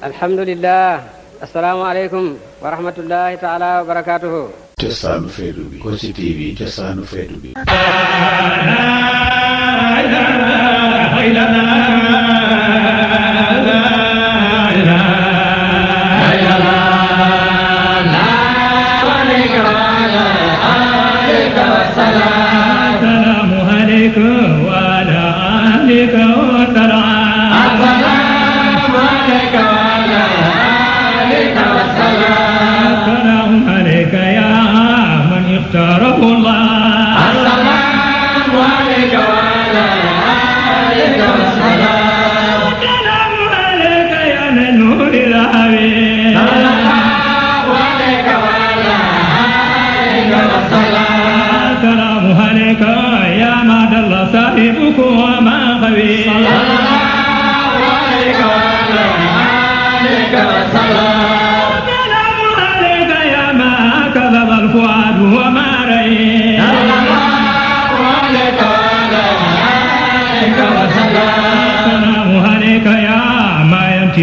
alhamdulillah asalaamaaleykum wa rahmatullahi taala wa barakaatuhu cosaanu feetu bi Kossy TV cosaanu feetu bi la ilaha illallah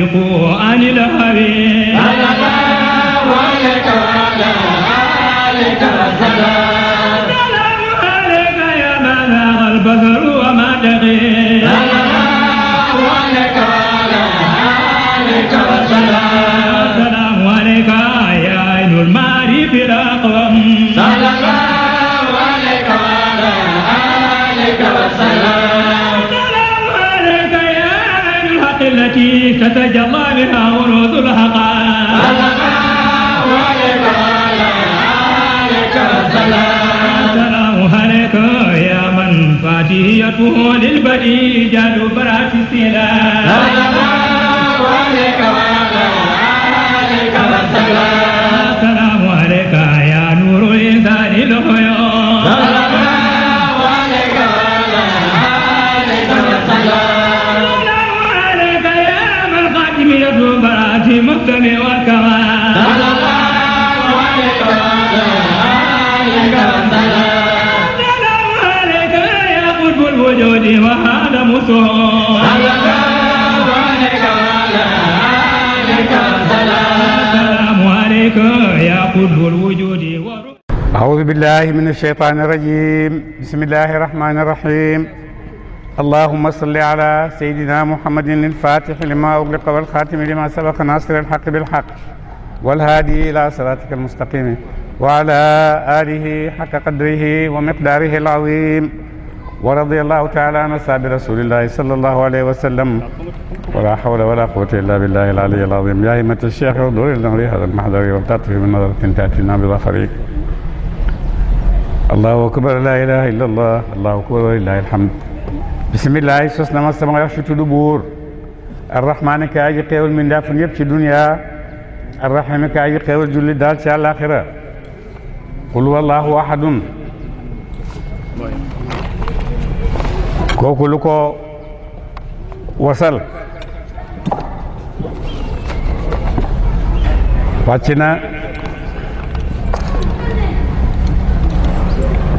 فانشقوا عن الهوي أنا لا ولك التي تتجلى بها ورود الحقائق السلام عليك يا من فاتيته للبديع جاد برات السلام الذي وهذا مسهول السلام عليكم يا قلب الوجود أعوذ بالله من الشيطان الرجيم بسم الله الرحمن الرحيم اللهم صل على سيدنا محمد الفاتح لما أغلق والخاتم لما سبق ناصر الحق بالحق والهادي إلى صراطك المستقيم وعلى آله حق قدره ومقداره العظيم ورضي الله تعالى عن أصحاب رسول الله صلى الله عليه وسلم ولا حول ولا قوة إلا بالله العلي العظيم يا همة الشيخ ودور إلى هذا المحضر والتطف من نظرة تأتينا بظفرك الله أكبر لا إله إلا الله الله أكبر ولله الحمد بسم الله يسوس نما ما يشتو دبور الرحمن كأي قيول من دافن يبشي دنيا الرحيم كأي قيول جل دال شاء الآخرة قل والله أحد kooku lu ko wasal wàcc na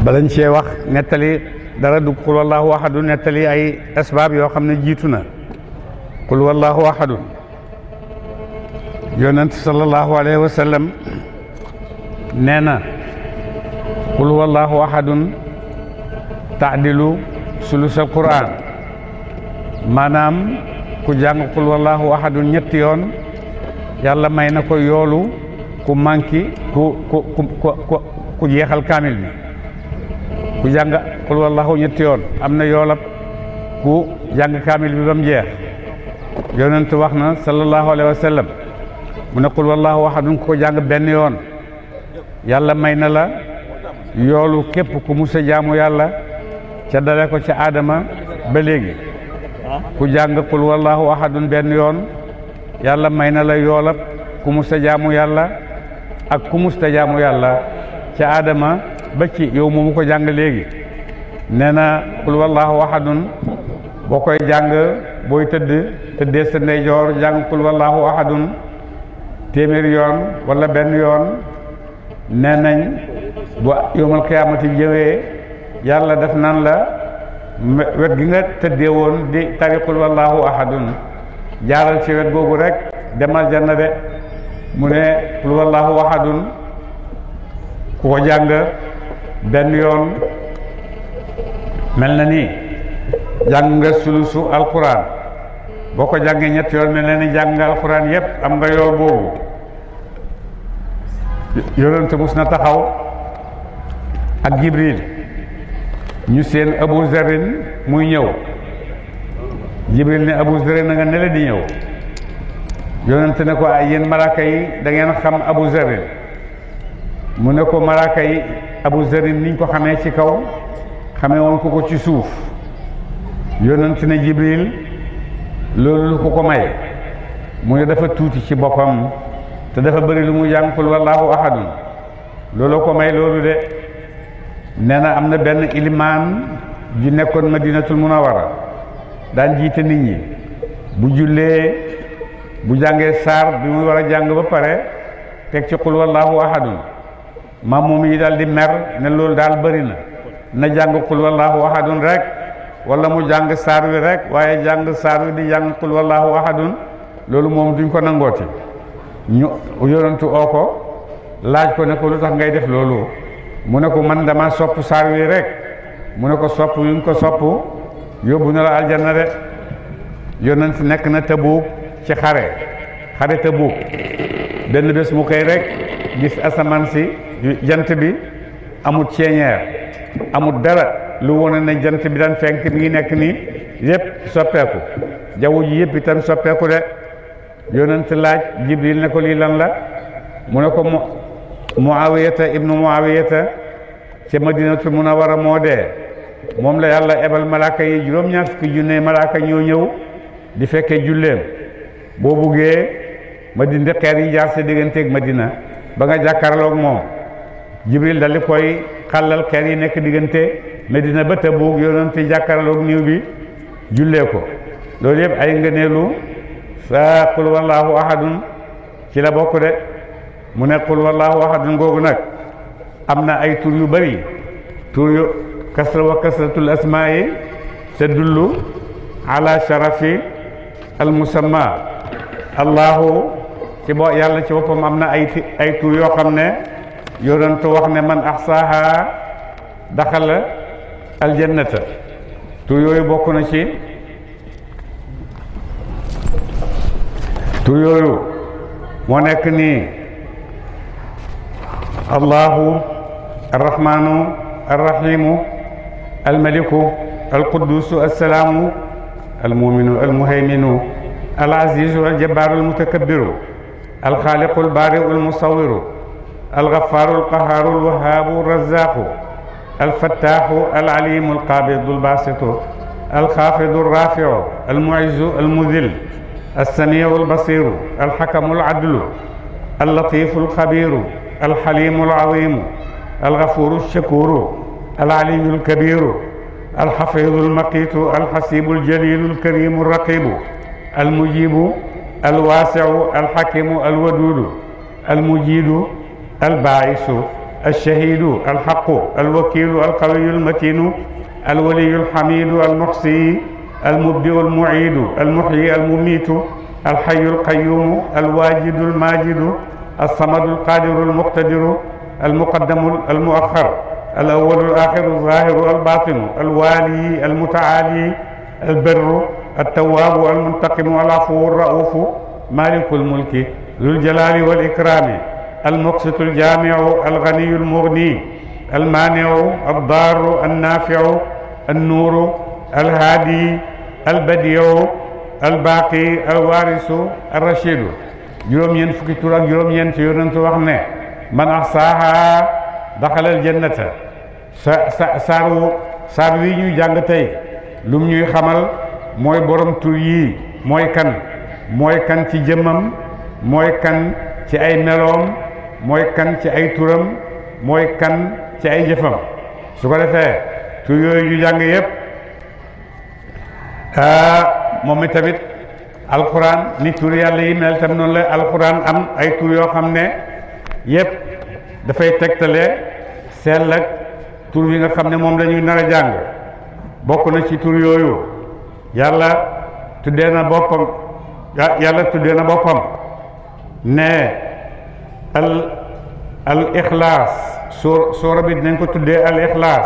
balañ cee wax nettali dara du qul wallahu ahadu nettali ay asbaab yoo xam ne jiitu na qul wallahu ahadu yonent sallallahu alayhi wa sallam nee na qul wallahu ahadun taadilu al quran manam ku jang qul wallahu ahadun ñetti yon yalla may nako yolu ku manki ku ku ku ku jeexal kamil ni ku jang qul wallahu ñetti yon amna yolap ku jang kamil bi bam jeex yonent waxna sallallahu Alaihi Wasallam, sallam mu ne wallahu ahadun ku jang benion, yon yalla may na la yolu kep ku musa jamu yalla ca dale ko ca aadama ba léegi ku jàng qul wallahu ahadun benn yoon yàlla may na la yoolab ku jaamu yàlla ak ku musta jaamu yàlla ca aadama ba ci yow ko jàng léegi nee na qul wallahu ahadun boo koy jàng booy tëdd tëddee sa ndeyjoor jàng qul wallahu ahadun téeméeri yoon walla benn yoon nee nañ bu yowmal qiyaamati jëwee yàlla def nan la wet gi nga tëddee woon di tariqul wallahu ahadun jaaral ci wet boobu rek demal janna de mu ne qul wallahu ahadun ku ko jàng benn yoon mel na ni jàng nga sulusu alquran boo ko jàngee ñett yoon mel na ni jàng nga alquran yépp am nga yoon boobu yonente mus na taxaw ak jibril ñu seen abu zarin muy ñëw jibril ne abu zarin na nga nele di ñëw yonent ne ko ay yéen malaaka yi da ngeen xam abu zarin mu ne ko malaaka yi abu zarin niñ ko xamee ci kaw xamee woon ko ko ci suuf yonent ne jibril loolu lu ko ko may mu ne dafa tuuti ci boppam te dafa bëri lu mu jàngul wallahu ahadun loolu ko may loolu de nee na am na benn ilimaan ju nekkoon madinatul munawara daan jiite nit ñi bu jullee bu jàngee saar bi muy war a jàng ba pare teg ci xul wallahu ahadun maam moom yi daal di mer ne loolu daal bëri na na jàng xul wallahu ahadun rek wala mu jàng saar wi rek waaye jàng saar wi di jàng xul wallahu ahadun loolu moom duñ ko nangooti ñu yonentu oo ko laaj ko ne ko lu tax ngay def loolu mu ne ko man dama sopp saar wi rek mu ne ko sopp yuñ ko sopp yóbbu na la aljanna de yonent nekk na Tabuuk ci xare xare Tabuuk benn bés mu koy rek gis asamaan si jant bi amul ceeñeer amul dara lu wone ne jant bi dan fenk mi ngi nekk nii yépp soppeeku jaww ji yépp itam soppeeku de yonent laaj Jibril ne ko lii lan la mu ne ko muawiyata ibnu muawiyata ca madinatul munawara moo dee moom la yàlla ebal malaaka yi juróom-ñaar fukki junne malaaka ñëw ñëw di fekkee julleem boo buggee ma dindi xeer yi jaar sa digganteek madina ba nga jàkkaarloog moom jibril dal di koy xàllal xeer yi nekk diggante madina ba Tabuk yonent ci jàkkaarloog niw bi jullee ko loolu yëpp ay ngëneelu sa qul wallahu ahadun ci la bokk de mu nekkul qul wallaahu ahadun googu nag am na ay tur yu bëri tur yu kasra wa kasratul asmaa yi te dullu ala sharafi al musamma allahu ci bo yàlla ci boppam am na ay ay tur yoo xam ne yonentu wax ne man ahsaaha daxala aljannata tur yooyu bokk na ci tur yooyu moo nekk nii الله الرحمن الرحيم الملك القدوس السلام المؤمن المهيمن العزيز الجبار المتكبر الخالق البارئ المصور الغفار القهار الوهاب الرزاق الفتاح العليم القابض الباسط الخافض الرافع المعز المذل السميع البصير الحكم العدل اللطيف الخبير الحليم العظيم الغفور الشكور العلي الكبير الحفيظ المقيت الحسيب الجليل الكريم الرقيب المجيب الواسع الحكيم الودود المجيد الباعث الشهيد الحق الوكيل القوي المتين الولي الحميد المحصي المبدئ المعيد المحيي المميت الحي القيوم الواجد الماجد الصمد القادر المقتدر المقدم المؤخر الأول الآخر الظاهر الباطن الوالي المتعالي البر التواب المنتقم العفو الرؤوف مالك الملك ذو الجلال والإكرام المقسط الجامع الغني المغني المانع الضار النافع النور الهادي البديع الباقي الوارث الرشيد juróom-ñeent fukki tur ak juróom-ñeent yonent wax ne man ahsaaha daxalal jannata sa sa saaru saar wi ñuy jàng tey lum ñuy xamal mooy borom tur yii mooy kan mooy kan ci jëmmam mooy kan ci ay meloom mooy kan ci ay turam mooy kan ci ay jëfam su ko defee tur yooyu ñu jàng yépp ah, moom mi tamit alquran ni tour yalla yi mel tam non la alquran am ay tour yo xamne ne da fay tektale sel ak tour yi nga xamne ne lañuy nara jang bokku na ci tour yoyu yalla tuddee na bopam yalla na bopam ne al al ikhlas, sura bi dinañ ko tuddee al ikhlas,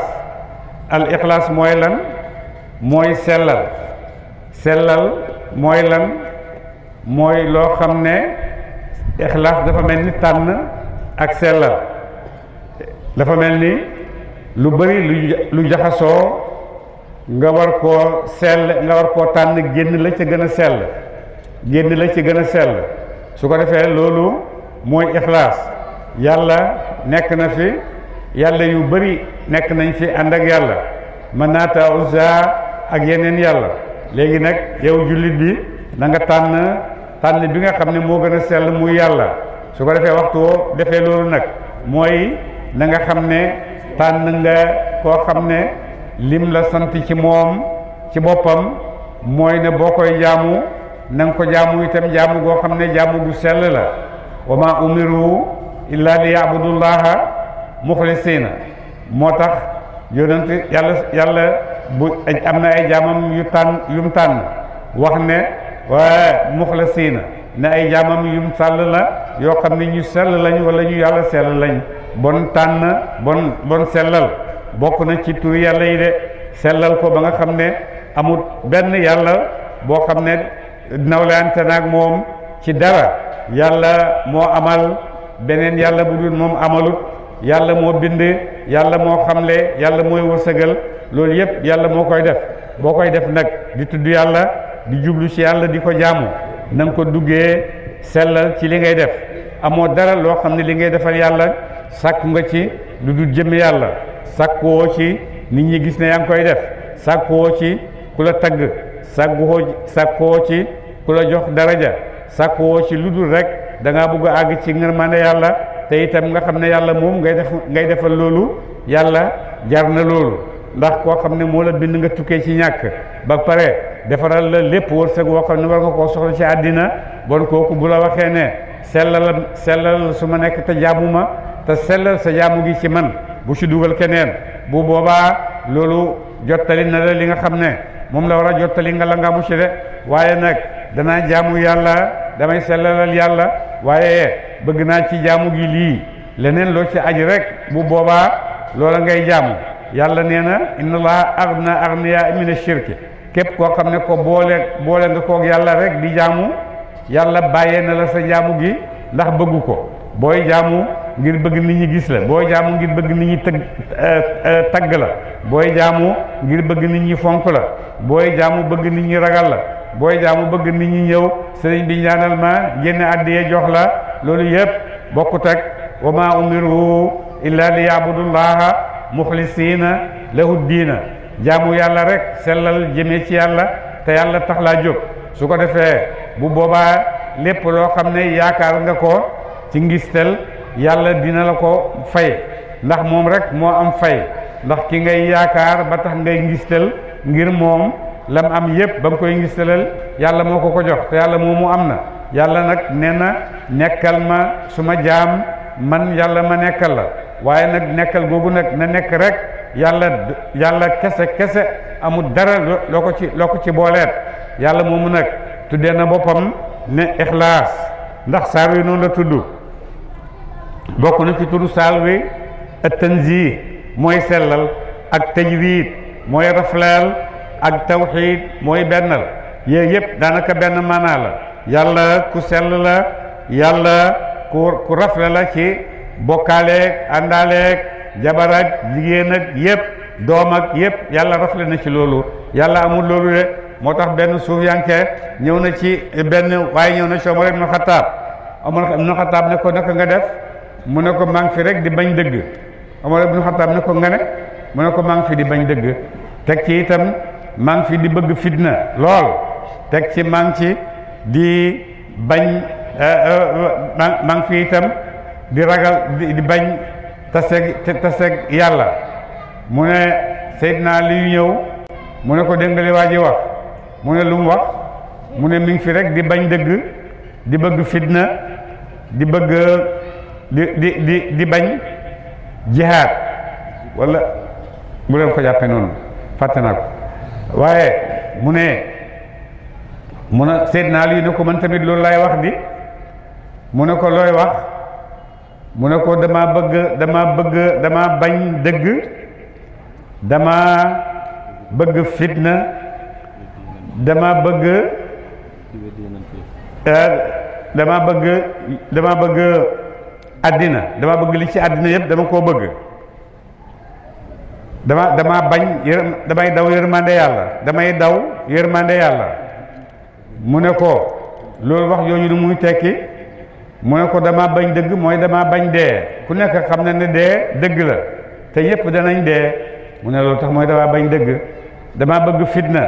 al ikhlas moy lan selal selal. selal Moy lan moy lo xamne ikhlas dafa melni tan ak selal dafa melni lu bari lu lu jaxasoo nga war ko sel nga war ko tan genn la ci gëna sel genn la ci gëna sel su ko defé lolu moy ikhlas yalla nek na fi yalla yu bari nek nañ fi ànd ak manata uzza ak yenen yalla léegi nag yow jullit bi na nga tànn tànn bi nga xam ne moo gën a sell muy yàlla su ko defee waxtu woo defee loolu nag mooy na nga xam ne tànn nga koo xam ne lim la sant ci moom ci boppam mooy ne boo koy jaamu na ko jaamu itam jaamu goo xam ne jaamu gu sel la wa ma umiru illa li yaabudullaha muxlisina moo tax yonent yàlla yàlla bu am na ay jaamam yu tànn yu mu tànn wax ne waaye siina na ay jaamam yu mu sàll la yoo xam ne ñu sell lañ walla ñu yàlla sell lañ bon tànn bon bon sellal bokk na ci tur yàlla yi de sellal ko ba nga xam ne amul benn yàlla boo xam ne nawleante naag moom ci dara yàlla moo amal beneen yàlla bu dul moom amalut yàlla moo bind yàlla moo xamle yàlla mooy wërsëgal loolu yëpp yàlla moo koy def boo koy def nag di tudd yàlla di jublu ci yàlla di ko jaamu na ko duggee sellal ci li ngay def amoo dara loo xam ne li ngay defal yàlla sàkku nga ci lu dul jëm yàlla sàkkuwoo ci nit ñi gis ne yaa ngi koy def sàkkuwoo ci ku la tagg sàkkuwoo sàkkuwoo ci ku la jox daraja sàkkuwoo ci lu dul rek da ngaa bëgg a àgg ci ngërmande yàlla te itam nga xam ne yàlla moom ngay def ngay defal loolu yàlla jar na loolu ndax koo xam ne moo la bind nga tukkee ci ñàkk ba pare defaral la lépp wërsëg woo xam ne war nga koo soxla ci àddina bon kooku bu la waxee ne sellal sellal su ma nekk te jaamu ma te sellal sa jaamu gi ci man bu ci dugal keneen bu boobaa loolu jottali na la li nga xam ne moom la war a jottali nga la nga mucc de waaye nag danaa jaamu yàlla damay sellalal yàlla waaye bëgg naa ci jaamu gi lii leneen loo ci aj rek bu boobaa loola ngay jaamu yàlla nee na inna allaha agna agniya min ashirki képp koo xam ne ko boole boole nga koog yàlla rek di jaamu yàlla bàyyee na la sa njaamu gi ndax bëggu ko booy jaamu ngir bëgg nit ñi gis la booy jaamu ngir bëgg nit ñi tëgg euh, euh, tagg la booy jaamu ngir bëgg nit ñi fonk la booy jaamu bëgg nit ñi ragal la booy jaamu bëgg nit ñi ñëw sëriñ bi ñaanal ma génn àddiyee jox la loolu yépp bokkut ak wa maa umiru illa li yaabudullaha muxlisiina lahu diina jaamu yàlla rek sellal jëmee ci yàlla te yàlla tax laa jóg su ko defee bu boobaa lépp loo xam ne yaakaar nga ko ci ngistal yàlla dina la ko fay ndax moom rek moo am fay ndax ki ngay yaakaar ba tax ngay ngistal ngir moom lam am yépp ba mu koy ngistalal yàlla moo ko ko jox te yàlla moomu am na yàlla nag nee na nekkal ma suma jaam man yalla ma nekkal la waaye nag nekkal googu nag na nekk rek yalla yalla kese kese amu dara loko ko ci loko ci booleet yalla moomu nag tuddee na boppam ne ikhlas ndax saar wi noonu la tudd bokk na ci tudd saar wi at-tanzih mooy sellal ak tajwid mooy raflal ak tawhid mooy bennal yooyu daanaka benn maanaa la ku sell la yàlla ku ku rafle la ci bokale àndaaleeg jabar ak jigéen ak yep, dom ak yépp yalla rafle na ci lolu yalla amul lolu de motax ben benn suuf yanke ñëw na ci ben way ñew na ci Omar ibn Khattab Omar ibn Khattab ne ko naka nga def mu ne ko mang fi rek di bañ deug Omar ibn Khattab ne ko nga ne mu ne ko mang fi di bañ deug tek ci itam mang fi di bëgg fitna lool tek ci mang ci di bañ Eh, eh, maa ngi fi itam di ragal di bañ taseeg taseeg yàlla mu ne naa li ñëw mu ne ko déngali waa ji wax mu ne lu mu wax mu ne mi ngi fi rek di bañ dëgg di bëgg fitna di bëgg di di di bañ jihaad wala bu leen ko jàppee noonu fàtte naa ko waaye mu ne mu ne naa li ne ko mën tamit loolu lay wax di mu ne ko looy wax mu ne ko dama bëgg dama bëgg dama bañ dëgg dama bëgg fitna dama bëgg euh, dama dama bëgg àddina dama bëgg li ci àddina yëpp dama koo bëgg dama dama bañ yër damay daw yërmande yàlla damay daw yërmande yàlla mu ne ko loolu wax yooyu nu muy tekki mu ne ko dama bañ dëgg mooy dama bañ dee ku nekk xam na ne dee dégg la te yépp danañ dee mu ne loolu tax mooy dama bañ dëgg damaa bëgg fitna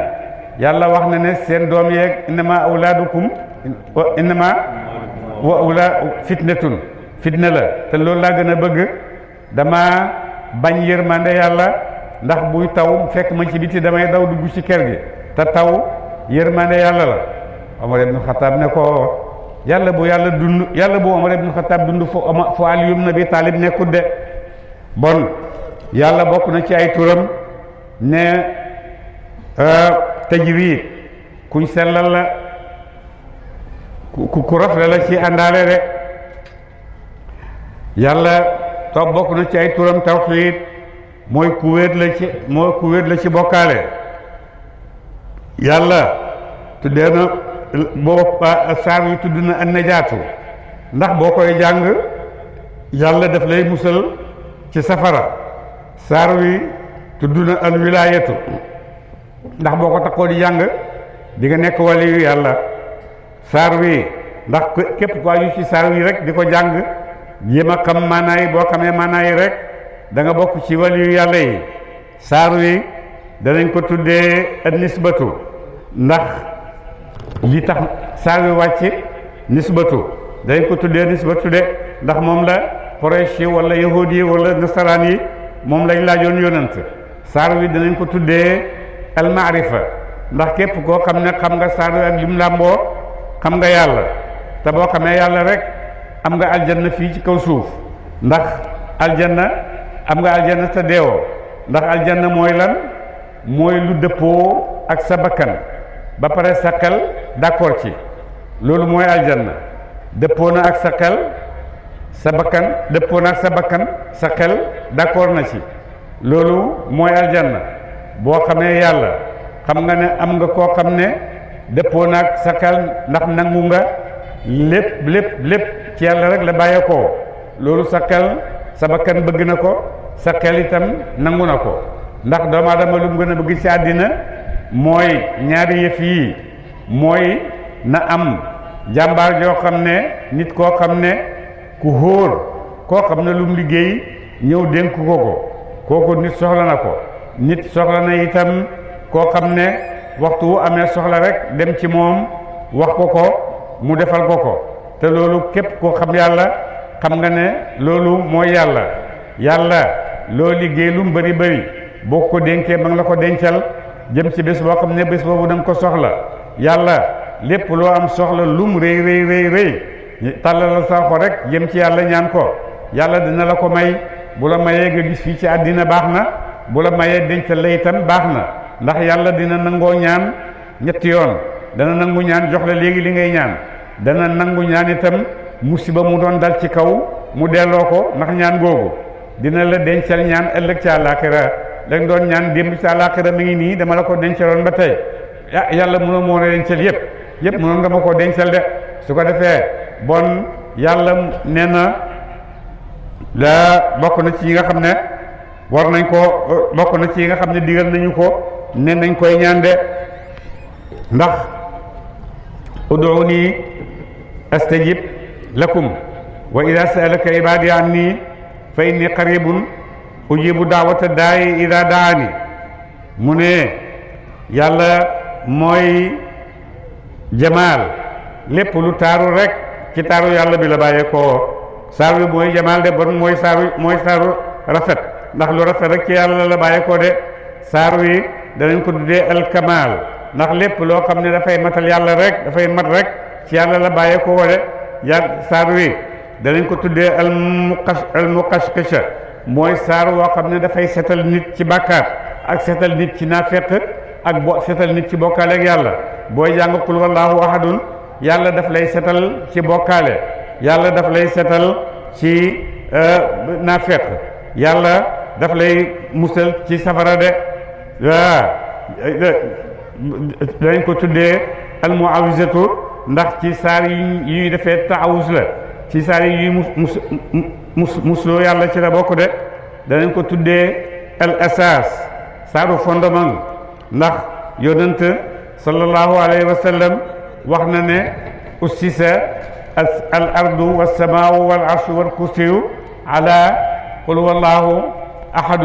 yàlla wax na ne seen doom yeeg innama awlaadukum innama wa awla fitnatun fitna la te loolu laa gën a bëgg dama bañ yërmande yàlla ndax buy taw fekk ma ci biti damay daw dugg ci kër gi te taw yërmande yàlla la Omar ibnu Xataab ne ko yàlla bu yàlla dund yàlla bu Omar ibn Khattab dund fu Omar fu Ali ibn Abi Talib nekkut de bon yàlla bokk na ci ay turam ne euh, tajwiid kuñ sellal la ku ku rafle la ci àndaale de yàlla toog bokk na ci ay turam tawxiid mooy ku la ci mooy ku la ci bokkaale yàlla tuddee na boo saar wi tudd na an najatu ndax bokoy jang yalla daf lay musal ci safara saar wi tudd al wilayatu ndax boko takko di jang di nga nekk yalla ndax kep ko ci rek di ko yema kam manay bo maanaa manay rek da nga bok ci wali yàlla yi saar wi ko tuddé an nisbatu ndax li tax saa wi wàcc nisbatu dañ ko tuddee nisbatu de ndax moom la Quraysh yi wala yahud yi wala nasaraan yi moom lañ laajoon yonant saar wi danañ ko tuddee almaarifa ndax képp koo xam ne xam nga saar wi ak lim làmboo xam nga yàlla te boo xamee yàlla rek am nga aljanna fii ci kaw suuf ndax aljanna am nga aljanna te deewoo ndax aljanna mooy lan mooy lu dëppoo ak sa bakkan ba sakel sa xel d'accord ci loolu mooy aljanna dëppoo ak sa xel sa bakkan dëppoo ak sa bakkan sa xel d'accord na ci loolu mooy aljanna boo xamee yàlla xam nga ne am nga koo xam ne ak sa ndax nangu nga ci rek la sa bakkan bëgg na ko sa itam nangu na ko ndax doomu aadama lu mu gën bëgg ci mooy ñaari yëf yii mooy na am jàmbaar joo xam ne nit koo xam ne ku hóor koo xam ne lum liggéey ñëw dénk ko ko kooku nit soxla na ko nit soxla na itam koo xam ne waxtu wu amee soxla rek dem ci moom wax ko ko mu defal ko ko te loolu képp koo xam yàlla xam nga ne loolu mooy yàlla yàlla loo liggéey lu mu bari bëri boo ko dénkee ba la ko dencal jëm ci bés boo xam ne bés boobu danga nga ko soxla yàlla lépp loo am soxla lum rëy rëy rëy rëy tàllalal sa xol rek jëm ci yàlla ñaan ko yàlla dina la ko may bu la mayee nga gis fii ci àddina baax na bu la mayee denc la itam baax na ndax yàlla dina nangoo ñaan ñetti yoon dana nangu ñaan jox la léegi li ngay ñaan dana nangu ñaan itam musiba mu doon dal ci kaw mu delloo ko ndax ñaan googu dina la dencal ñaan ëllëg ci àllaaxira dañ doon ñaan démb sa àllaaxira mi ngi nii dama la ko dencaloon ba tey ah yàlla mënoo moo la dencal yëpp yëpp mënoon nga ma koo dencal de su ko defee bon yàlla nee na bokk na ci yi nga xam ne war nañ ko bokk na ci yi nga xam ne digal nañu ko ne nañ koy ñaan de ndax udoo nii astajib lakum wa ida saalaka ibadi an nii fa inni qaribun ujibu daawata daay ida daani mu ne yàlla mooy jamaal lépp lu taaru rek ci taaru yàlla bi la bàyyee koo saar bi mooy jamaal de bon mooy saaru mooy saaru rafet ndax lu rafet rek ci yàlla la bàyyee de saar wi danañ ko tuddee alkamaal ndax lépp loo xam ne dafay matal yàlla rek dafay mat rek ci la bàyyee koo de wi danañ ko tuddee almuqash mooy saar woo xam ne dafay setal nit ci bàkkaar ak setal nit ci naafeq ak bo setal nit ci bokkaale yàlla booy jàng qul wallahu ahadun yàlla daf lay setal ci bokkaale yàlla daf lay setal ci euh, naafeq yàlla daf lay musal ci safara de waa dañ ko tuddee almuawisatu ndax ci saar yi ñuy defee taawus la ci saar yi ñuy mus muslo yàlla ci la bokku de dañ ko tuddé al asas saaru fondement ndax yonent sallallahu alayhi wa sallam waxna ne usisa al ardu was wassamaawu wal arshu wal kursi ala qul wallahu ahad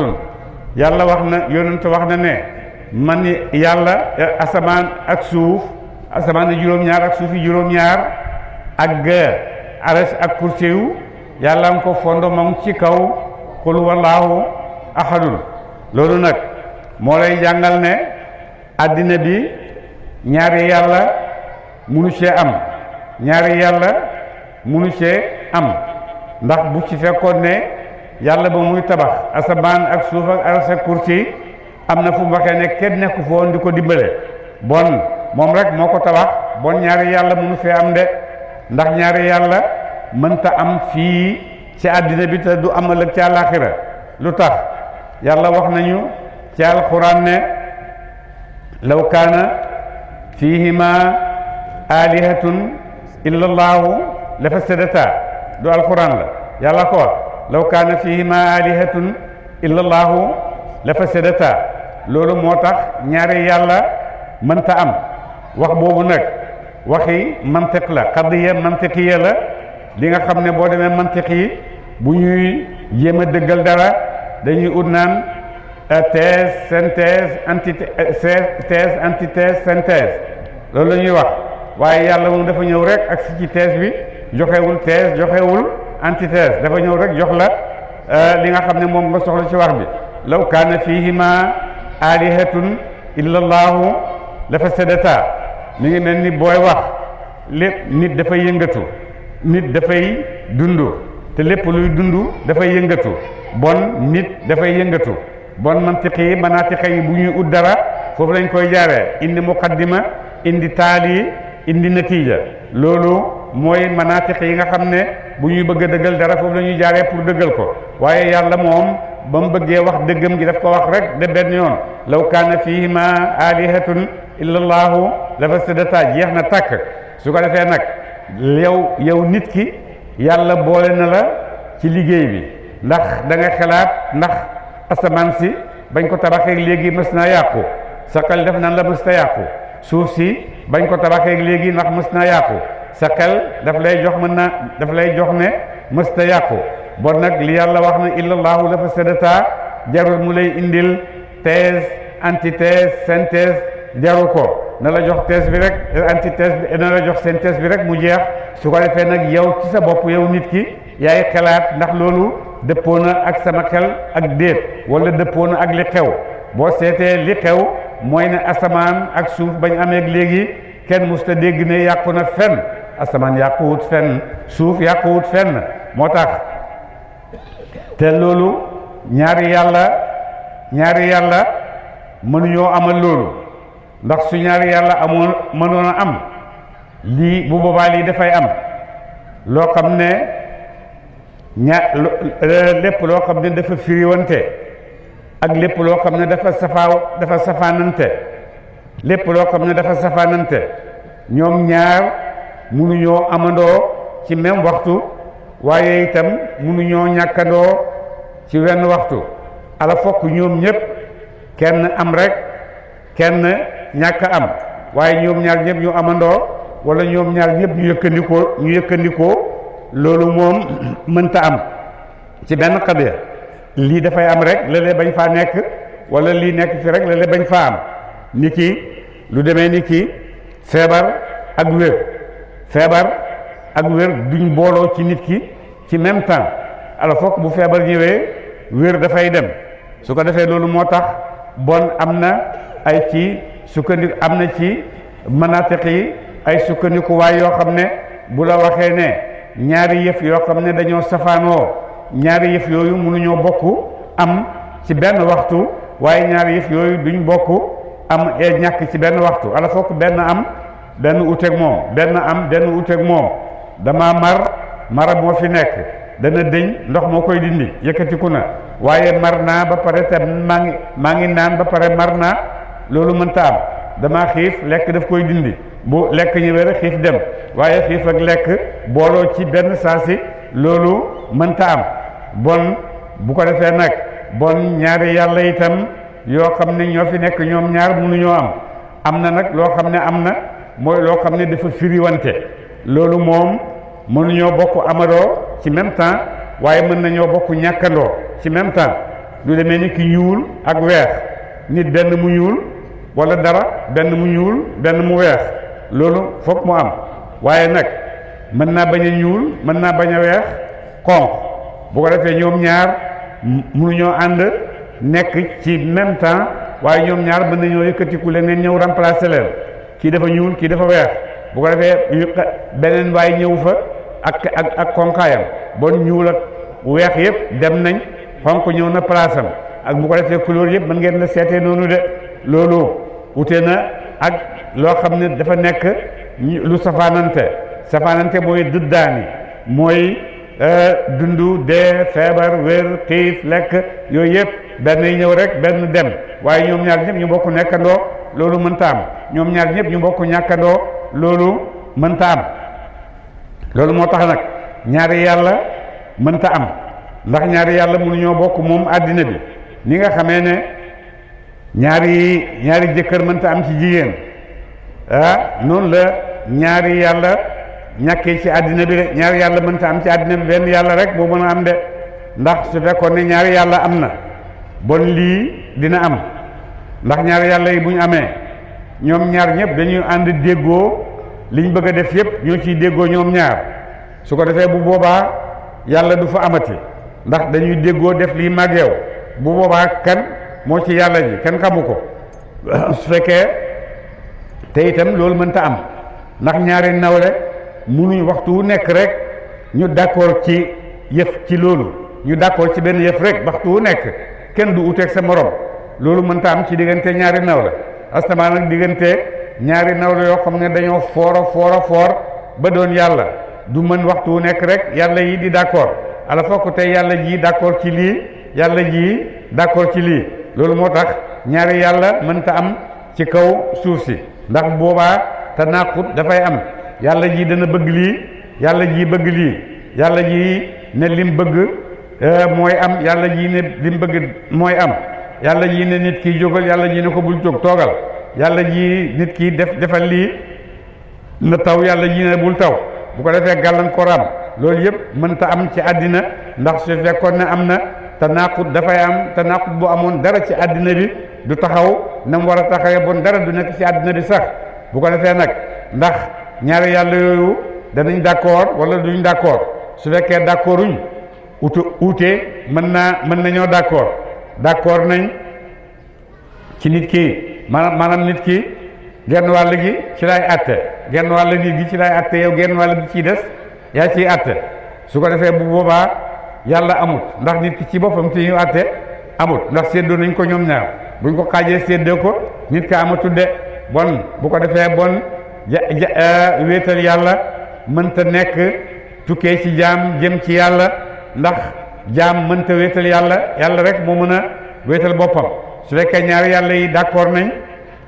yàlla waxna yonent waxna ne man yàlla asaman ak suuf asaman juróom-ñaar ak suuf juróom-ñaar ak aras ak kursiyu yalla ko mom ci kaw qul wallahu ahad lolu nak mo lay jangal ne adina bi ñaari yalla munu ci am ñaari yalla munu ci am ndax bu ci fekkone ne yàlla ba muy tabax asaban ak suuf ak arasa kursi am na fu mu ne ken nek bon momrek rek moko tabax bon ñaari yalla munu fi am de ndax ñaari yalla من تام في سادنا بيتا دو عمل تي الاخره لو وحنا يالا واخنا نيو تي القران لو كان فيهما آلهة إلا الله لفسدتا دو القرآن لا يلا كو لو كان فيهما آلهة إلا الله لفسدتا لولو موتاخ نياري يلا من تأم وخ وخي منطق لا قضية منطقية لا li nga xamne bo demé demee yi bu ñuy yema deugal dara dañuy ut naan thèse synthèse antithèse thèse antithèse synthèse lolou lañuy wax waye yàlla mo dafa ñëw rek ak ci thèse bi joxewul thèse joxewul antithèse dafa ñëw rek jox la li nga xam ne nga soxla ci wax bi law kaana fihima alihatun illa llaahu la fasadata mi ngi mel ni wax lépp nit dafa yëngatu nit dafay dund te lépp luy dund dafay yëngatu bon nit dafay yëngatu bon mantiqi yi manaatiqa yi bu ñuy ut dara foofu lañ koy jaaree indi muqaddima indi taali indi na natiija loolu mooy manaatiq yi nga xam ne bu ñuy bëgg a dëggal dara foofu la jaaree pour dëggal ko waaye yàlla moom ba mu bëggee wax dëggam gi daf ko wax rek de benn yoon law kaana fihima alihatun illa allahu la jeex na tàkk su ko defee nag yow yow nit ki yàlla boole na la ci liggéey bi ndax da nga xalaat ndax asamaan si bañ ko tabaxeeg léegi mës naa yàqu sa xel def nan la mës ta yàqu suuf si bañ ko tabaxeeg léegi ndax mës naa yàqu sa xel daf lay jox mën na daf lay jox ne mës ta yàqu bon nag li yàlla wax na illallahu la fa sadata mu lay indil thèse antithèse synthèse jaru ko na la jox thèse bi rek antithèse bi na la jox synthèse bi rek mu jeex su ko defee nag yow ci sa bopp yow nit ki yaay xalaat ndax loolu dëppoo na ak sama xel ak déet wala dëppoo na ak li xew boo seetee li xew mooy ne asamaan ak suuf bañ amee léegi kenn musta dégg ne yàqu na fenn asamaan yàquwut fenn suuf yàquwut fenn moo tax te loolu ñaari yàlla ñaari yàlla mënuñoo amal loolu ndax su ñaari yàlla amoon mënoon am lii bu boobaa dafay am loo xam ne ña lépp loo xam ne dafa firiwante ak lépp loo xam ne dafa safaaw dafa safaanante lépp loo xam ne dafa safaanante ñoom ñaar mënuñoo amandoo ci même waxtu waaye itam mënuñoo ñàkkandoo ci wenn waxtu ala fokk ñoom ñépp kenn am rek kenn ñàkk am waaye ñoom ñaar ñëpp ñu amandoo wala ñoom ñaar ñëpp ñu yëkkandikoo ñu yëkkandikoo loolu moom mënta am ci benn xadiya lii dafay am rek léeg bañ faa nekk wala lii nekk ci rek léeg-léeg bañ faa am ni ki lu demee ni ki feebar ak wér feebar ak wér duñ booloo ci nit ki ci même temps alors bu feebar ñëwee wér dafay dem su ko defee loolu moo tax bon am na ay ci sukkandiku am na ci manaatiq yi ay sukkandikuwaay yoo xam ne bu la waxee ne ñaari yëf yoo xam ne dañoo safaanoo ñaari yëf yooyu mënuñoo bokk am ci benn waxtu waaye ñaari yëf yooyu duñ bokk am e ñàkk ci benn waxtu ala fokk benn am benn uteeg moom benn am benn uteeg moom dama mar mara moo fi nekk dana dëñ ndox moo koy dindi yëkkatiku na waaye mar naa ba pare te maa ngi maa ngi naan ba pare mar naa loolu mënta am dama xiif lekk daf koy dindi bu lekk ñëwee rek xiif dem waaye xiif ak lekk booloo ci benn saasi loolu mënta am bon bu ko defee nag bon ñaari yàlla itam yoo xam ne ñoo fi nekk ñoom ñaar mënuñoo am am na nag loo xam ne am na mooy loo xam ne dafa firiwante loolu moom mënuñoo bokk amadoo ci même temps waaye mën nañoo bokk ñàkkandoo ci même temps lu demee ni ki ñuul ak weex nit benn mu ñuul wala dara benn mu ñuul benn mu weex loolu foog mu am waaye nag mën naa bañ ñuul mën naa bañ a weex xonq bu ko defee ñoom ñaar mu mënuñoo ànd nekk ci même temps waaye ñoom ñaar mën nañoo yëkkatiku leneen ñëw remplacer leen kii dafa ñuul kii dafa weex bu ko defee beneen waay ñëw fa ak ak ak xonqaayam bon ñuul ak weex yëpp dem nañ xonq ñëw na place am ak bu ko defee couleur yëpp mën ngeen la seetee noonu de loolu wute na ak loo xam ne dafa nekk lu safaanante safaanante mooy dëddaani mooy euh, dundu dee feebar wér xiif lekk yooyu yëpp benn yi ñëw rek benn dem waaye ñoom ñaar ñëpp ñu bokk nekkandoo loolu mënta am ñoom ñaar ñëpp ñu bokk ñàkkandoo loolu mënta am loolu moo tax nag ñaari yàlla mënta am ndax ñaari yàlla mënuñoo bokk moom àddina bi ni nga xamee ne ñaari ñaari jëkkër mënta am ci jigéen ah noonu la ñaari yàlla ñàkkee ci àddina bi de ñaari yàlla mënta am ci àddina bi benn yàlla rek moo mën a am de ndax su fekkoon ne ñaari yàlla am na bon lii dina am ndax ñaari yàlla yi bu ñu amee ñoom ñaar ñëpp dañuy ànd déggoo liñ bëgg def yëpp ñoo ciy déggoo ñoom ñaar su ko defee bu boobaa yàlla du fa amati ndax dañuy déggoo def lii màggeew bu boobaa kan moo ci yàlla ji kenn xamu ko su fekkee te itam loolu mënta am ndax ñaari nawle munuñ waxtu wu nekk rek ñu d'accord ci yëf ci loolu ñu d'accord ci benn yëf rek waxtu wu nekk kenn du uteeg sa morom loolu mënta am ci diggante ñaari nawle asamaa nag diggante ñaari nawle yoo xam ne dañoo foora foora foor ba doon yàlla du mën waxtu wu nekk rek yàlla yi di d'accord ala fokk tey yàlla ji d'accord ci lii yàlla ji d'accord ci lii loolu moo tax ñaari yàlla mënta am ci kaw suuf si ndax boobaa te naqut dafay am yàlla ji dana bëgg lii yàlla ji bëgg lii yàlla ji ne lim bëgg eh, mooy am yàlla ji ne lim bëgg mooy am yàlla ji ne nit ki jógal yàlla ji ne ko bul jóg toogal yàlla ji nit ki def defal lii na taw yàlla ji ne bul taw bu ko defee gàllankooram loolu yëpp mënta am ci àddina ndax su fekkoon ne am na te da fay am bu amone dara ci àddina bi du taxaw nam wara taxaye bon dara du nek ci àddina bi sax bu ko defé nak ndax ñaari yàlla yooyu danañ d'accord wala duñ d'accord su fekke d'accorduñ utu outé mana na man nañoo d'accord d'accord nañ ci nit ki manam maanaam nit ki genn walu gi ci lay atté genn walu nit gi ci lay atté yow genn walu gi ci dess ya ci atté su ko defé bu boba yàlla amut ndax nit ki ci boppam ki ñu àtte amut ndax séddoo nañ ko ñoom ñaar buñ ko xaajee séddoo ko nit ka amatul de bon bu ko defee bon ja ja euh, wéetal yàlla mënta nekk tukkee ci jaam jëm ci yàlla ndax jaam mënta wéetal yàlla yàlla rek moo mën a wéetal boppam su fekkee ñaari yàlla yi d'accord nañ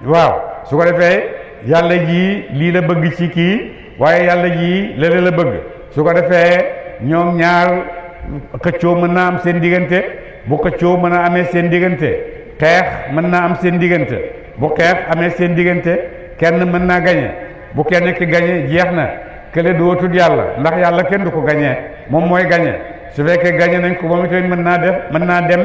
waaw su ko defee yàlla ji lii la bëgg ci kii waaye yàlla ji lële la bëgg su ko defee ñoom ñaar xëccoo mën naa am seen diggante bu xëccoo mën a amee seen diggante xeex mën naa am seen diggante bu xeex amee seen diggante kenn mën naa gañe bu kenn ki gañe jeex na kële du watul yàlla ndax yàlla kenn du ko gañee moom mooy gañe su fekkee gañe nañ ko moom itamit mën naa def mën naa dem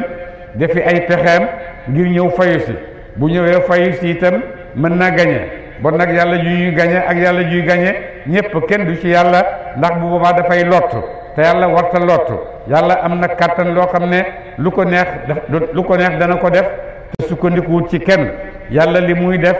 defi ay pexeem ngir ñëw fayu si bu ñëwee fayu si itam mën naa gañe bon nag yàlla ju ñuy gañe ak yàlla juy gañe ñépp kenn du ci yàlla ndax bu boobaa dafay lott te yàlla warta lottu yàlla am na kàttan loo xam ne lu ko neex lu ko neex dana ko def te sukkandikuwut ci kenn yàlla li muy def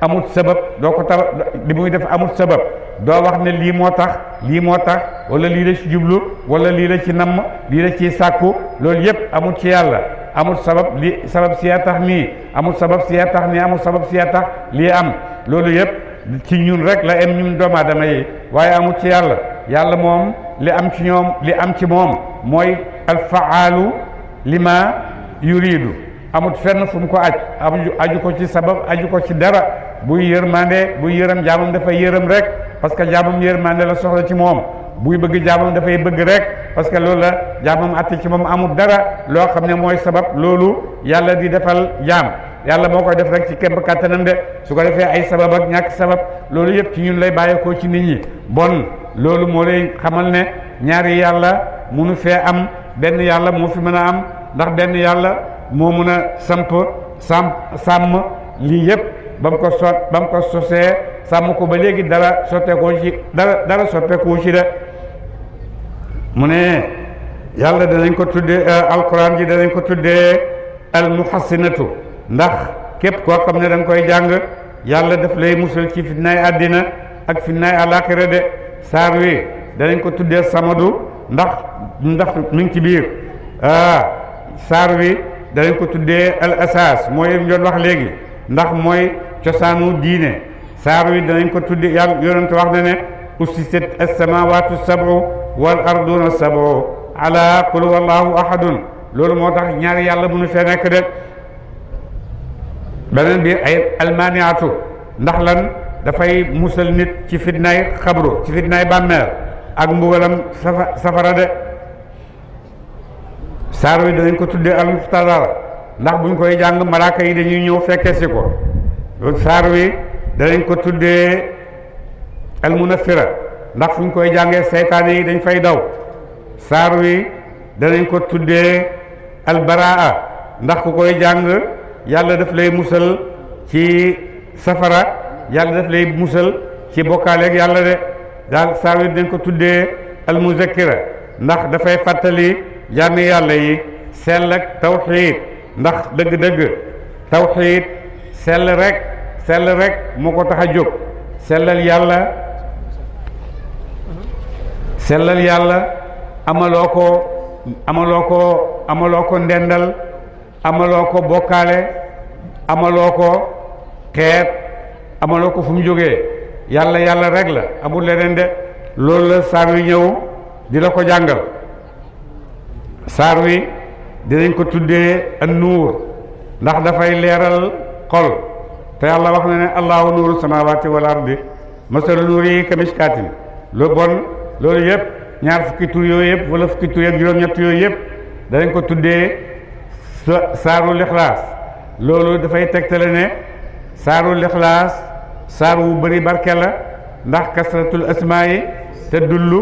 amut sabab doo ko tax li muy def amut sabab doo wax ne lii moo tax lii moo tax wala lii la ci jublu wala lii la ci namm lii la ciy sàkku loolu yépp amut ci yàlla amut sabab li sabab si yaa tax nii amut sabab si yaa tax nii amut sabab si yaa tax lii am loolu yépp ci ñun rek la em ñun doomu aadama yi waaye amut ci yàlla li am ci ñoom li am ci moom mooy alfaalu lima yuridu amut fenn fu mu ko aj aju ko ci sabab aju ko ci dara buy yërmande buy yërëm jaamam dafay yërëm rek parce que jaamam yërmande la soxla ci moom buy bëgg jaamam dafay bëgg rek parce que loolu la jaamam atte ci moom amut dara loo xam ne mooy sabab loolu yàlla di defal jaam yàlla moo koy def rek ci képp kattanam de su ko defee ay sabab ak ñàkk sabab loolu yëpp ci ñun lay bàyyeekoo ci nit ñi bon loolu moo lay xamal ne ñaari yàlla munu fee am benn yàlla moo fi mën a am ndax benn yàlla moo mën a samp sàmm sàmm lii yëpp ba ko so ba mu ko sosee sàmm ko ba léegi dara sotteekoo ci dara dara sotteekoo ci de mu ne yàlla danañ ko tuddee euh, alquran ji danañ ko tuddee al muhassinatu ndax képp koo xam ne da koy jàng yàlla daf lay musal ci fitnaay àddina ak fitnaay àllaaxira de sarwi wi danañ ko tuddé samadu ndax ndax min ngi ci biir saar wi danañ ko tuddé al asas moy ñoon wax légui ndax moy ciosanu diine sarwi wi danañ ko tuddé yàlla yonente wax na ne ussisat as samawati sabu wal arduna sabu ala qul wallahu ahad lolu motax ñaar yalla bu ñu fe nek de benen bi ay almaniatu ndax lan dafay musal nit ci fitnaay xabru ci fitnaay bàmmeel ak mbugalam safa safara de saar wi danañ ko tuddee al muxtasar ndax buñ koy jàng malaaka yi dañuy ñëw fekkee si ko saar wi danañ ko tuddee al munafira ndax fuñ koy jàngee seytaane yi dañ fay daw saar wi danañ ko tuddee al ndax ku koy jàng yàlla def lay musal ci safara yàlla daf lay musal ci bokkaaleeg yàlla de daal saawir dañ ko tuddee almuzakkira ndax dafay fàttali jàmmi yàlla yi sell ak tawxiid ndax dëgg-dëgg tawxiid sell rek sell rek moo ko tax a jóg sellal yàlla sellal yàlla amaloo ko amaloo ko amaloo ko ndendal amaloo ko bokkaale amaloo ko xeet amaloo ko fu mu jógee yàlla yàlla rek la amul leneen de loolu la saar wi ñëw di la ko jàngal saar wi dinañ ko tuddee an nuur ndax dafay leeral xol te yàlla wax na ne allahu nuuru samawati wal ardi masalu nuur yi ka miskaatin lu bon loolu yëpp ñaar fukki tur yooyu yëpp wala fukki tur ak juróom-ñett yooyu yëpp danañ ko tuddee saarul ixlaas loolu dafay tegtale ne saarul ixlaas saar wu bari barke la ndax kasratul asmaayi te dullu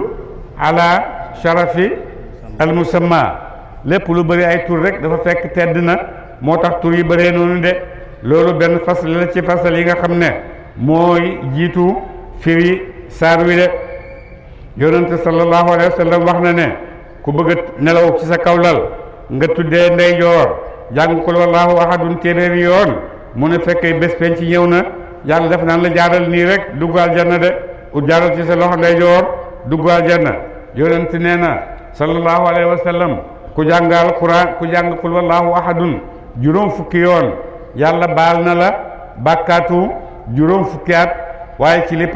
ala sharafi al musamma lépp lu bari ay tur rek dafa fekk tedd na moo tax tur yi bëree noonu de loolu benn fasal la ci fasal yi nga xam ne mooy jiitu firi saar wi de yonente sallallahu alayhi wa wax na ne ku bëgg nelaw ci sa kawlal nga tuddee ndeyjoor jàng ko wallahu ahadun téeméeri yoon mu ne fekkee bés penc ñëw na yàlla def naan la jaaral nii rek dugg aljanna de ut jaaral ci sa loxo ndeyjoor dugg aljanna yonent nee na sallallahu alayhi wa sallam ku jàngal alquran ku jàng qul wallahu ahadun juróom fukki yoon yàlla baal na la bàkkaatu juróom fukki at waaye ci li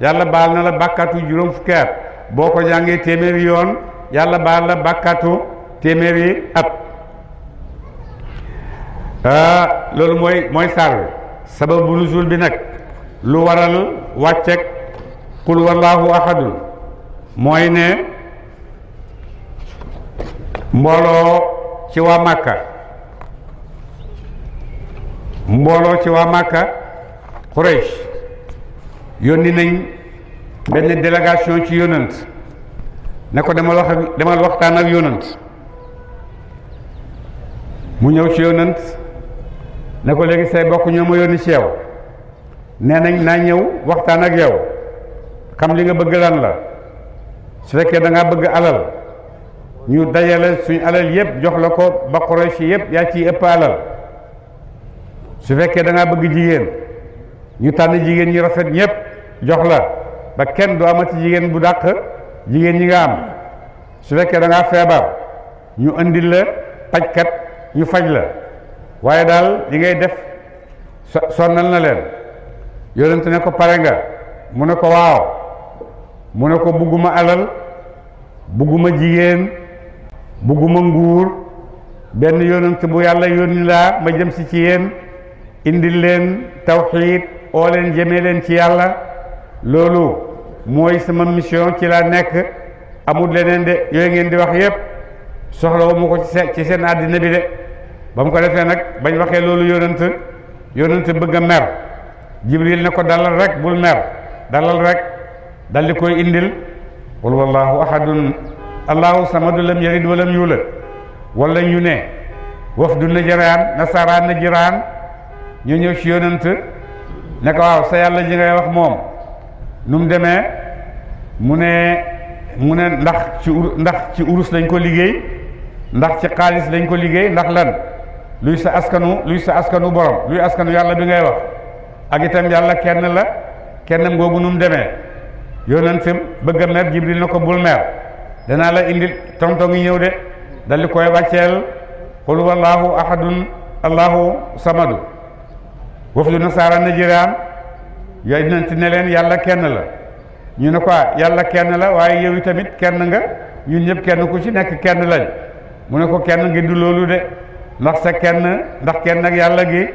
yàlla baal na la bàkkaatu juróom fukki at boo ko jàngee téeméeri yoon yàlla baal la bàkkaatu téeméeri at ah, loolu mooy mooy saar wi sababu nuzul bi nag lu waral wàcceg qul wallahu ahadun mooy ne mbooloo ci waa màkka mbooloo ci waa màkka Quraysh yónni nañ benn délégation ci yónant ne ko demal wax demal waxtaan ak yónant mu ñëw ci yónant ne ko léegi say bokk ñoo ma yónni ci nee nañ naa ñëw waxtaan ak yow xam li nga bëgg lan la su fekkee da bëgg alal ñu dajale suñ alal yëpp jox la ko ba Quraysh yëpp yaa ciy ëpp alal su fekkee dangaa bëgg jigéen ñu tànn jigéen ñi rafet ñëpp jox la ba kenn du amati jigéen bu dàq jigéen ñi nga am su fekkee dangaa ngaa feebar ñu indil la pajkat ñu faj la waaye daal yi ngay def sonnal na leen yonent ne ko pare nga mu ne ko waaw mu ne ko bugguma alal bugguma jigéen bugguma nguur benn yonent bu yàlla yónni laa ma jëm si ci yéen indil leen tawxiid oo leen jëmee leen ci yàlla loolu mooy sama mission ci laa nekk amul leneen de yooyu ngeen di wax yépp soxla wu ma ko ci seen ci seen àddina bi de ba mu ko defee nag bañ waxee loolu yonent yonent bëgg a mer jibril ne ko dalal rek bul mer dalal rek dal di koy indil qul wallahu ahadun allahu samadu lam yalid walam yuulad wala ñu ne wafdu najraan nasaraan najraan ñu ñëw ci yonent ne waaw sa yàlla ji ngay wax moom nu demee mu ne mu ne ndax ci ndax ci urus lañ ko liggéey ndax ci xaalis lañ ko liggéey ndax lan luy sa askanu luy sa askanu borom luy askanu yàlla bi ngay wax ak itam yàlla kenn la kenn googu nu mu demee yonentam bëgg a mer na ko bul mer danaa la indil tonton ngi ñëw de dal di koy wàcceel xul wallahu ahadun allahu samadu wafdu nasaara najiraan yooyu nanti ne leen yàlla kenn la ñu ne ko ah, yàlla kenn la waaye yow tamit kenn nga ñun ñëpp kenn ku ci nekk kenn lañ mu ne ko kenn ngi du loolu de ndax sa kenn ndax kenn ak yàlla gi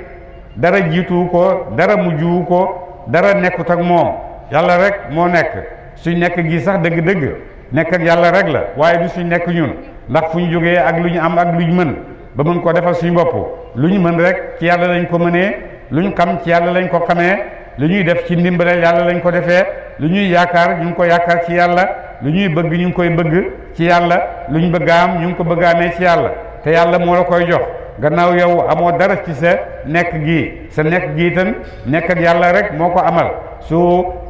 dara jiituwu ko dara mujjuwu ko dara nekkut tak moom yàlla rek moo nekk suñ nekk gii sax dëgg-dëgg nekk ak yàlla rek la waaye du suñ nekk ñun ndax fu ñu jógee ak lu ñu am ak lu mën ba mën ko defal suñu bopp lu ñu mën rek ci yàlla lañ ko mënee lu ñu xam ci yàlla lañ ko xamee lu ñuy def ci ndimbalal yàlla lañ ko defee lu ñuy yaakaar ñu ngi ko yaakaar ci yàlla lu ñuy bëgg ñu ngi koy bëgg ci yàlla lu ñu bëgg a am ñu ngi ko bëgg amee ci yàlla te yàlla moo la koy jox gannaaw yow amoo dara ci sa nekk gii sa nekk gii itam nekk yàlla rek moo ko amal su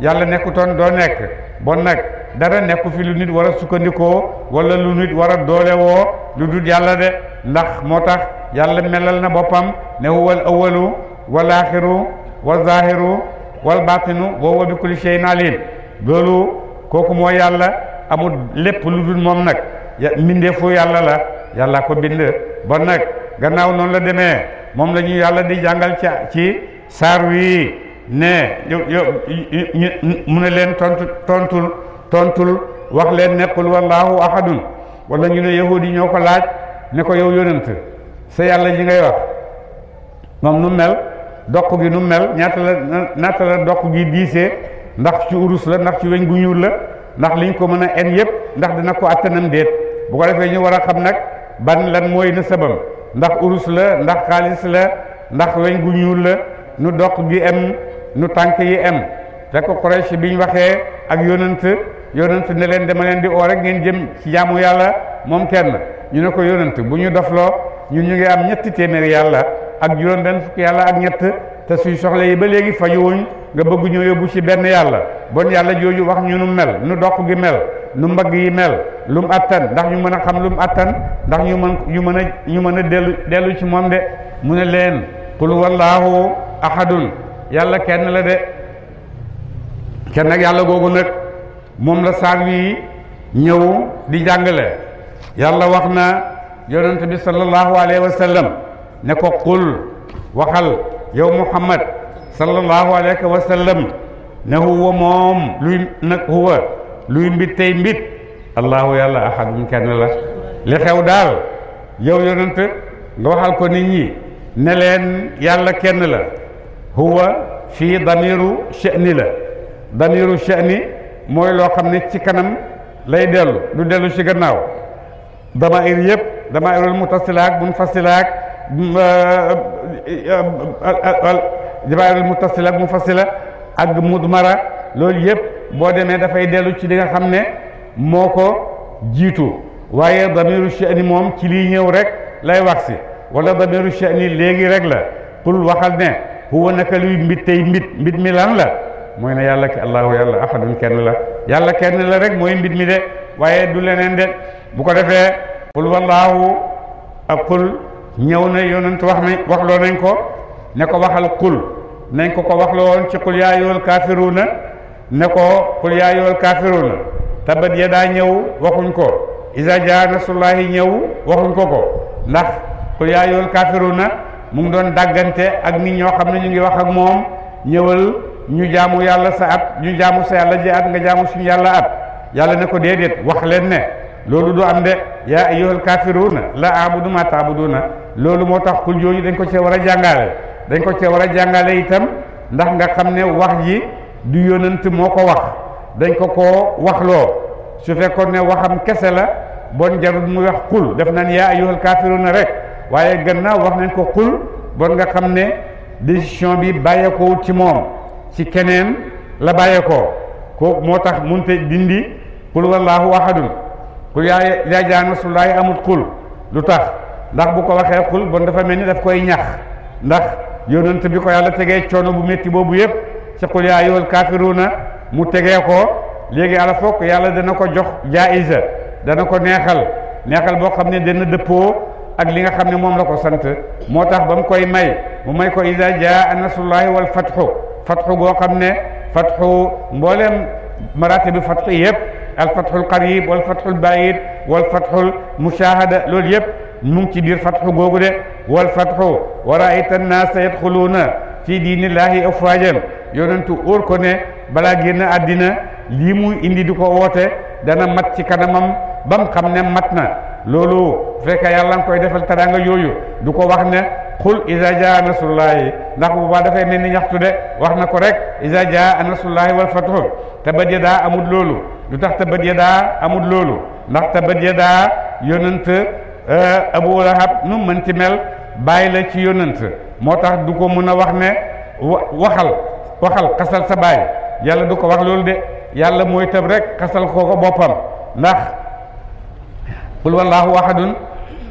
yàlla nekkutoon doo nekk bon nag dara nekku fi lu nit war sukkandikoo walla lu nit war a doole woo lu dul yàlla de ndax moo tax yàlla melal na boppam ne huwal awalu wal axiru wal zahiru wal batinu wa huwa bi kulli shay'in alim loolu kooku moo yàlla amul lépp lu dul moom nag mbindeefu yàlla la yàlla ko bind bon nag gannaaw noonu la demee moom la ñu yàlla di jàngal ca ci saar wi ne mu ne leen tontu tontul tontul wax leen nekkul qul wallahu ahadun wala ñu ne yahudi yi ñoo ko laaj ne ko yow yonent sa yàlla ji ngay wax moom nu mel doq gi nu mel ñaata la ñaata la doq gi diisee ndax ci urus la ndax ci weñ gu ñuul la ndax liñ ko mën a en yëpp ndax dina ko attanam déet bu ko defee ñu war a xam nag ban lan mooy na nasabam ndax urus la ndax xaalis la ndax weñ gu ñuul la nu doq gi am nu tànk yi am te ko Quraysh biñ waxee ak yonent yonent ne leen dama leen di oo rek ngeen jëm ci jaamu yàlla moom kenn ñu ne ko yonent bu ñu dof loo ñu ngi am ñetti téeméer yàlla ak juróom benn fukki yàlla ak ñett te suñ soxla yi ba léegi fajuwuñ nga bëgg ñoo yóbbu ci benn yàlla bon yàlla jooju wax ñu nu mel nu doq gi mel nu mbagg yi mel lu àttan attan ndax ñu mën a xam lu àttan ndax ñu mën ñu mën a ñu mën a dellu dellu ci moom de mu ne leen qul wallaahu ahadun yàlla kenn la de kenn ak yàlla googu nag moom la saak yi ñëw di jàngale yàlla wax na yonent bi sallallahu alayhi wa sallam ne ko qul waxal yow muhammad sallallahu alayhi wa ne huwa moom luy nag huwa luy mbit tey mbit allahu yàlla ahadun kenn la li xew daal yow yonent nga waxal ko nit ñi ne yàlla kenn la huwa fii damiru sha'ni la damiru sha'ni mooy loo xam ne ci kanam lay dellu lu dellu ci gannaaw damair yëpp damairul mutasilaak munfasilaak mu jawaahirul la ak mufassila ak mudmara loolu yëpp boo demee dafay dellu ci li nga xam ne moo ko jiitu waaye damiru sha'ni moom ci liy ñëw rek lay wax si wala damiru sha'ni léegi rek la qul waxal ne huwa naka luy mbit tey mbit mbit mi lan la mooy na yàlla ki allahu yàlla ahadun kenn la yàlla kenn la rek mooy mbit mi de waaye du leneen de bu ko defee qul wallahu ak qul ñëw na yonent wax nañ waxloo nañ ko ne ko waxal kul nañ ko ko wax la woon ci kul yaa ayyuhal kaafiruuna ne ko kul yaa ayyuhal kaafiruuna tabat yadaa ñëw waxuñ ko izaa jaa nasrullaahi ñëw waxuñ ko ko ndax kul yaa ayyuhal kaafiruuna mu ngi doon dàggante ak nit ñoo xam ne ñu ngi wax ak moom ñëwal ñu jaamu yàlla sa at ñu jaamu sa yàlla ji at nga jaamu suñu yàlla at yàlla ne ko déedéet wax leen ne loolu du am de yaa ayyuhal kaafiruuna la aabudu ma na loolu moo tax kul jooju dañ ko cee war a jàngaale dañ ko ci wara jangale itam ndax nga xamne wax yi du yonent moko ko wax dañ ko wax lo su fekkone ne waxam kese la bon jarul mu wax xul def nan ya ayyuhal kafirun rek waye gannaaw wax nañ ko kul bon nga xamne decision bi baye ko ci mom ci keneen la baye ko ko motax munte dindi qul wallahu ahadun qul ya ya jaa nasrullaahi amut kul lutax ndax bu ko waxe xul bon dafa melni daf koy ñax ndax يونت بكو يالا تيغي تشونو بو ميتي بوبو ييب سيقول يا ايها الكافرون مو تيغي كو ليغي على فوك يالا دنا كو جوخ جائزه دنا كو نيهال نيهال بو خامني دنا دبو اك ليغا خامني موم لاكو سانت موتاخ بام كوي ماي مو ماي كو اذا جاء نصر الله والفتح فتح بو خامني فتح مبولم مراتب فتح ييب الفتح القريب والفتح البعيد والفتح المشاهده لول mu ngi ci biir fatxu googu de wal fatxu wa raayta nnaasa yadxuluuna fii diinillaahi afwaajan yonentu óor ko ne balaa génn àddina lii muy indi du ko woote dana mat ci kanamam ba xam ne mat na loolu fekka yàlla nga koy defal teraanga yooyu du ko wax ne xul iza jaa nasrullahi ndax bu baa dafay mel ni ñaxtu de wax na ko rek iza jaa nasrullahi wal fatxu te bët daa amul loolu lu tax te bët daa amul loolu ndax te bët daa yonent Eh, Abu Lahab nu mën ci mel bàyyi la ci yonent moo tax du ko mën a wax ne waxal waxal xasal sa baay yàlla du ko wax loolu de yàlla mooy tëb rek xasal kooko boppam ndax qul wallahu ahadun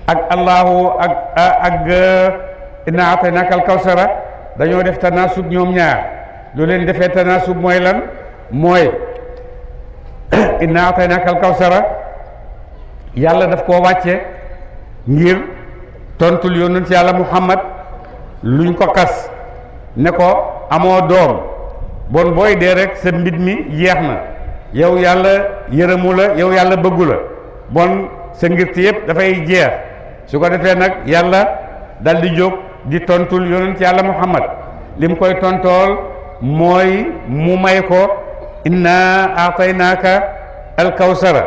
ak allahu ak ak inna ataynaka al kawsara dañoo def tanasub ñoom ñaar lu leen defee tanasub mooy lan mooy inna ataynaka al kawsara yàlla daf koo wàcce ngir tontul yonent yàlla muhammad luñ ko kas ne ko amoo doom bon booy dee rek sa mbit mi yeex na yow yàlla yërëmu la yow yàlla bëggu la bon sa ngirti yëpp dafay jeex su ko defee nag yàlla dal di jóg di tontul yonent yàlla muhammad lim koy tontool mooy mu may ko inna aataynaaka alkawsara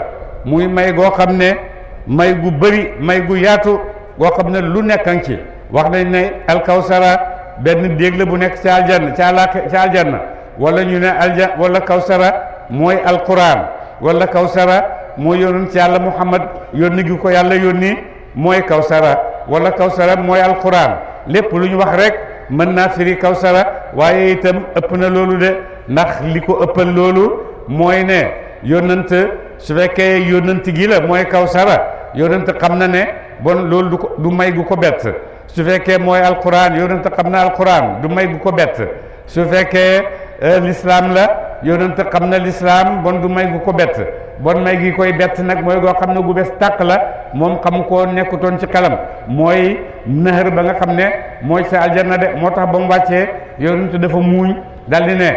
muy may goo xam ne may gu bëri may gu yaatu goo xam ne lu nekkan ci wax nañ ne al alkawsara benn déeg bu nekk ci aljanna ci àla ci aljanna wala ñu ne aljan wala kawsara mooy alquran wala kawsara mooy yónun ci yàlla muhammad yónni gi ko yàlla yónni mooy kawsara wala kawsara mooy alquran lépp lu ñu wax rek mën naa firi kawsara waaye itam ëpp na loolu de ndax li ko ëppal loolu mooy ne yónnant su fekkee yónnant gi la mooy kawsara yónnant xam na ne bon loolu du ko du may gu ko bett su fekkee mooy alquran yónnant xam na alquran du may gu ko bett su fekkee eh, lislaam la yónnant xam na lislaam bon du may gu ko bett bon may gi koy bett nag mooy goo xam ne gu bees tàkk la moom xam koo nekkutoon ci xelam mooy naxar ba nga xam ne mooy sa aljanna de moo tax ba mu wàccee yónnant dafa muuñ daldi ne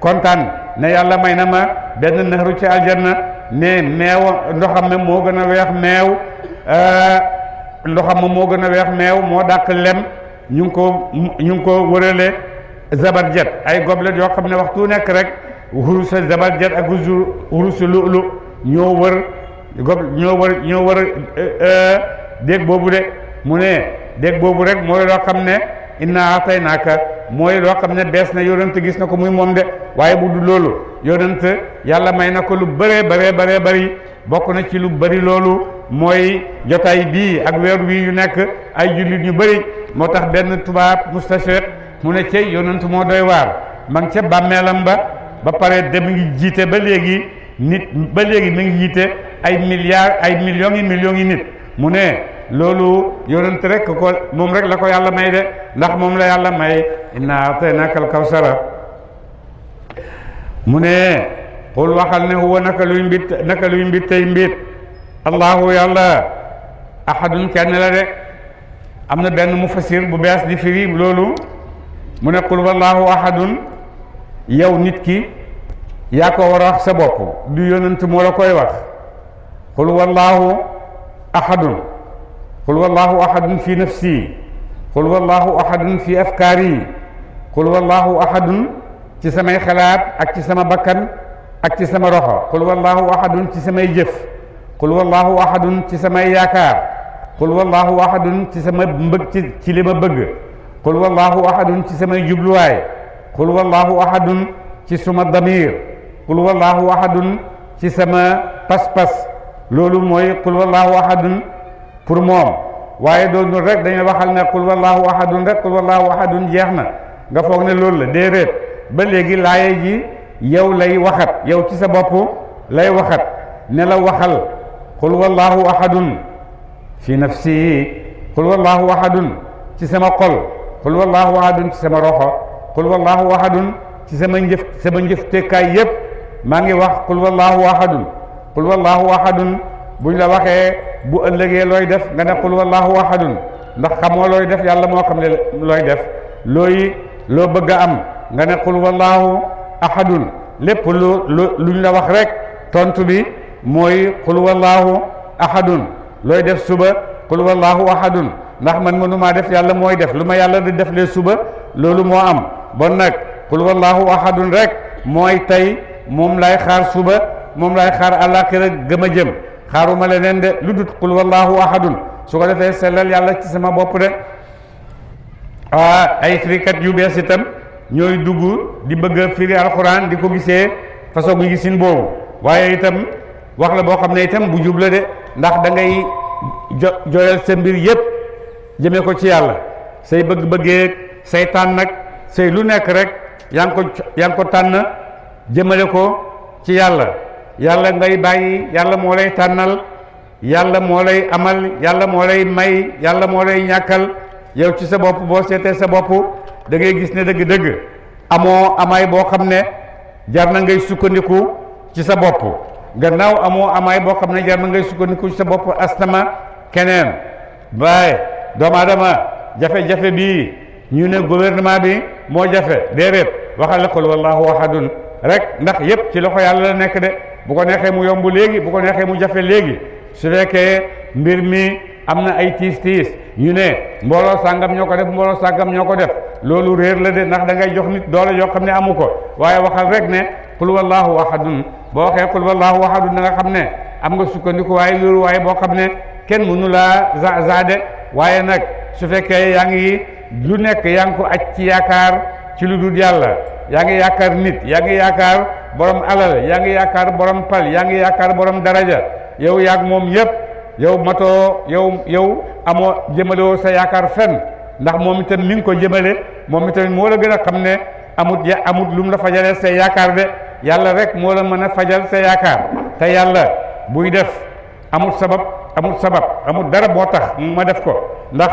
kontaan ne yàlla may na ma benn naxaru ci aljanna ne meew ndoxam ma moo gën a weex meew euh, ndoxam ma moo gën a weex meew moo daq lem ñu ngi ko ñu ngi ko wërale zabarjet ay goblet yoo xam ne waxtu nekk rek hurusa zabarjet ak hurusa lu'lu ñoo wër gob ñoo wër ñoo wër euh, euh, déeg boobu de mu ne déeg boobu rek mooy loo xam ne inna ataynaaka mooy loo xam ne bees na yonent gis na ko muy moom de waaye bu du loolu yonent yàlla may na ko lu bëree bare bëree bëri bokk na ci lu bëri loolu mooy jotaay bii ak weer wii yu nekk ay jullit yu bëri moo tax benn tubaab mustashriq mu ne cey yonent moo doy waar man ngi ca bàmmeelam ba ba pare dem ngi jiite ba léegi nit ba léegi mi ngi jiite ay milliards ay millions yi millions nit mu ne loolu yonent rek moom rek la ko yàlla may de ndax moom la yàlla may inna ataynaka al kawsara mu ne xul waxal ne huwa naka luy mbit naka luy mbit tey mbit allahu yàlla ahadun kenn la de am na benn mufassir bu bees di firi loolu mu ne qul wallahu ahadun yow nit ki yaa ko war a wax sa bopp du yonent moo la koy wax qul wallahu ahadun قل والله أحد في نفسي قل والله أحد في أفكاري قل والlahu ahadun ci samay xalaat ak ci sama bakkan ak ci sama roxo qul wallahu ahadun ci samay jëf qul wallahu ahadun ci samay yaakaar qul wallahu ahadun ci sama mbëgg ci ci li ma bëgg qul wallahu ahadun ci samay jubluwaay qul wallahu ahadun ci suma damir qul wallahu ahadun ci sama pas-pas loolu mooy qul wallahu ahadun pour waye do ñu rek dañu waxal ne qul wallahu ahadun rek qul wallahu ahadun jeexna nga foog ne lool la déedéet ba legi laye ji yow lay waxat yow ci sa bop lay waxat ne la waxal qul wallahu ahadun fi nafsi qul wallahu ahadun ci sama xol qul wallahu ahadun ci sama roho qul wallahu ahadun ci sama ñeuf sama te kay yeb ma ngi wax qul wallahu ahadun qul wallahu ahadun buñ la waxee bu ëllëgee looy def nga ne qul wallahu ahadun ndax xamoo looy def yàlla moo xam ne looy def looy loo bëgg a am nga ne qul wallahu ahadun lépp lu lu luñ la wax rek tontu bi mooy qul wallahu ahadun looy def suba qul wallahu ahadun ndax man mënumaa def yàlla mooy def lu ma yàlla di def lee suba loolu moo am bon nag qul wallahu ahadun rek mooy tey moom lay xaar suba moom lay xaar àllaaxira gëm a jëm xaruma leneen de lu dut qul wallahu ahadun su ko defee sellal yàlla ci sama bopp de ay firikat yu bees itam ñooy dugg di bëgg firi alquran di ko gisee façon gu gisin boobu waaye itam wax la boo xam ne itam bu jubla de ndax da ngay jo joyal sa mbir yépp jëmee ko ci yàlla say bëgg-bëggeeg say tànn nag lu nekk rek yaa ko yaa ngi ko tànn jëmale ko ci yàlla yàlla ngay bàyyi yàlla moo lay tànnal yàlla moo lay amal yàlla moo lay may yàlla moo lay ñàkkal yow ci sa bopp boo seetee sa bopp da ngay gis ne dëgg-dëgg amoo amaay boo xam ne jar na ngay sukkandiku ci sa bopp gannaaw amoo amaay boo xam ne jar na ngay sukkandiku sa bopp astama keneen waaye doomu aadama jafe-jafe bii ñu ne gouvernement bi moo jafe déedéet waxal la qul wallahu ahadun rek ndax yep ci loxo yàlla la nekk de bu ko neexee mu yomb léegi bu ko neexee mu jafe léegi su fekkee mbir mi am na ay tiis tiis ñu ne mbooloo sàngam ñoo ko def mbooloo sàngam ñoo ko def loolu réer la de ndax da ngay jox nit doole yoo xam ne amu ko waaye waxal rek ne qul wallahu ahadun boo waxee qul wallahu ahadun nga xam am nga sukkandiku waaye loolu waaye boo xam ne kenn mënu laa za zaade waaye nag su fekkee yaa ngi lu nekk yaa ngi ci yaakaar ci lu dul yàlla yaa ngi yaakaar nit yaa ngi yaakaar borom alal yaa ngi yaakaar borom pal yaa ngi yaakaar borom daraja yow yaak moom yëpp yow matoo yow yow amoo jëmalewoo sa yaakaar fenn ndax moom itam mi ngi ko jëmale moom itam moo la gën a xam ne amut ya amut lu mu la fajalee sa yaakaar de yàlla rek moo la mën a fajal sa yaakaar te yàlla buy def amut sabab amut sabab amut dara boo tax ma def ko ndax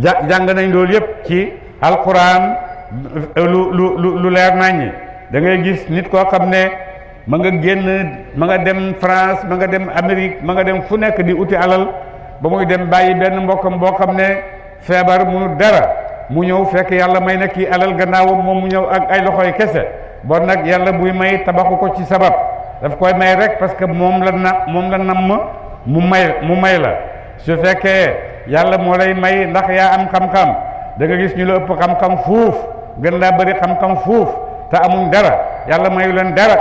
jàng nañ loolu yëpp ci alquran lu lu lu leer naññi da ngay gis nit ko xamne ma nga genn ma nga dem France ma nga dem amerique ma nga dem fu nek di uti alal ba muy dem bayyi ben mbokam bo xamne ne mu dara mu ñew fekk yalla may nak alal gannaaw moom mu ñew ak ay loxoy kese bo nak yalla buy may tabaxu ko ci sabab daf koy may rek parce que mom la na mom la nam mu may mu may la su fekke yalla mo lay may ndax ya am xam-xam da nga gis ñu la upp xam-xam fuuf gën la bari xam-xam fuuf te amuñ dara yàlla mayu leen dara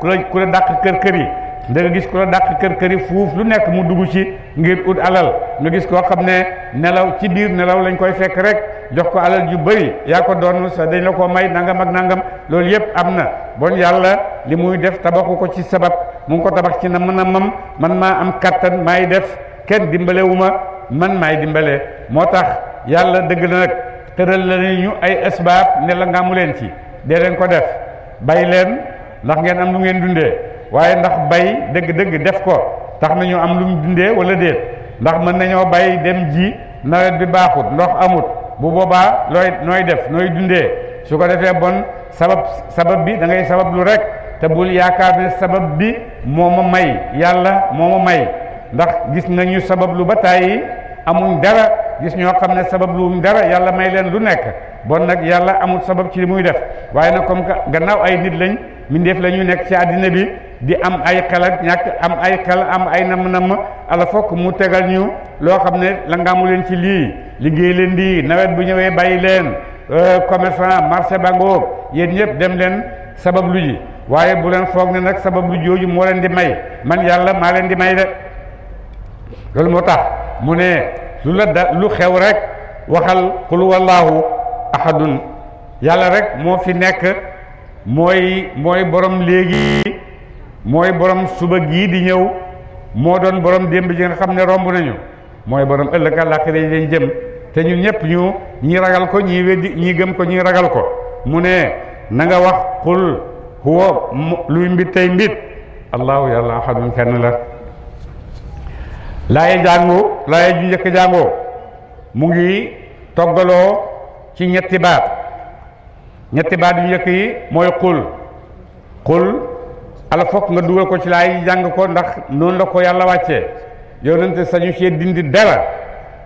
ku la ku la dàq kër kër yi da nga gis ku la dàq kër yi fuuf lu nekk mu dugg ci ngir ut alal nga gis koo xam ne nelaw ci biir nelaw lañ koy fekk rek jox ko alal ju bëri yaa ko doon sa dañ la koo may nangam ak nangam loolu yëpp am na bon yàlla li muy def tabaxu ko ci sabab mu ngi ko tabax ci na mën a mam man maa am kattan maay def kenn dimbalewuma man maay dimbale moo tax yàlla dëgg na nag teural la ñu ay asbaab ne la ngaamu len ci de len ko def bay len ndax ngeen am lu ngeen dundé waye ndax bay deug deug def ko tax nañu am lu dundé wala deet ndax man nañu bay dem ji nawet bi baxut ndox amut bu boba loy noy def noy dundé su ko defé bon sabab sabab bi da ngay sabab lu rek te bul yaakaar ne sabab bi moma may yalla moma may ndax gis nañu sabab lu bataay amun amuñ dara gis ñoo xam ne sabab lu dara yàlla may leen lu nekk bon nag yàlla amul sabab ci li muy def waaye nag comme gannaaw ay nit lañ mindeef la ñu nekk ci àddina bi di am ay xel ñàkk am ay xel am ay namm-namm ala fokk mu tegal ñu loo xam ne la ngaamu leen ci lii liggéey leen di nawet bu ñëwee bàyyi leen euh, commerçant marché bango yéen ñëpp dem leen sabab waaye bu leen foog ne nag sabab lu jooju moo leen di may man yàlla maa leen di may de loolu lu la da lu xew rek waxal qul wallahu ahadun yàlla rek moo fi nekk mooy mooy borom léegi mooy borom suba gii di ñëw moo doon borom démb ji nga xam ne romb nañu mooy borom ëllëg àllaaxira yi dañ jëm te ñu ñëpp ñu ñi ragal ko ñi weddi ñi gëm ko ñi ragal ko mu ne nanga wax qul huwa luy mbit tey mbit allahu yàlla ahadun kenn la laaye jàngoo laaye ju yëkk jàngoo mu ngi toggaloo ci ñetti baat ñetti baat yu njëkk yi mooy xul xul ala nga dugal ko ci laay jàng ko ndax noonu la ko yàlla wàccee yonente sañu cee dindi dara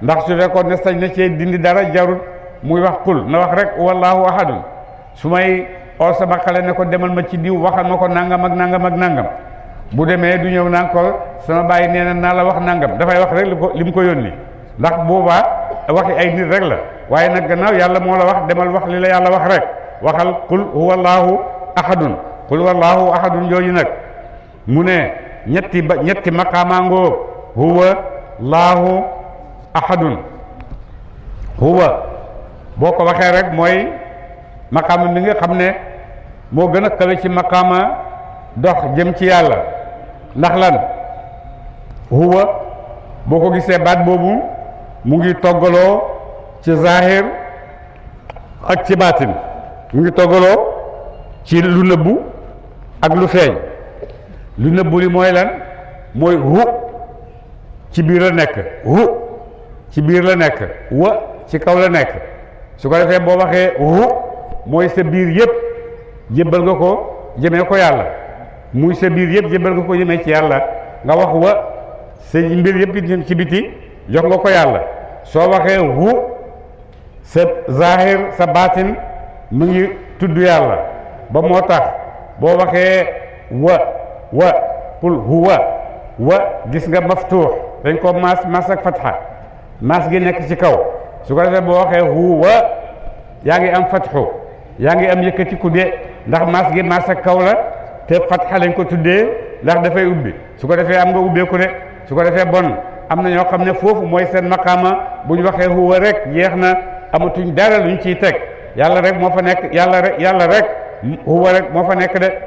ndax su fekkoon ne sañ na cee dindi dara jarut muy wax xul na wax rek wallahu ahadun su may oo sama xale ne ko demal ma ci diw waxal ma ko nàngam ak nangam ak nangam bu demee du ñëw naan ko sama bàyyi nee na naa la wax nangam dafay wax rek li ko li mu ko yónni ndax boobaa waxi ay nit rek la waaye nag gannaaw yàlla moo la wax demal wax li la yàlla wax rek waxal qul huwa allaahu ahadun qul huwa ahadun jooju nag mu ne ñetti ba ñetti maqaamaa ngóob huwa laahu ahadun huwa boo ko waxee rek mooy maqaama li nga xam ne moo gën a kawe ci maqaama dox jëm ci yàlla ndax lan huwa boo ko gisee baat boobu mu ngi toggaloo ci zahir ak ci baatin mu ngi toggaloo ci lu nëbbu ak lu feeñ lu nëbbu li mooy lan mooy hu ci biir la nekk hu ci biir la nekk wa ci kaw la nekk su ko defee boo waxee hu mooy sa biir yépp jébbal nga ko jëmee ko yàlla muy sa biir yëpp jëbal nga ko jëmee ci yàlla nga wax wa sa mbir yëpp ci biti jox nga ko yàlla soo waxee hu sa zahir sa batin mu ngi tudd yàlla ba moo tax boo waxee wa wa qul huwa wa gis nga maftuux dañ ko mas mas ak fatha mas gi nekk ci kaw su ko defee boo waxee huwa yaa ngi am fatxu yaa ngi am yëkkati ku de ndax mas gi mas ak kaw la te fatxa lañ ko tuddee ndax dafay ubbi su ko defee am nga ubbeeku de su ko defee bon am na ñoo xam ne foofu mooy seen maqaama bu ñu waxee huwa rek jeex na amatuñ dara luñ ciy teg yàlla rek moo fa nekk yàlla rek yàlla rek moo fa nekk de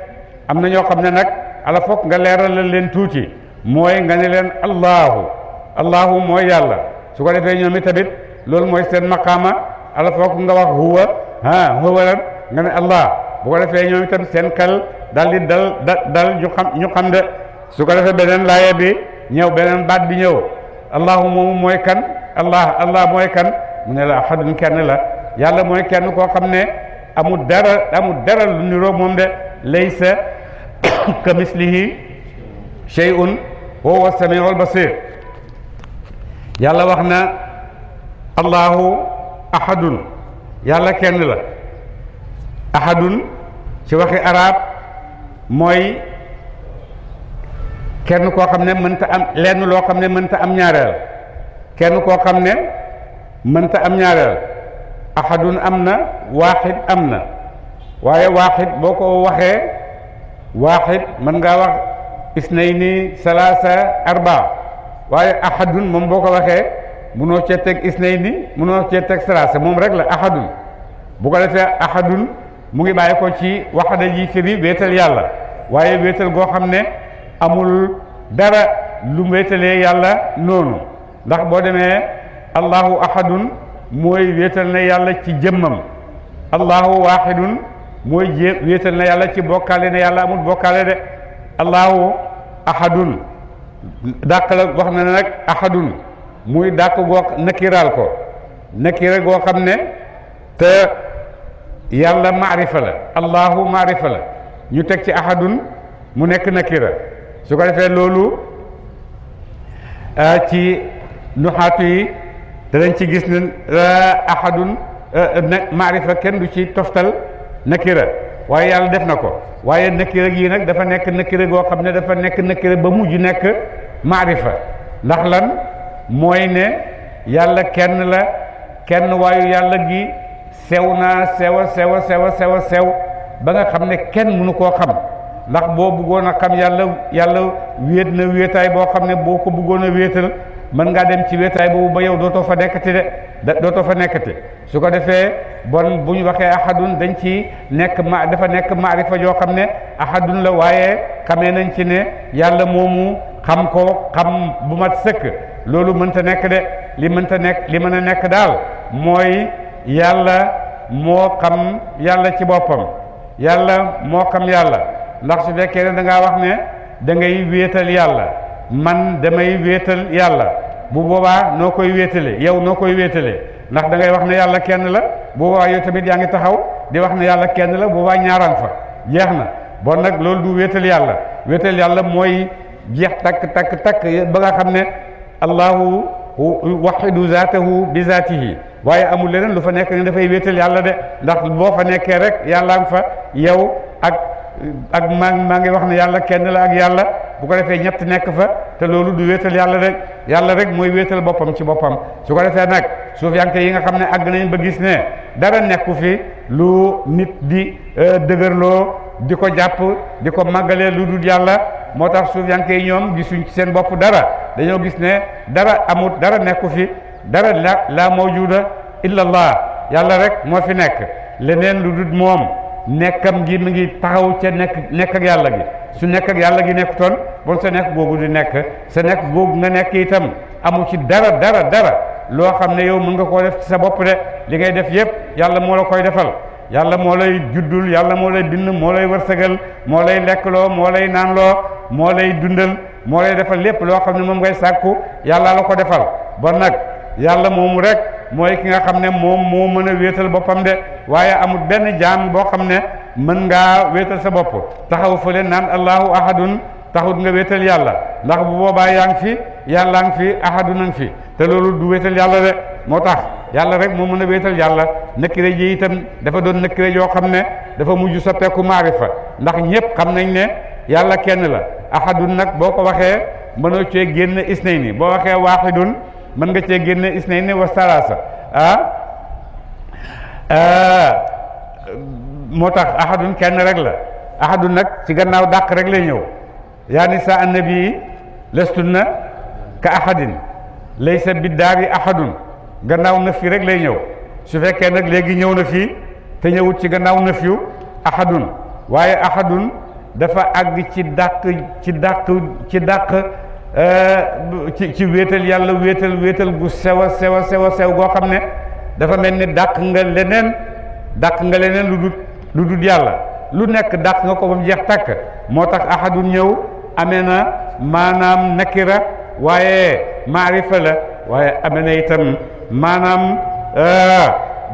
am na ñoo xam ne nag ala foog nga leeralal leen tuuti mooy nga ne leen allahu allahu mooy yàlla su ko defee ñoom tamit loolu mooy seen maqaama ala foog nga wax huwa ah huwa lan nga ne allah bu ko defee seen xel dal di dal dal ñu xam ñu xam de su ko defee beneen laaya bi ñëw beneen baat bi ñëw allahu moom mooy kan allah allah mooy kan mu ne la ahadun kenn la yàlla mooy kenn koo xam ne amul dara amul dara lu niroo moom de laysa ka mislihi shay'un wa huwa samiul yàlla wax na allahu ahadun yàlla kenn la ahadun ci waxi arab mooy kenn koo xam ne mënta am lenn loo xam ne mënta am ñaareel kenn koo xam ne mënta am ñaareel ahadun am na waaxid am na waaye waaxid boo ko waxee waaxid mën ngaa wax isnayni salaasa arba waaye ahadun moom boo ko waxee munoo cee teg isnayni munoo cee teg salaasa moom rek la ahadun bu ko defee ahadun mu ngi bàyyi ko ci waxada ji sëri wéetal yàlla waaye wéetal goo xam ne amul dara lu wéetalee yàlla noonu ndax boo demee allahu ahadun mooy wéetal na yàlla ci jëmmam allahu wahidun mooy jé wéetal na yàlla ci bokkaale ne yàlla amul bokkaale de allahu ahadun dàq la wax na ne nag ahadun muy dàq goo nakiraal ko nakira goo xam ne te yàlla maarifa la allahu maarifa la ñu teg ci ahadun mu nekk nakira su ko defee loolu ci nuxaatu yi danañ ci gis ne ahadun maarifa kenn toftal nakira waaye yàlla def na ko waaye nakira gii nag dafa nekk nakira goo xam dafa nekk nakira ba mujj nekk maarifa ndax lan mooy ne yàlla kenn la kenn waayu yàlla gi sew naa sew a sew a sew a sew a sew ba nga xam ne kenn mënu koo xam ndax boo bëggoon a xam yàlla yàlla wéet na wéetaay boo xam ne boo ko bëggoon a wéetal mën ngaa dem ci wéetaay boobu ba yow dootoo fa nekkati de dootoo fa nekkati su ko defee bon bu ñu waxee ahadun dañ ci nekk ma dafa nekk maarifa joo xam ne ahadun la waaye xamee nañ ci ne yàlla moomu xam ko xam bu mat sëkk loolu mënta nekk de li mënta nekk li mën a nekk daal mooy yàlla moo xam yàlla ci boppam yàlla moo xam yàlla ndax su fekkee ne da wax ne da ngay wéetal yàlla man damay wéetal yàlla bu boobaa noo koy wéetale yow noo koy wéetale ndax da wax ne yàlla kenn la bu boobaa yow tamit yaa ngi taxaw di wax na yàlla kenn la bu boobaa ñaaraan fa jeex na bon nag loolu du wéetal yàlla wéetal yàlla mooy jeex takk takk takk ba nga xam ne allahu waxidu zaatahu bi zaatihi waaye amul leneen lu fa nekk nii dafay wéetal yàlla de ndax boo fa nekkee rek yàlla nga fa yow ak ak maa maa ngi wax ne yàlla kenn la ak yàlla bu ko defee ñett nekk fa te loolu du wéetal yàlla rek yàlla rek mooy wéetal boppam ci boppam su ko defee nag suuf yanke yi nga xam ne àgg nañ ba gis ne dara nekku fi lu nit di euh, dëgërloo di ko jàpp di ko màggalee lu dul yàlla moo tax suuf yanke yi ñoom gisuñ ci seen bopp dara dañoo gis ne dara amut dara nekku fi dara la laa moo mawjuda illallah yàlla rek moo fi nekk leneen lu dul moom nekkam gi mi ngi taxaw ca nekk nekk ak yàlla gi su nekk ak yàlla gi nekkutoon bon sa nekk googu di nekk sa nekk googu nga nekk itam amu ci dara dara dara loo xam ne yow mën nga koo def ci sa bopp de li ngay def yépp yàlla moo la koy defal yàlla moo lay juddul yàlla moo lay bind moo lay wërsëgal moo lay lekkloo moo lay naanloo moo lay dundal moo lay defal lépp loo xam ne moom ngay sàkku yàlla ko defal yàlla moomu rek mooy ki nga xam ne moom moo mën a wéetal boppam de waaye amul benn jaam boo xam ne mën ngaa wéetal sa bopp taxaw fële naan allahu ahadun taxut nga wéetal yàlla ndax bu boobaa yaa ngi fi yàlla ngi fi ahadun fi te loolu du wéetal yàlla de moo tax yàlla rek moo mën a wéetal yàlla nëkkire ji itam dafa doon nëkkire yoo xam ne dafa mujj soppeeku fa ndax ñëpp xam nañ ne yàlla kenn la ahadun nag boo ko waxee mënoo cee génn isnayni boo waxee waaxidun mën nga cee génne is isnayni wa salaasa ah? ah moo tax ahadun kenn rek la ahadun nag ci gannaaw dàq rek lay ñëw yaa nisa annabii lastunna ka ahadin laysa biddaari ahadun gannaaw nëf yi rek lay ñëw su fekkee nag léegi ñëw na fii te ñëwut ci gannaaw nëf yu ahadun waaye ahadun dafa àgg ci dàq ci dàq ci dàq ci ci wéetal yàlla wéetal wéetal gu sew a sew sew sew goo xam ne dafa mel ni dàq nga leneen dàq nga leneen lu dut lu dut yàlla lu nekk dàq nga ko ba mu jeex tàkk moo tax ahadu ñëw amee na maanaam nakira waaye maarifa la waaye amee na itam maanaam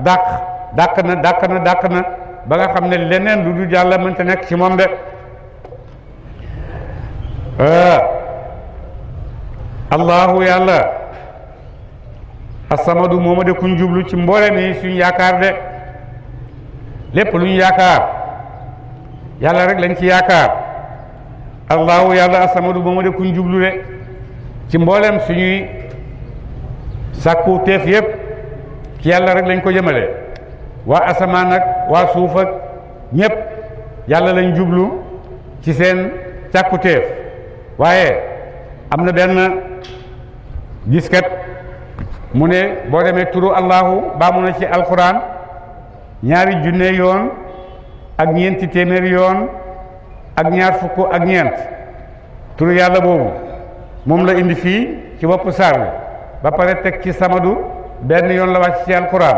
dàq dàq na dàq na dàq na ba nga xam ne leneen lu dut yàlla mënta nekk ci moom de allahu yàlla asamadu mooma de kuñ jublu ci mboole yi suñ yaakaar de lépp luñ yaakaar yàlla rek lañ ci yaakaar allahu yàlla asamadu mooma de kuñ jublu de ci mboolem suñuy sàkku teef yépp ci yàlla rek lañ ko jëmale waa asamaan ak waa suuf ak ñépp yàlla lañ jublu ci seen sàkku teef waaye am na benn giskat mu ne boo demee turu allahu baamu na ci alxuraan ñaari junne yoon ak ñeenti téeméer yoon ak ñaar fukk ak ñeent turu yàlla boobu moom la indi fii ci woppu saar wi ba pare teg ci samadu benn yoon la wàcc ci alquran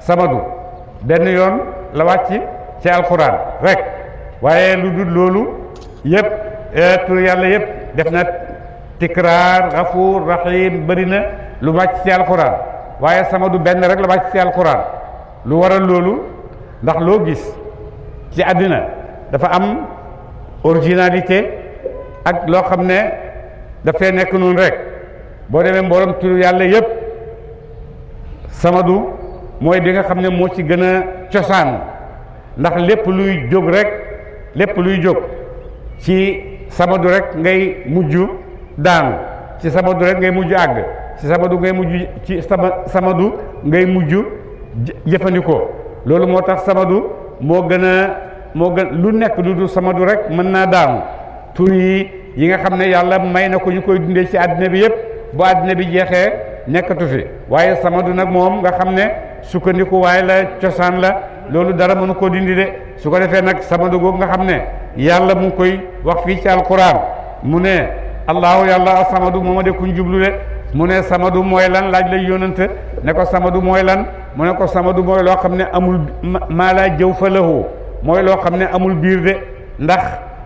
samadu benn yoon la wàcc ci alquran rek waaye lu dul loolu yëpp eh, turu yàlla yëpp def na tikraar gafuur rahim bëri na lu wàcc ci alquran waaye du benn rek la wàcc ci alquran lu waral loolu ndax loo gis ci àddina dafa am originalité ak loo xam ne dafay nekk noonu rek boo demee mboolem turu yàlla yépp samadu mooy bi nga xam ne moo ci gën a cosaan ndax lépp luy jóg rek lépp luy jóg ci samadu rek ngay mujj daanu ci sabadu rek ngay mujj àgg ci sabadu ngay mujj ci sama samadu ngay mujj jëfandikoo loolu moo tax samadu moo gën a moo gën lu nekk lu dul samadu rek mën naa daanu tur yi yi nga xam ne yàlla may na ko ñu koy dundee ci àddina bi yëpp bu àddina bi jeexee nekkatu fi waaye samadu nag moom nga xam ne sukkandiku waaye la cosaan la loolu dara mënu koo dindi de su ko defee nag samadu googu nga xam ne yàlla mu ngi koy wax fii ci alquran mu ne allahu yàlla asamadu mooma de kuñ jublu de mu ne samadu mooy lan laaj lay yónnante ne ko samadu mooy lan mu ne ko samadu mooy loo xam ne amul maa laa jëw fa lahoo mooy loo xam ne amul biir de ndax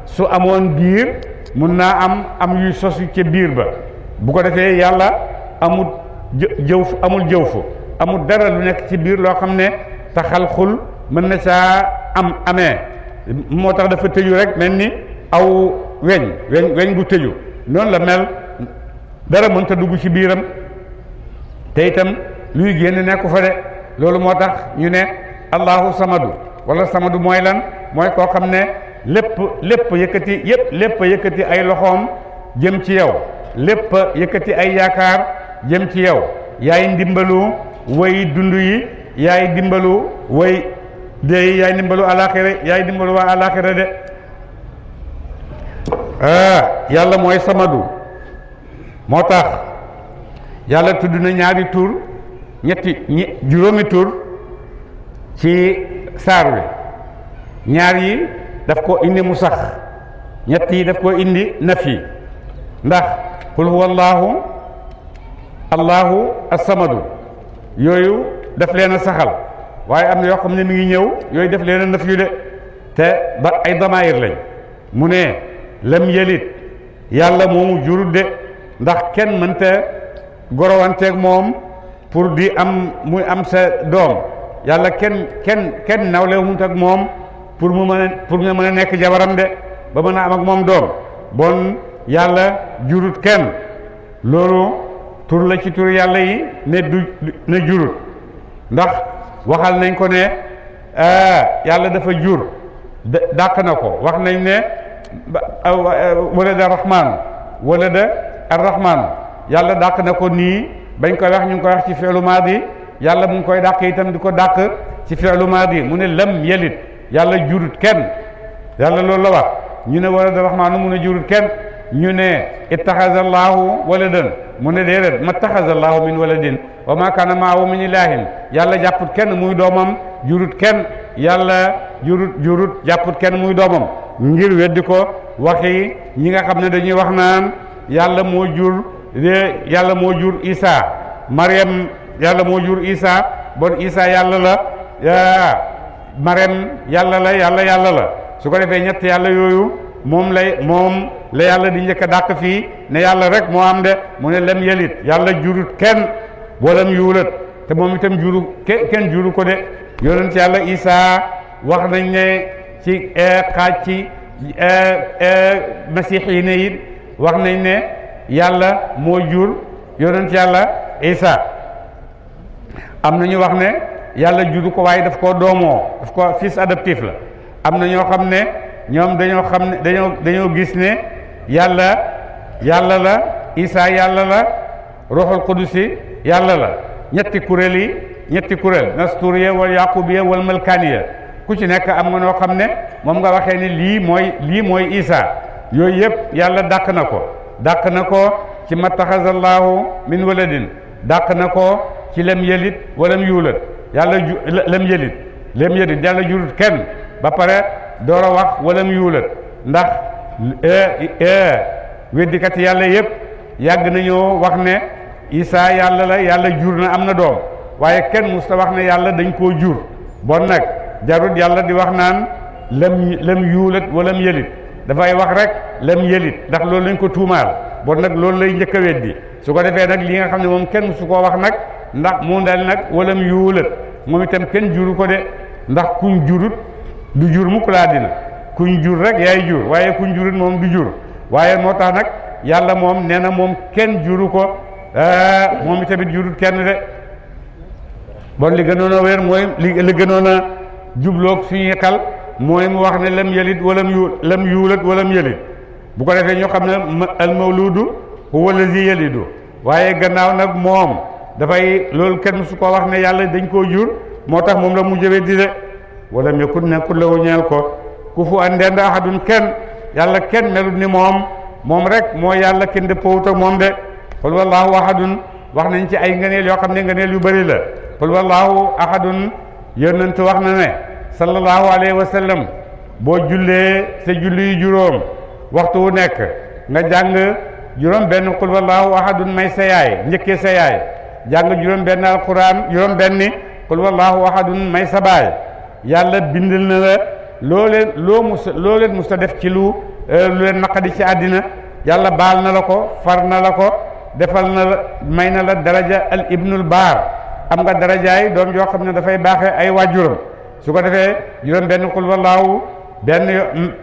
su amoon biir mun naa am am yuy sosu ca biir ba bu ko defee yàlla amul jëw amul jëw fu amul dara lu nekk ci biir loo xam ne taxalxul mën na saa am amee moo tax dafa tëju rek mel ni aw weñ weñ weñ bu tëju noonu la mel dara mënta dugg ci biiram te itam luy génn nekku fa de loolu moo tax ñu ne allahu samadu wala samadu mooy lan mooy koo xam ne lépp lépp yëkkati yépp lépp yëkkati ay loxoom jëm ci yow lépp yëkkati ay yaakaar jëm ci yow yaay ndimbalu way dund yi yaay dimbalu way de yaay dimbalu alaxira yaay dimbalu waa alaxira de Ah, yàlla mooy samadu moo tax yàlla tudd na ñaari tur ñetti ñi juróomi tur ci saar wi ñaar yi daf ko indi mu sax ñett yi daf ko indi naf yi ndax qul huwa allahu allahu assamadu yooyu daf leen a saxal waaye am na yoo xam ne mu ngi ñëw yooyu daf leen a naf yu de te ba ay damaayir lañ mu ne lam yelit yàlla moomu jurut de ndax kenn mënta gorowanteeg moom pour di am muy am sa doom yàlla kenn kenn kenn nawle wumut ak moom pour mu mën a pour nga mën a nekk jabaram de ba mën a am ak moom doom bon yàlla jurut kenn loolu tur la ci tur yàlla yi ne du ne jurut ndax waxal nañ ko ne ah, yàlla dafa jur dàq na ko wax nañ ne walada rahmaanu walada arrahmaanu yàlla dàq na ko nii bañ koy wax ñu ngi koy wax ci fi'lu maadi yàlla mu ngi koy dàq itam di ko dàq ci fi'lu maadi mu ne lam yelit yàlla jurut kenn yàlla loolu la wax ñu ne walada rahmaanu mu ne jurut kenn ñu ne ittaxaza allaahu waladan mu ne déedéet ma taxaza allaahu min waladin wa ma kaana maahu min ilaahin yàlla jàpput kenn muy doomam jurut kenn yàlla jurut jurut jàpput kenn muy doomam ngir weddi ko waxi ñi nga xam ne dañuy wax naan yàlla moo jur yàlla moo jur Isa Mariam yàlla moo jur Isa bon isaa yàlla la Mariam yàlla la yàlla yàlla la su ko defee ñett yàlla yooyu moom lay moom la yàlla di njëkk a dàq fii ne yàlla rek moo am de mu ne lem yelit yàlla jurut kenn walam yuulat te moom itam juru kenn juru ko de yonent yàlla Isa wax nañ ne ci eh, xaaj ci eh, eh, masixiine yi wax nañ ne yàlla moo jur yonent yàlla isa am na ñu wax ne yàlla juru ko waaye daf koo doomoo daf ko fils adoptif la am na ñoo xam ne ñoom dañoo xam dañoo dañoo gis ne yàlla yàlla la isa yàlla la ruuxul qudusi yàlla la ñetti kuréel yi ñetti kuréel nasturiya wal yaqubiya wal malkaniya ku ci nekk am nga noo xam ne moom nga waxee ni lii mooy lii mooy Isa yooyu yëpp yàlla dàq na ko dàq na ko ci mattaxazallahu min waladin dàq na ko ci lem yëlit walam yuulat yàlla ju lem yëlit lem yëlit yàlla jurut kenn ba pare door a wax walam yuulat ndax e, e, weddikat yàlla yëpp yàgg na nañoo wax ne Isa yàlla la yàlla jur na am na doom waaye kenn musta wax ne yàlla dañ koo jur bon nag jarut yàlla di wax naan lam lam yuulat walam yëlit dafay wax rek lam yëlit ndax loolu lañ ko tuumaal bon nag loolu lay njëkk a weddi su ko defee nag li nga xam ne moom kenn su koo wax nag ndax mu daal nag walam yuulat moom itam kenn juru ko de ndax kuñ jurut du jur mukk laa dina kuñ jur rek yaay jur waaye kuñ jurut moom du jur waaye moo tax nag yàlla moom nee na moom kenn juru ko ah, moom itamit jurut kenn de bon li gënoon wér mooy li li jubloog suñuy xel mooy mu wax ne lam yalit walam yu lam yuulat walam yalit bu ko defee ñu xam ne al mawludu huwa allazi yalidu waaye gannaaw nag moom dafay loolu kenn su ko wax ne yàlla dañ koo jur moo tax moom la mu jëwee di de walam yakun nekkul lahu ñeel ko ku fu andeen ahadun kenn yàlla kenn melut ni moom moom rek moo yàlla kenn dëppoowut ak moom de qul a ahadun wax nañ ci ay ngëneel yoo xam ne ngëneel yu bari la qul wallahu yónnentu wax na ne sallallahu alayhi wa boo jullee sa julli yu juróom waxtu wu nekk nga jàng juróom benn qul wallahu ahadun may sa yaay sayaay sa yaay jàng juróom benn alquran juróom benni qul wallahu ahadun may sa baay yàlla bindil na la loo leen loo mus loo leen mus a def ci lu eh, lu leen naqadi ci àddina yàlla baal na la ko far na la ko defal na la may na la daraja al ibnul baar am nga jaay doom joo xam ne dafay baaxee ay waajuram su ko defee juróom benn xul wallaahu benn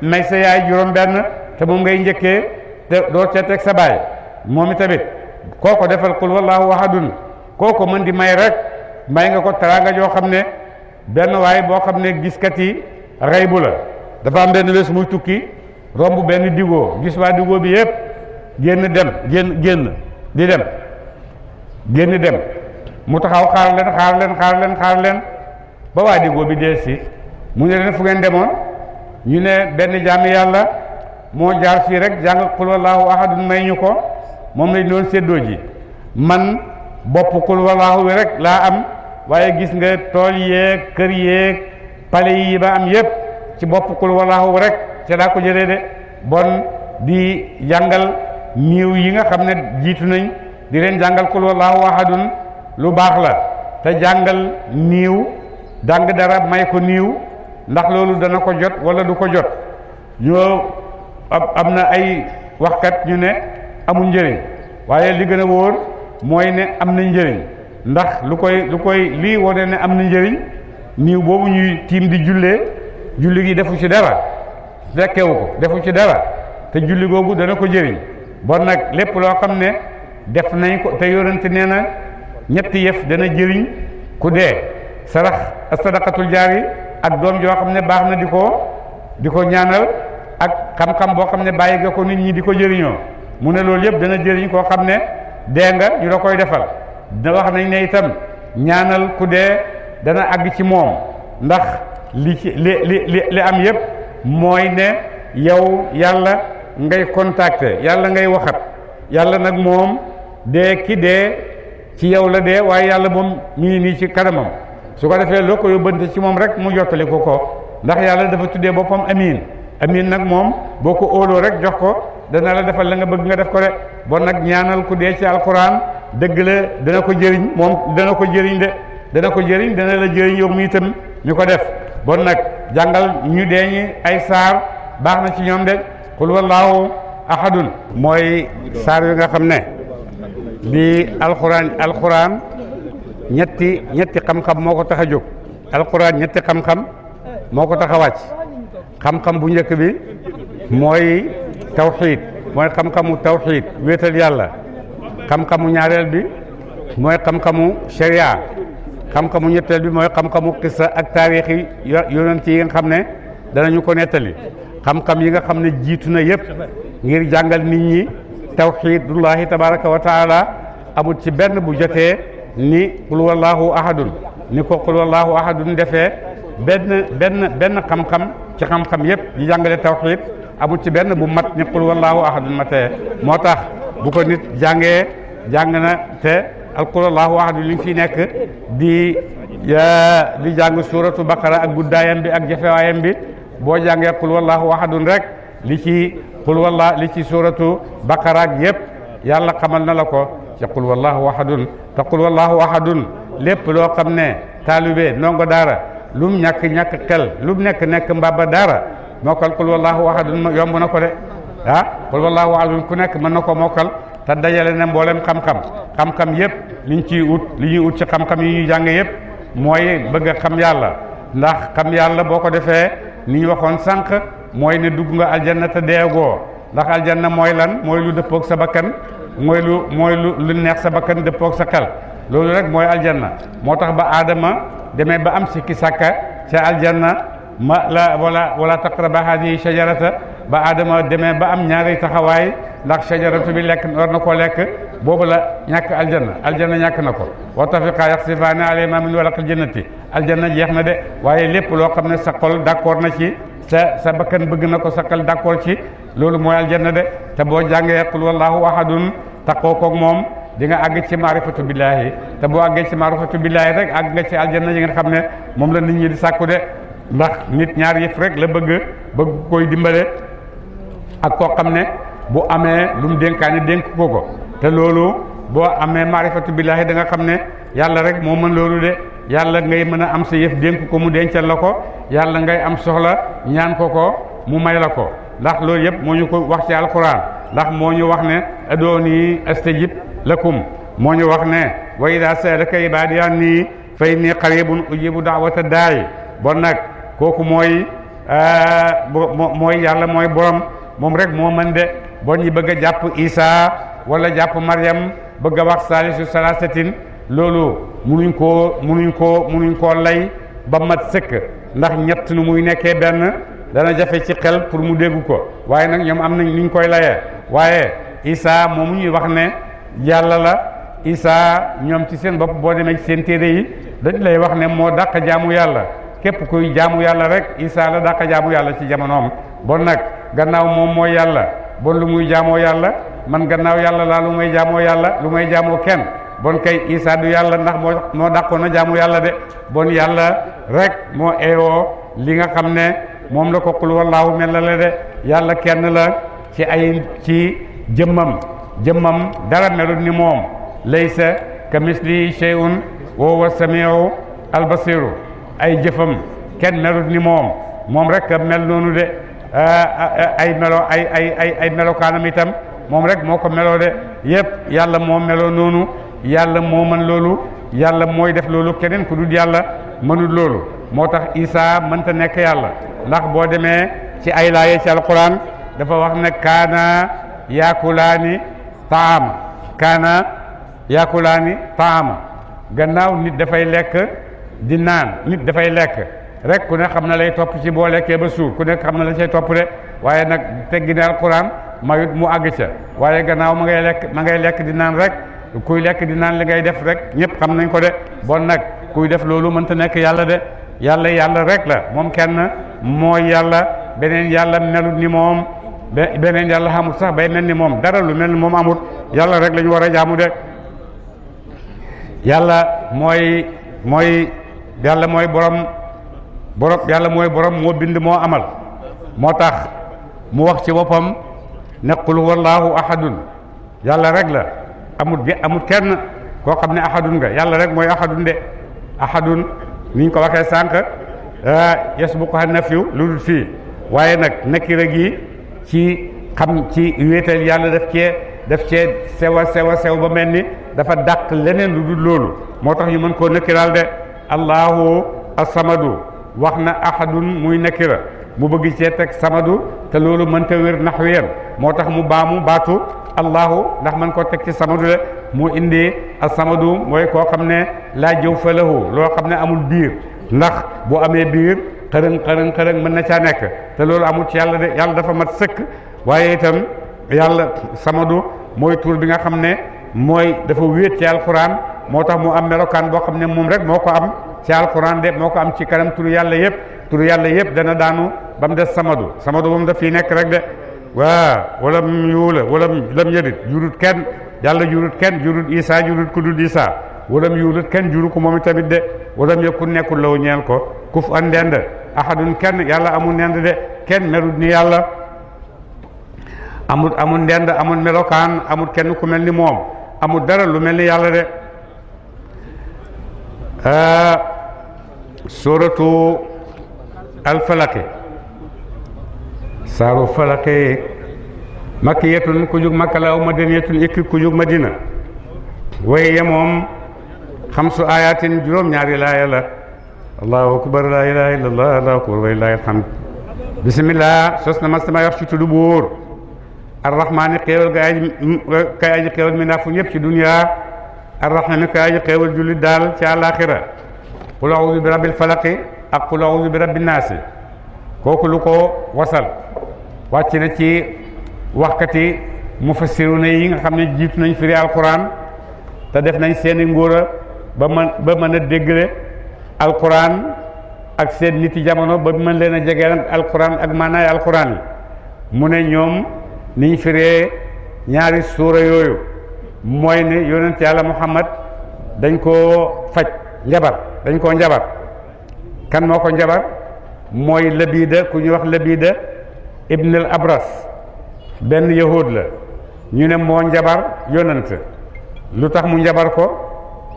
may sa yaay juróom benn te moom ngay njëkkee te doo ca teg sa baay moom tamit kooko defal xul wallaahu waxadun kooko mën di may rek may nga ko teraanga joo xam ne benn waaye boo xam ne giskat yi rey dafa am benn bés muy tukki romb benn digoo gis waa digoo bi yépp génn dem génn génn di dem génn dem mu taxaw xaar leen xaar leen ba waa dingoo bi dee si mu ne leen fu ngeen demoon ñu ne benn jaami yàlla moo jaar fii rek jàng qul walaahu ahadun may ñu ko moom lañ doon séddoo ji man bopp qul walaahu wi rek laa am waaye gis nga tool yeeg kër yeeg pale yi ba am yépp ci bopp qul walaahu rek ca daa ko jëlee de bon di jàngal niiw yi nga xam ne jiitu nañ di leen jàngal qul walaahu ahadun lu baax la te jàngal niiw jàng dara may ko niiw ndax loolu dana ko jot wala du ko jot ñoo am na ay waxkat ñu ne amul njëriñ waaye li gën a wóor mooy ne am na njëriñ ndax lu koy lu koy lii wone ne am na njëriñ niiw boobu ñuy tiim di jullee julli gi defu ci dara fekkewu ko defu ci dara te julli googu dana ko jëriñ bon nag lépp loo xam ne def nañ ko te yonent nee na ñetti yëf dana jëriñ ku dee sarax sadaqatul jaari ak doom joo xam ne baax na di ko di ko ñaanal ak xam-xam boo xam ne bàyyi nga ko nit ñi di ko jëriñoo mu ne loolu yëpp dana jëriñ koo xam ne dee nga ñu la koy defal da wax nañ ne itam ñaanal ku dee dana àgg ci moom ndax li ci li li li am yëpp mooy ne yow yàlla ngay contacter yàlla ngay waxat yàlla nag moom dee ki dee ci yow la dee waaye yàlla moom mi nii ci kanamam su ko defee loo ko yóbbante ci moom rek mu jottali ko ko ndax yàlla dafa tuddee boppam amiin amiin nag moom boo ko óoloo rek jox ko dana la defal la nga bëgg nga def ko de bon nag ñaanal ku dee ci alquran dëgg la dana ko jëriñ moom dana ko jëriñ de dana ko jëriñ dana la jëriñ yow mi itam ñu ko def bon nag jàngal ñu deeñ ay saar baax na ci ñoom de qul wallahu ahadun mooy saar yu nga xam ne bi alxuraan alxuraan ñetti ñetti xam-xam moo ko tax a jóg alxuraan ñetti xam-xam moo ko tax a wàcc xam-xam bu njëkk bi mooy tawxiid mooy xam-xamu tawxiid wéetal yàlla xam-xamu ñaareel bi mooy xam-xamu sharia xam-xamu ñetteel bi mooy xam-xamu xissa ak taarix yi yonent yi nga xam ne danañu ko nettali xam-xam yi nga xam ne jiitu na yëpp ngir jàngal nit ñi tawxidullahi tabaraka wa taala amul ci benn bu jotee ni qul wallahu ahadun ni ko qul wallahu ahadun defee benn benn benn xam-xam ci xam-xam yépp yi jàngale tawxid amul ci benn bu mat ni qul wallahu ahadun matee moo tax bu ko nit jàngee jàng na te al qul wallahu ahadun li fi nekk di di jàng suuratu baqara ak guddaayam bi ak jafewaayam bi boo jàngee qul wallahu ahadun rek li ci qul wallah li ci suratu bakaraak ak yëpp yàlla xamal na la ko ci qul wallahu ahadun te qul wallahu ahadun lépp loo xam ne taalibe ndongo daara lu mu ñàkk-ñàkk xel lu mu nekk-nekk mbaba daara mokkal qul wallahu ma yomb na ko de ah qul wallahu ahadun ku nekk mën na ko mokkal te dajale na mboolem xam-xam xam-xam yëpp liñ ciy ut li ñuy ut ci xam-xam yi ñuy jàng yëpp mooy bëgg a xam yàlla ndax xam yàlla boo ko defee ni ñu waxoon sànq mooy ne dugg nga aljanna te deegoo ndax aljanna mooy lan mooy lu dëppoog sa bakkan mooy lu mooy lu lu neex sa bakkan dëppoog sa xel loolu rek mooy aljanna moo tax ba aadama demee ba am sikki sàkka ca aljanna ma la wala wala taqraba hadihi shajarata ba aadama demee ba am ñaari taxawaay ndax shajaratu bi lekk war na koo lekk boobu la ñàkk aljanna aljanna ñàkk na ko wa tafiqa yaxsifaani wa min waraqil jannati aljana jeex na de waye lepp lo xamne ne sa xol d'accord na ci sa sa bakkan bëgg na ko sa xol d'accord ci lolu moy aljana de te bo jàngee qul wallahu ahadun taqoo koog mom di nga ag ci ma'rifatu billahi te bo àggee ci ma'rifatu billahi rek ag nga ci aljana yi nga xamne ne la nit ñi di sakku de ndax nit ñaar yef rek la bëgg bëgg koy dimbalé ak ko xamne bu amé lu mu dénkaane dénk ko ko te lolu bo amé ma'rifatu billahi da nga xamne ne rek mo man lolu de yàlla ngay mën a am sa yëf dénk ko mu dencal la ko yàlla ngay am soxla ñaan ko ko mu may la ko ndax loolu yëpp moo ñu ko wax ci alquran ndax moo ñu wax ne adooni astajib lakum moo ñu wax ne wa ida saalaka ibaadi anni fa inni bu ujibu daawata daay bon nag kooku mooy ah, mooy yàlla mooy borom moom rek moo mën de bon ñi bëgg a jàpp Isa wala jàpp Maryam bëgg a wax saalisu salaasatin loolu munuñ koo munuñ koo munuñ koo lay ba mat sëkk ndax ñett nu muy nekkee benn dana jafe ci xel pour mu dégg ko waaye nag ñoom am nañ nuñ koy laye waaye issa Isa mu ñuy wax ne yàlla la issa ñoom ci seen bopp boo demee ci seen téere yi dañ lay wax ne moo dàq jaamu yàlla képp kuy jaamu yàlla rek Isa la dàq jaamu yàlla ci jamonoom bon nag gannaaw moom mooy yàlla bon lu muy jaamoo yàlla man gannaaw yàlla laa lu may jaamoo yàlla lu mooy jaamoo kenn bon kay Isa yàlla ndax moo moo dàqoon na jaamu yàlla de bon yàlla rek moo eewoo li nga xam ne moom la ko qul wallaahu mel la la de yàlla kenn la ci ay ci jëmmam jëmmam dara melut ni moom laysa ka misli shay'un wa huwa samiu ay jëfam kenn melut ni moom moom rek mel noonu de ay melo ay ay ay ay melokaanam itam moom rek moo ko meloo de yëpp yàlla moo meloo noonu yàlla moo mën loolu yàlla mooy def loolu keneen ku dul yàlla mënul loolu moo tax Isa mënta nekk yàlla ndax boo demee ci ay laaye ci alquran dafa wax ne kaana yaakulaani taama kaana yaakulaani taama gannaaw nit dafay lekk di naan nit dafay lekk rek ku ne xam na lay topp ci boo lekkee ba suur ku nekk xam na la see topp de waaye nag teggi ne alquran mayut mu àgg ca waaye gannaaw ma ngay lekk ma ngay lekk di naan rek kuy lekk di naan li ngay def rek ñëpp xam nañ ko de bon nag kuy def loolu mënta nekk yàlla de yàlla yàlla rek la moom kenn mooy yàlla beneen yàlla melut ni moom beneen yàlla xamut sax bay mel ni moom dara lu mel ni moom amut yàlla rek la ñu war a jaamu de yàlla mooy mooy yàlla mooy borom borom yàlla mooy borom moo bind moo amal moo tax mu wax ci woppam ne qul huwallaahu ahadun yàlla rek la amut ge amut kenn koo xam ne ahadun nga yàlla rek mooy ahadun de ahadun ni ko waxee sànq eh, yes bu ko xam nafiw lu dul fii waaye nag nakira gi ci xam ci wéetal yàlla def cee def cee sew a sew sew ba mel ni dafa dàq leneen lu dul loolu moo tax ñu mën koo nakiraal de allahu asamadu wax na ahadun muy nakira mu bëgg cee teg samadu te loolu mënta wér naxwiyan moo tax mu baamu baatu allahu ndax man koo teg ci samadu la mu indi asamadu mooy koo xam ne laa jëw fa lahu loo xam ne amul biir ndax bu amee biir xërëng xërëng xërëng mën na caa nekk te loolu amul ci yàlla de yàlla dafa mat sëkk waaye itam yàlla samadu mooy tur bi nga xam ne mooy dafa wéet ci alquran moo tax mu am melokaan boo xam ne moom rek moo ko am ci alquran de moo ko am ci kanam turu yàlla yëpp turu yàlla yëpp dana daanu bam mu des samadu samadu moom daf fiy waaw walam yuula walam lam yadit jurut kenn yàlla jurut kenn jurut isaa jurut ku dul isaa walam yuulut kenn juru ko moom i tamit de walam yakun nekkul law ñeel ko kuf an ndend ahadun kenn yàlla amul ndend de kenn melut ni yàlla amul amul ndend amul melokaan amul kenn ku mel ni moom amul dara lu mel ni yàlla de ah, suratu alfalaki saaru falaqee makkiyatun ku jug makka la aw madaniyatun ikki ku jug madina way yamom khamsu ayatin jurom naari la la allah akbar la ilaha illa allah allahu akbar wa lillahi alhamd bismillah sosna na ma ci tudu bur arrahman arrahmaani xéewal ga aji kay aji fu ñëpp ci dunya arrahman kay aji julli dal ci alakhirah qul a'udhu bi rabbil falaqi aqul a'udhu bi rabbin naasi kooku lu ko wasal wàcc na ci waxkati mufassiruna yi nga xam ne jiitu nañ firi alquran te def nañ seeni ngóora ba mën ba mën a déggle alquran ak seen nit yi jamono ba mën leen a jegeel alquran ak maanaay alquran yi mu ne ñoom niñ firee ñaari suura yooyu mooy ne yonent yàlla muhammad dañ koo faj njabar dañ koo njabar kan moo ko njabar mooy labida ku ñuy wax labida ibn al abras benn yahud la ñu ne moo njabar yonent lu tax mu njabar ko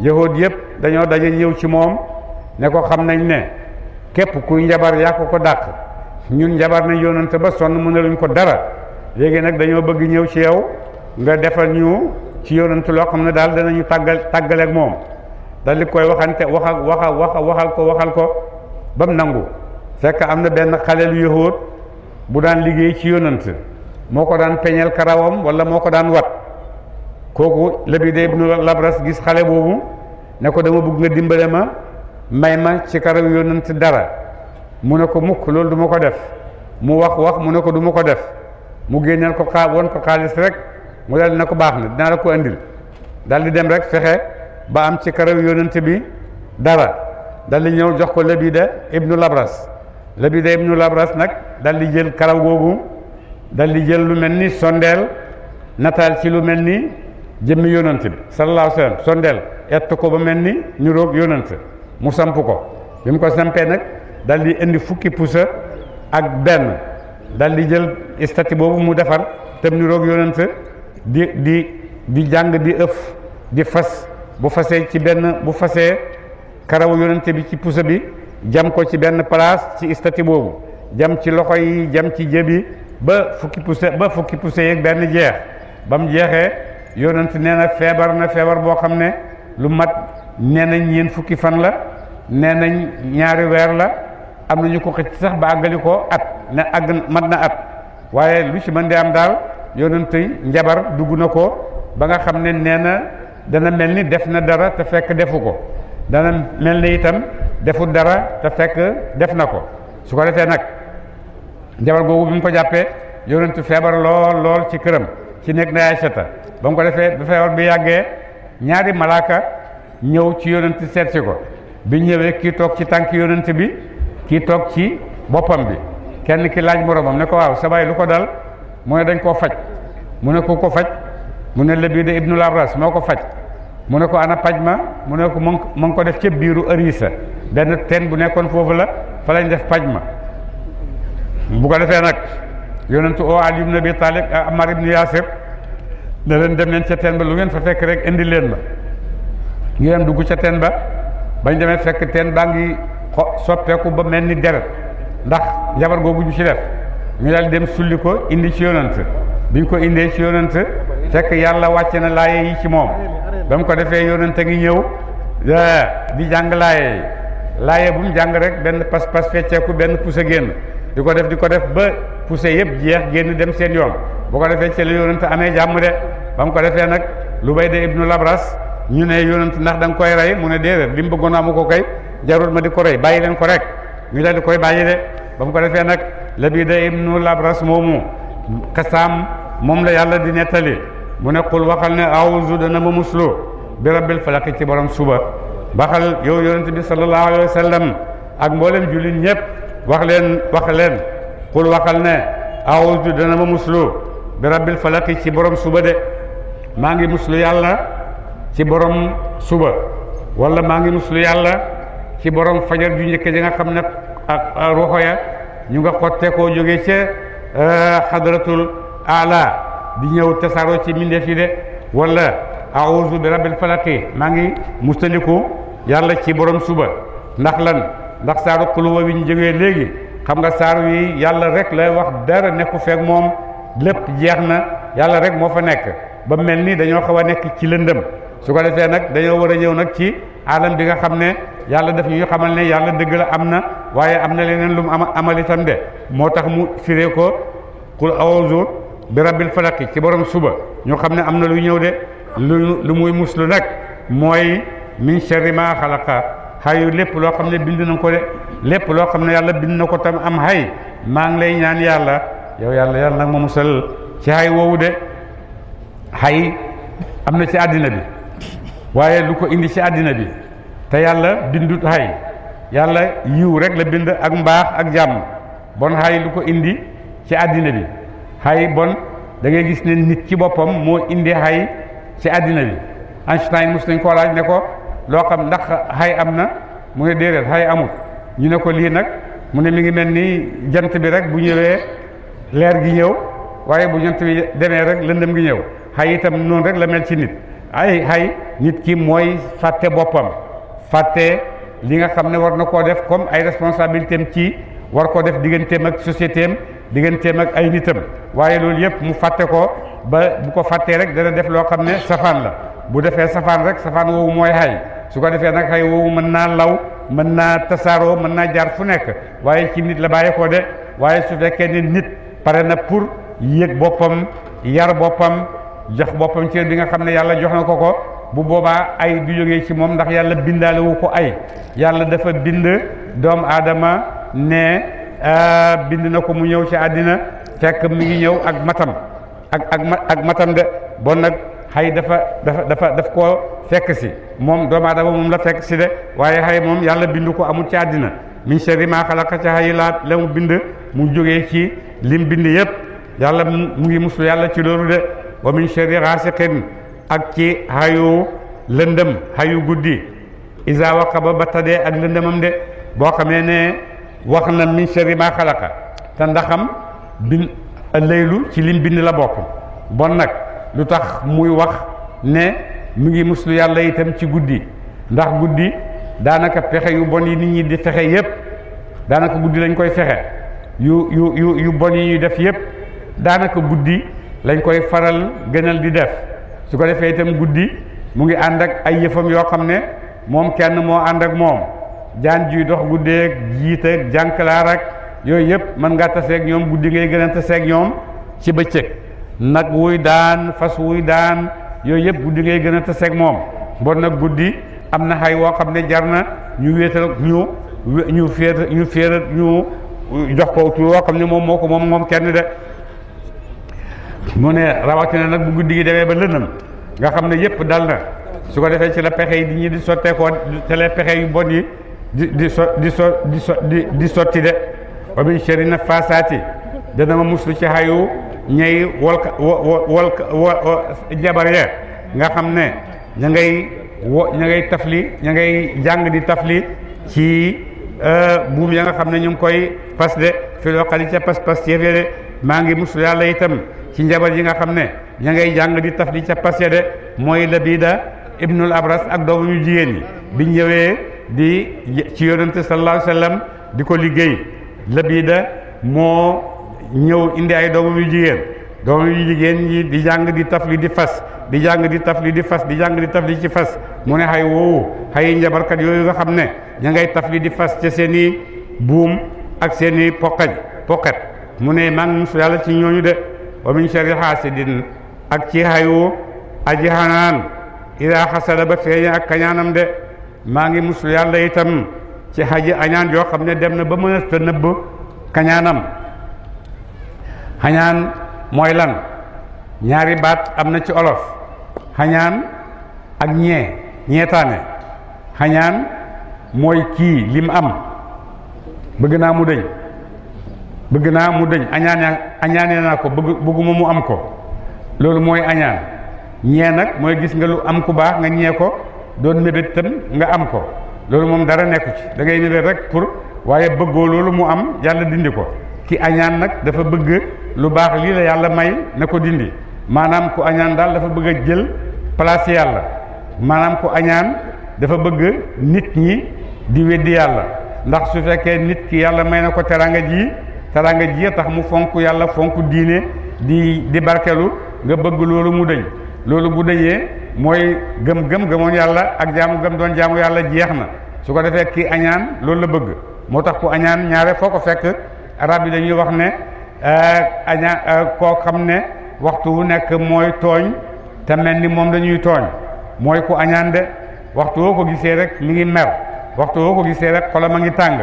yahud yëpp dañoo daje ñëw ci moom ne ko xam nañ ne képp kuy njabar yaa ko ko dàq ñun njabar nañ yonent ba sonn mënaluñ ko dara léegi nag dañoo bëgg ñëw ci yow nga defal ñu ci yonent loo xam ne daal danañu tàggal tàggaleeg moom dal di koy waxante waxal waxal waxal ko waxal ko bam nangu fekk am na benn xalelu yahóot bu daan liggéey ci yonant moo daan peñal karawam wala moo daan wat kooku Labida ibnu Labras gis xale boobu ne ko dama bëgg nga dimbale ma may ma ci karaw yonant dara mu ne ko mukk loolu du ma ko def mu wax wax mu ne ko du ma ko def mu génneel ko xaa won ko xaalis rek mu daal ne ko baax na dinaa la ko andil daal di dem rek fexe ba am ci karaw yonant bi dara daal di ñëw jox ko Labida ibnu Labras Labidah ibnu Labras nag daldi di jël karaw googu dal di jël lu mel ni sondeel nataal ci lu mel ni jëmmi yonant bi sallallahu alayhi sondeel ett ko ba mel ni ñu roog mu samp ko bi mu ko sampee nag dal di indi fukki pusa ak benn daldi jël istati boobu mu defar tam ñu roog di di di jàng di ëf di fas bu fasee ci benn bu fasee karaw yonante bi ci pusa bi jam ko ci benn place ci istati boobu jam ci loxo yi jam ci jëbi ba fukki poussé ba fukki poussé yeeg benn jeex ba mu jeexee yonent nee na feebar na feebar boo xam ne lu mat nee nañ fukki fan la nee nañ ñaari weer la am na ñu ko xëcc sax ba àggali ko at ne àgg mat na at waaye lu ci mën di am daal yonent njabar dugg na ko ba nga xam ne nee na dana mel ni def na dara te fekk defu ko dana mel ni itam deful dara te fekk def na ko su ko defee nag jabar boobu bi mu ko jàppee yonentu feebar lool lool ci këram ci nekk na Aysata ba mu ko defee ba feebar bi yàggee ñaari malaaka ñëw ci yonent seet si ko bi ñëwee kii toog ci tànk yonent bi kii toog ci boppam bi kenn ki laaj moroomam ne ko waaw sa lu ko dal mu ne dañ koo faj mu ne ku ko faj mu ne Labiid ibnul Abras moo ko faj mu ne ko ana paj ma mu ne ko mu ngi ko def ca biiru Arisa benn teen bu nekkoon foofu la fa lañ def paj ma bu ko defee nag yonentu oo Ali ibn Abi a eh, Ammar ibn Yasir ne leen dem leen ca teen ba lu ngeen fa fekk rek indi leen ma ñu dem dugg ca teen ba bañ demee fekk teen baa ngi soppeeku ba mel ni deret ndax njabar googu ñu ci def ñu daal dem sulli ko indi ci yonent bi ñu ko indee ci yonent fekk yàlla wàcce na laaye yi ci moom ba mu ko defee yonente ngi ñëw di jàng laaye yi laaye bu mu jàng rek benn pas-pas fecceeku benn pousse génn di ko def di ko def ba pousse yëpp jeex génn dem seen yoon bu ko defee ci la yonente amee jàmm de ba mu ko defee nag lu bay de ibnu labras ñu ne yonent ndax da nga koy rey mu ne déedéet li mu bëggoon amu ko koy jarul ma di ko rey bàyyi leen ko rek ñu daal di koy bàyyi de ba mu ko defee nag la bii de ibnu labras moomu kasaam moom la yàlla di nettali mu ne qul waxal ne awuzu dana ma muslu bi rabbil falaqi ci borom suba waxal yow yonente bi sallallahu alayhi wa sallam ak mboolem jullit ñëpp wax leen wax leen qul waxal ne awuzu dana ma muslu bi rabbil falaqi ci borom suba de maa ngi muslu yàlla ci borom suba wala maa ngi muslu yàlla ci borom fajar ju njëkk ja nga xam ne ak roxo ya ñu nga xotteekoo jógee ca eh, xadratul ala di ñëw tasaaroo ci mindeef yi de walla a'uuzu bi rabbil falaqi maa ngi mustaliku yàlla ci borom suba ndax lan ndax saaru kuluwa wi ñu jógee léegi xam nga saar yi yàlla rek lay wax dara nekku feeg moom lépp jeex na yàlla rek moo fa nekk ba mel ni dañoo xaw a nekk ci lëndëm su ko defee nag dañoo war a ñëw nag ci alam bi nga xam ne yàlla daf ñuy xamal ne yàlla dëgg la am na waaye am na leneen lu mu am amal itam de moo tax mu firee ko qul a'uuzu bi rabbil falaqi ci borom suba ñu xam ne am na lu ñëw de lu lu muy muslu nag mooy min sharri maa xalaqa lépp loo xam ne bind na ko de lépp loo xam ne yàlla bind na ko tam am xay maa ngi lay ñaan yàlla yow yàlla yàlla nag ma musal ci xay woowu de xay am na ci àddina bi waaye lu ko indi ci àddina bi te yàlla bindut xay yàlla yiw rek la bind ak mbaax ak jàmm bon xay lu ko indi ci àddina bi xay bon da ngay gis ne nit ci boppam moo indi xay ci àddina bi Einstein mos nañ koo laaj ne ko loo xam ndax xay am na mu ne déedéet xay amul ñu ne ko lii nag mu ne mi ngi mel ni jant bi rek bu ñëwee leer gi ñëw waaye bu jant bi demee rek lëndëm gi ñëw xay itam noonu rek la mel ci nit ay xay nit ki mooy fàtte boppam fàtte li nga xam ne war na koo def comme ay responsabilité ci war koo def digganteem ak société digganteem ak ay nitam waaye loolu yëpp mu fàtte ko ba bu ko fàttee rek dana def loo xam ne safaan la bu defee safaan rek safaan woowu mooy xay su ko defee nag xay woowu mën naa law mën naa tasaaroo mën naa jaar fu nekk waaye ci nit la bàyyi ko de waaye su fekkee ne nit pare na pour yéeg boppam yar boppam jox boppam ci bi nga xam ne yàlla jox na ko ko bu boobaa ay du jógee ci moom ndax yàlla bindaale wu ko ay yàlla dafa bind doomu aadama ne Ah, bind na ko mu ñëw ci àddina fekk mu ngi ñëw ak matam ak ak ak matam de bon nag xay dafa dafa dafa daf koo fekk si moom doomu aadama moom la fekk si de waaye xay moom yàlla bind ko amul ci àddina min sharri maa xalaqa ca laat lemu bind mu jógee ci lim bind yépp yàlla mu ngi muslu yàlla ci loolu de wa min sharri xaasiqin ak ci xayu lëndëm xayu guddi isa waqaba ba tadee ak lëndëmam de boo xamee ne wax na min sharri maa xalaqa te ndaxam bin laylu ci lim bind la bokk bon nag lu tax muy wax ne mu ngi muslu yàlla itam ci guddi ndax guddi daanaka pexe yu bon yi nit ñi di fexe yépp daanaka guddi lañ koy fexe yu yu yu yu bon yi ñuy def yépp daanaka guddi lañ koy faral gënal di def su ko defee itam guddi mu ngi ànd ak ay yëfam yoo xam ne moom kenn moo ànd ak moom jaan ji dox guddeeg jiit ak jànkalaar ak yooyu yëpp mën ngaa taseeg ñoom guddi ngay gën a taseeg ñoom ci bëccëg nag wuy daan fas wuy daan yooyu yëpp guddi ngay gën a taseeg moom bon nag guddi am na xay woo xam ne jar na ñu wéetal ñu ñu féet ñu féer ñu jox ko tur woo xam ne moom moo ko moom moom kenn de mu ne rawatina nag bu guddi gi demee ba lëndëm nga xam ne yëpp dal na su ko defee ci la pexe yi di ñi di sotteekoo te les pexe yu bon yi di di so di so di so di di sotti de wa min sharri nafasaati dana ma muslu ci hayu wol wol jabar ya nga xamne ngay tafli ña ngay jang di tafli ci euh, buum ya nga xamne ñu koy pass de fi lo xali ci pas pas ci ya yere ma ngi muslu yàlla itam ci jabar yi nga xamne ngay jang di tafli ci pass ya de moy labida al abras ak doomu ñu jigen bi ñewé di ci yonante sallallahu alayhi wasallam di ko labida mo ñew indi ay doomu yu jigen doomu yu jigen yi di jang di tafli di fas di jang di tafli di fas di jang di tafli ci fas mu ne wo hay njabar kat yoyu nga xamne ya ngay tafli di fas ci seni boom ak seni pokaj pokat ne man musu ci ñooñu de wa min sharri hasidin ak ci hayu aji ila xasada ba feñ ak kañaanam de maa ngi musul yàlla itam ci xaji añaan yoo xam ne dem na ba mën a ta nëbb kañaanam xañaan mooy lan ñaari baat am na ci olof xañaan ak ñee ñeetaane xañaan mooy kii li am bëgg naa mu dëñ bëgg naa mu dëñ añaane añaane naa ko bëgg bëgguma mu am ko loolu mooy añaan ñee nag mooy gis nga lu am ku baax nga ñee ko doon mébét tam nga am ko loolu moom dara nekku ci da ngay mébét rek pour waaye bëggoo loolu mu am yàlla dindi ko ki añaan nag dafa bëgg lu baax lii la yàlla may na ko dindi maanaam ku añaan daal dafa bëgg a jël place yàlla maanaam ku añaan dafa bëgg nit ñi di weddi yàlla ndax su fekkee nit ki yàlla may na ko teranga ji teranga ji tax mu fonk yàlla fonk diine di di barkelu nga bëgg loolu mu dëñ loolu bu dëñee mooy gëm gëm gëmoon yàlla ak jaamu gëm doon jaamu yàlla jeex na su ko defee kii añaan loolu la bëgg moo tax ku añaan ñaare foo ko fekk arab yi dañuy wax ne euh, añaan euh, koo xam ne waxtu wu nekk mooy tooñ te mel ni moom dañuy tooñ mooy ku añaan de waxtu woo ko gisee rek mi ngi mer waxtu woo ko gisee rek xolam a ngi tàng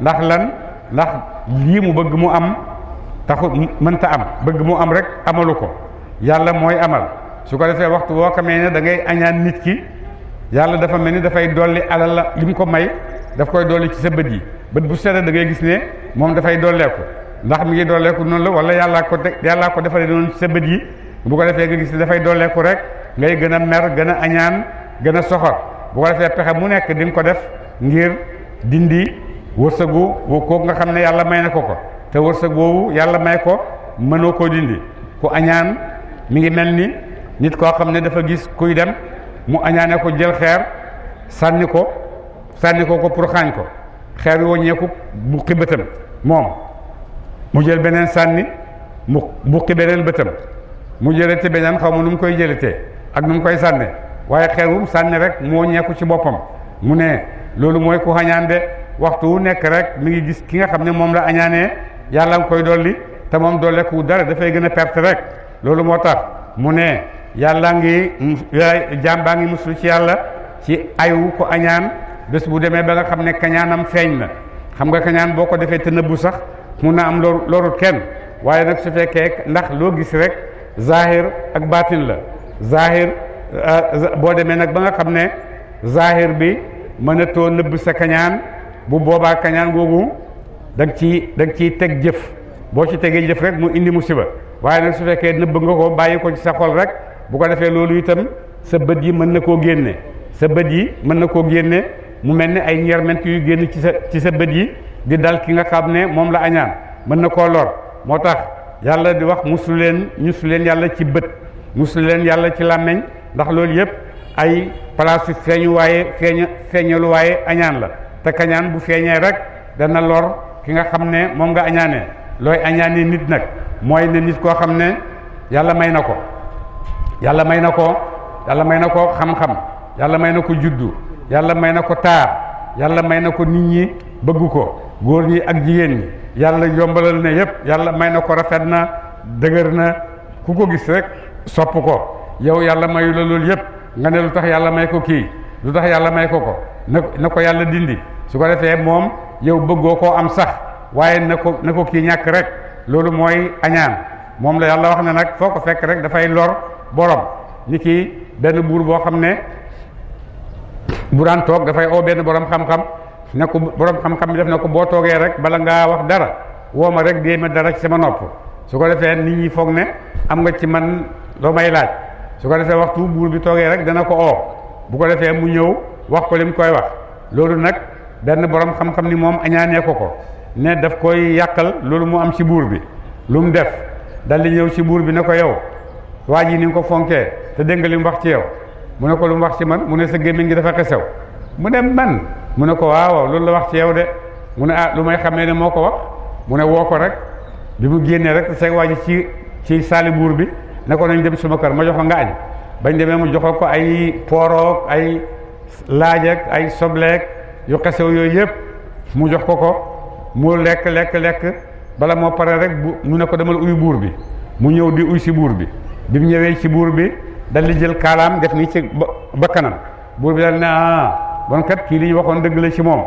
ndax lan ndax lii mu bëgg mu am taxu mënta am bëgg mu am rek amalu ko yàlla mooy amal su ko defee waxtu woo xamee ne da ngay añaan nit ki yàlla dafa mel ni dafay dolli alal lim ko may daf koy dolli ci sa bët yi bët bu sedd da ngay gis ne moom dafay dolleeku ndax mi ngi dolleeku noonu la wala yàllaa ko ko noonu ci sa bët yi bu ko defee nga gis ne dafay dolleeku rek ngay gën mer gën a añaan gën a soxor bu ko defee pexe mu nekk di nga ko def ngir dindi wërsëgu wu kooku nga xam ne yàlla may na ko ko te wërsëg yàlla may ko mënoo koo dindi ku añaan mi ngi mel nit koo xam ne dafa gis kuy dem mu añaanee ko jël xeer sànni ko sànni ko ko pour xaañ ko xeer wi wàññeeku buqi bëtam moom mu jël beneen sànni mu buqi beneen bëtam mu te beneen xaw ma nu mu koy jëlatee ak nu mu koy sànne waaye xeer sànni rek mu wàññeeku ci boppam mu ne loolu mooy ku añaan de waxtu wu nekk rek mi ngi gis ki nga xam ne moom la añaanee yàlla nga koy dolli te moom dolleeku dara dafay gën a perte rek loolu moo tax mu ne yàlla ngi jaam baa ngi muslu ci yàlla ci ayu ko añaan bés bu demee ba nga xam ne kañaanam feeñ na xam nga kañaan boo ko defee te nëbbu sax mun na am loru lorut kenn waaye nag su fekkee ndax loo gis rek zahir ak baatin la zahir euh, boo demee nag ba nga xam ne zahir bi mënatoo nëbb sa kañaan bu boobaa kañaan googu da nga ciy da ciy teg jëf boo ci tegee jëf rek mu indi musiba waaye nag su fekkee nëbb nga ko bàyyi ko ci sa xol rek bu ko defee loolu itam sa bët yi mën na koo génne sa bët yi mën na koo génne mu mel ne ay ñerment yu génn ci sa ci sa bët yi di dal ki nga xam ne moom la añaan mën na koo lor moo tax yàlla di wax muslu leen muslu leen yàlla ci bët muslu leen yàlla ci làmmeñ ndax loolu yëpp ay place feeñu waaye feeñ feeñalu waaye añaan la te kañaan bu feeñee rek dana lor ki nga xam ne moom nga añaane looy añaane nit nag mooy ne nit koo xam ne yàlla may na ko yàlla may na ko yàlla may na ko xam-xam yàlla may na ko juddu yàlla may na ko taar yàlla may na ko nit ñi bëgg ko góor ñi ak jigéen ñi yàlla yombalal na yépp yàlla may na ko rafet na dëgër na ku ko gis rek sopp ko yow yàlla mayu la loolu yépp nga ne lu tax yàlla may ko kii lu tax yàlla may ko ko na na ko yàlla dindi su ko defee moom yow bëggoo koo am sax waaye na ko na ko kii ñàkk rek loolu mooy añaan moom la yàlla wax ne nag foo ko fekk rek dafay lor borom ni ki benn buur boo xam ne bu daan toog dafay oo benn borom xam-xam ne ko borom xam-xam bi def na ko boo toogee rek bala ngaa wax dara woo ma rek déema dara ci sama nopp su ko defee nit ñi foog ne am nga ci man loo may laaj su ko defee waxtu buur bi toogee rek dana ko oo bu ko defee mu ñëw wax ko li koy wax loolu nag benn borom xam-xam ni moom añaanee ko ko ne daf koy yàqal loolu mu am si buur bi lu mu def dal di ñëw ci buur bi ne ko yow waji ni ko fonkee te deng nga li mu wax ci yow mu ne ko lu wax ci man mu ne sa gémmiñ gi dafa xesew mu ne man mu ne ko waaw lu la wax ci yow de mu ne ah lu may xamee ne moko wax mu ne woo ko rek bi mu génnee rek sa waji ci ci bi ne ko nañ dem suma kër ma jox nga añ bañ mu joxo ay poro ay ay yu xesew yoy mu jox ko ko mu lek lek lek bala mo paré rek bu mu ne ko demal uy bour bi mu ñew di uy ci bour bi bi mu ñëwee ci buur bi dal di jël kaalaam def ni ci bakkanam buur bi dal ne ah bon kii li ñu waxoon dëgg la ci moom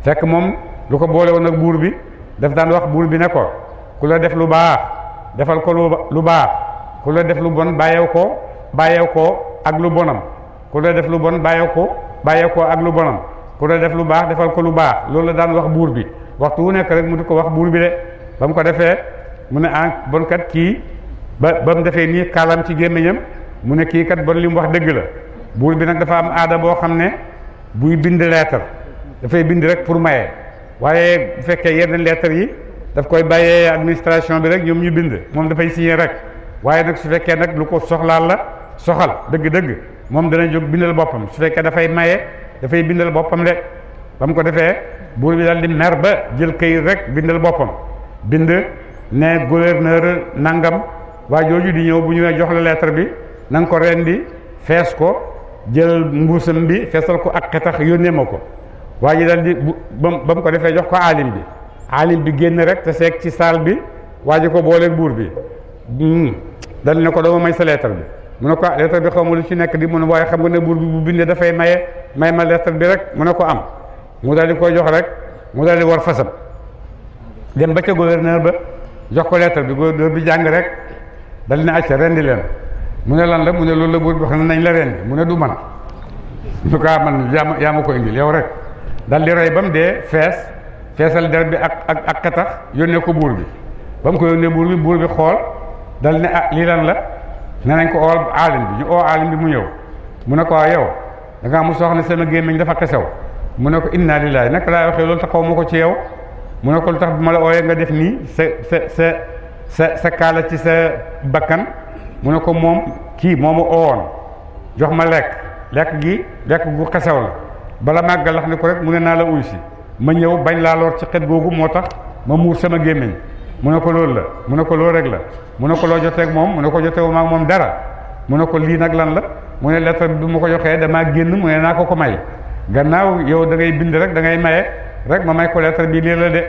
fekk moom lu ko boole woon ak buur bi daf daan wax buur bi ne ko ku la def lu baax defal ko lu baax ku def lu bon bàyyeew ko bàyyeew ko ak lu bonam ku la def lu bon bàyyeew ko bàyyeew ko ak lu bonam ku la def lu baax defal ko lu baax loolu la daan wax buur bi waxtu wu nekk rek mu di ko wax buur bi de ba mu ko defee mu ne ah bon kii ba ba mu defee nii kaalam ci gémmiñam mu ne kii kat bon li mu wax dëgg la buur bi nag dafa am aada boo xam ne buy bind leetar dafay bind rek pour maye waaye bu fekkee yenn leetar yi daf koy bàyyee administration bi rek ñoom ñu bind moom dafay signé rek waaye nag su fekkee nag lu ko soxlaal la soxal dëgg-dëgg moom dana jóg bindal boppam su fekkee dafay maye dafay bindal boppam de ba mu ko defee buur bi daal di mer ba jël këyit rek bindal boppam bind ne nangam waa jooju di ñëw bu ñëwee jox la lettre bi na nga ko rendi fees ko jël mbuusam bi feesal ko ak xetax yónnee ma ko waa ji daal di bam mu ko defee jox ko alim bi alim bi génn rek te seeg ci saal bi waa ji ko booleeg buur bi hmm, dal ne ko dama may sa lettre bi mu ne ko ah, xaw ma lu ci nekk di mu ne waaye xam nga ne buur bi bu bindee dafay maye may ma lettre bi rek mu ne ko am mu daal di koy jox rek mu daal di war fasam dem ba ca gouverneur ba jox ko lettre bi gouverneur bi jàng rek dal ne acca di leen mu ne lan la mu ne loolu la buur bi wax nañ la rendi mu ne du man ñu ko man yaa ma ko indil yow rek dal di rey ba mu dee fees feesal der bi ak ak ak katax yónnee ko buur bi ba mu ko yónnee buur bi buur bi xool dal ne ah lii lan la ne nañ ko ool aalim bi ñu oo aalim bi mu ñëw mu ne ko ah, yow da ngaa mos a wax ne sama gémmiñ dafa kesew mu ne ko inna lillahi naka laay waxee loolu taxaw ma ko ci yow mu ne ko lu tax ma la ooyee nga def nii sa sa sa sa kala ci sa bakkan mu ne ko moom kii moo oon jox ma lekk lekk gi lekk gu xesaw la bala màggal lax ni ko rek mu ne naa la uy si ma ñëw bañ laa lor ci xet googu moo tax ma muur sama gémmiñ mu ne ko loolu la mu ne ko loolu rek la mu ko loo joteeg moom mu ne ko jotewu maag moom dara mu ko lii nag lan la mu ne lettre bi ko joxee damaa génn mu ne ko ko may gannaaw yow da ngay bind rek da ngay maye rek ma may ko lettre bi lii la de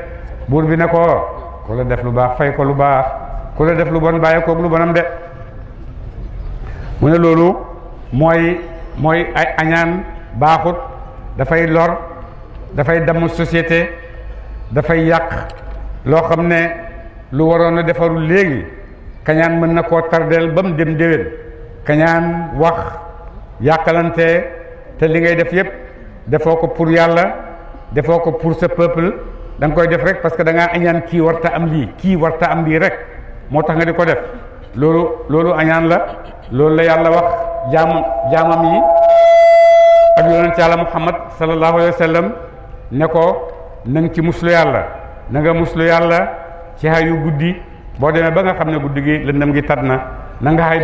buur bi ne ko ku la def lu baax fay ko lu baax ku la def lu bon baye ko lu bonam de mune lolu moy moy ay ay baxut da fay lor fay dam société da fay yak lo ne lu warona a defaru léegi kañaan mën na koo tardeel bam dem dewel kañaan wax yakalante te li ngay def yeb defoko pour yalla defoko pour ce peuple Dang nga koy def rek parce que da ngaa añaan kii warta am lii warta am rek moo nga di def loolu loolu añaan la loolu la yàlla wax jaam jaamam yi ak muhammad sallallahu alaihi wasallam nako ne ko na ci muslu yàlla na nga muslu yàlla ci xayu guddi boo demee ba nga xam guddi gi lendam gi tat na nga xay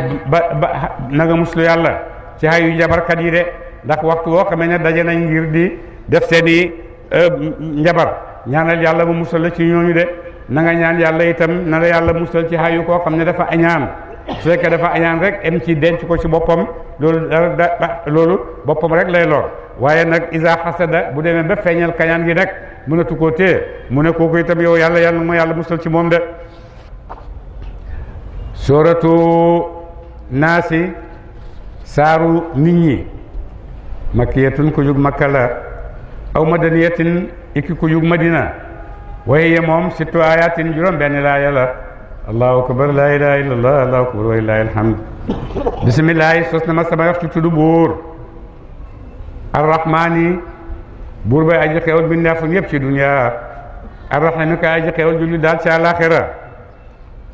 na nga muslu yàlla ci xayu njabarkat yi de ndax waxtu woo xamee ne nañ ngir di def seeni euh, njabar ñaanal yàlla mu musal la ci ñooñu de na ñaan yàlla itam na yàlla musal ci xayu koo xam ne dafa añaan su fekkee dafa añaan rek em ci denc ko ci boppam loolu dara loolu boppam rek lay lor waaye nag isa xasada bu demee ba feeñal kañaan gi nag mënatu koo téye mu ne kooku itam yow yàlla yàlla ma yàlla musal ci moom de sooratu naasi saaru nit ñi makkiyatun ko jóg makka la aw madaniyatin ikki ku yug madina waye moom surtout ayatin juróom benn laa yàlla allahu akbar laa ilaha illallah allahu akbar wa lillahi alhamd bisimillahi sos na ma sama wax ci tudd buur arrahmaani buur bay aji xewal bi neefun yëpp ci dunya arrahimi ka aji xewal julli daal ci àlaxira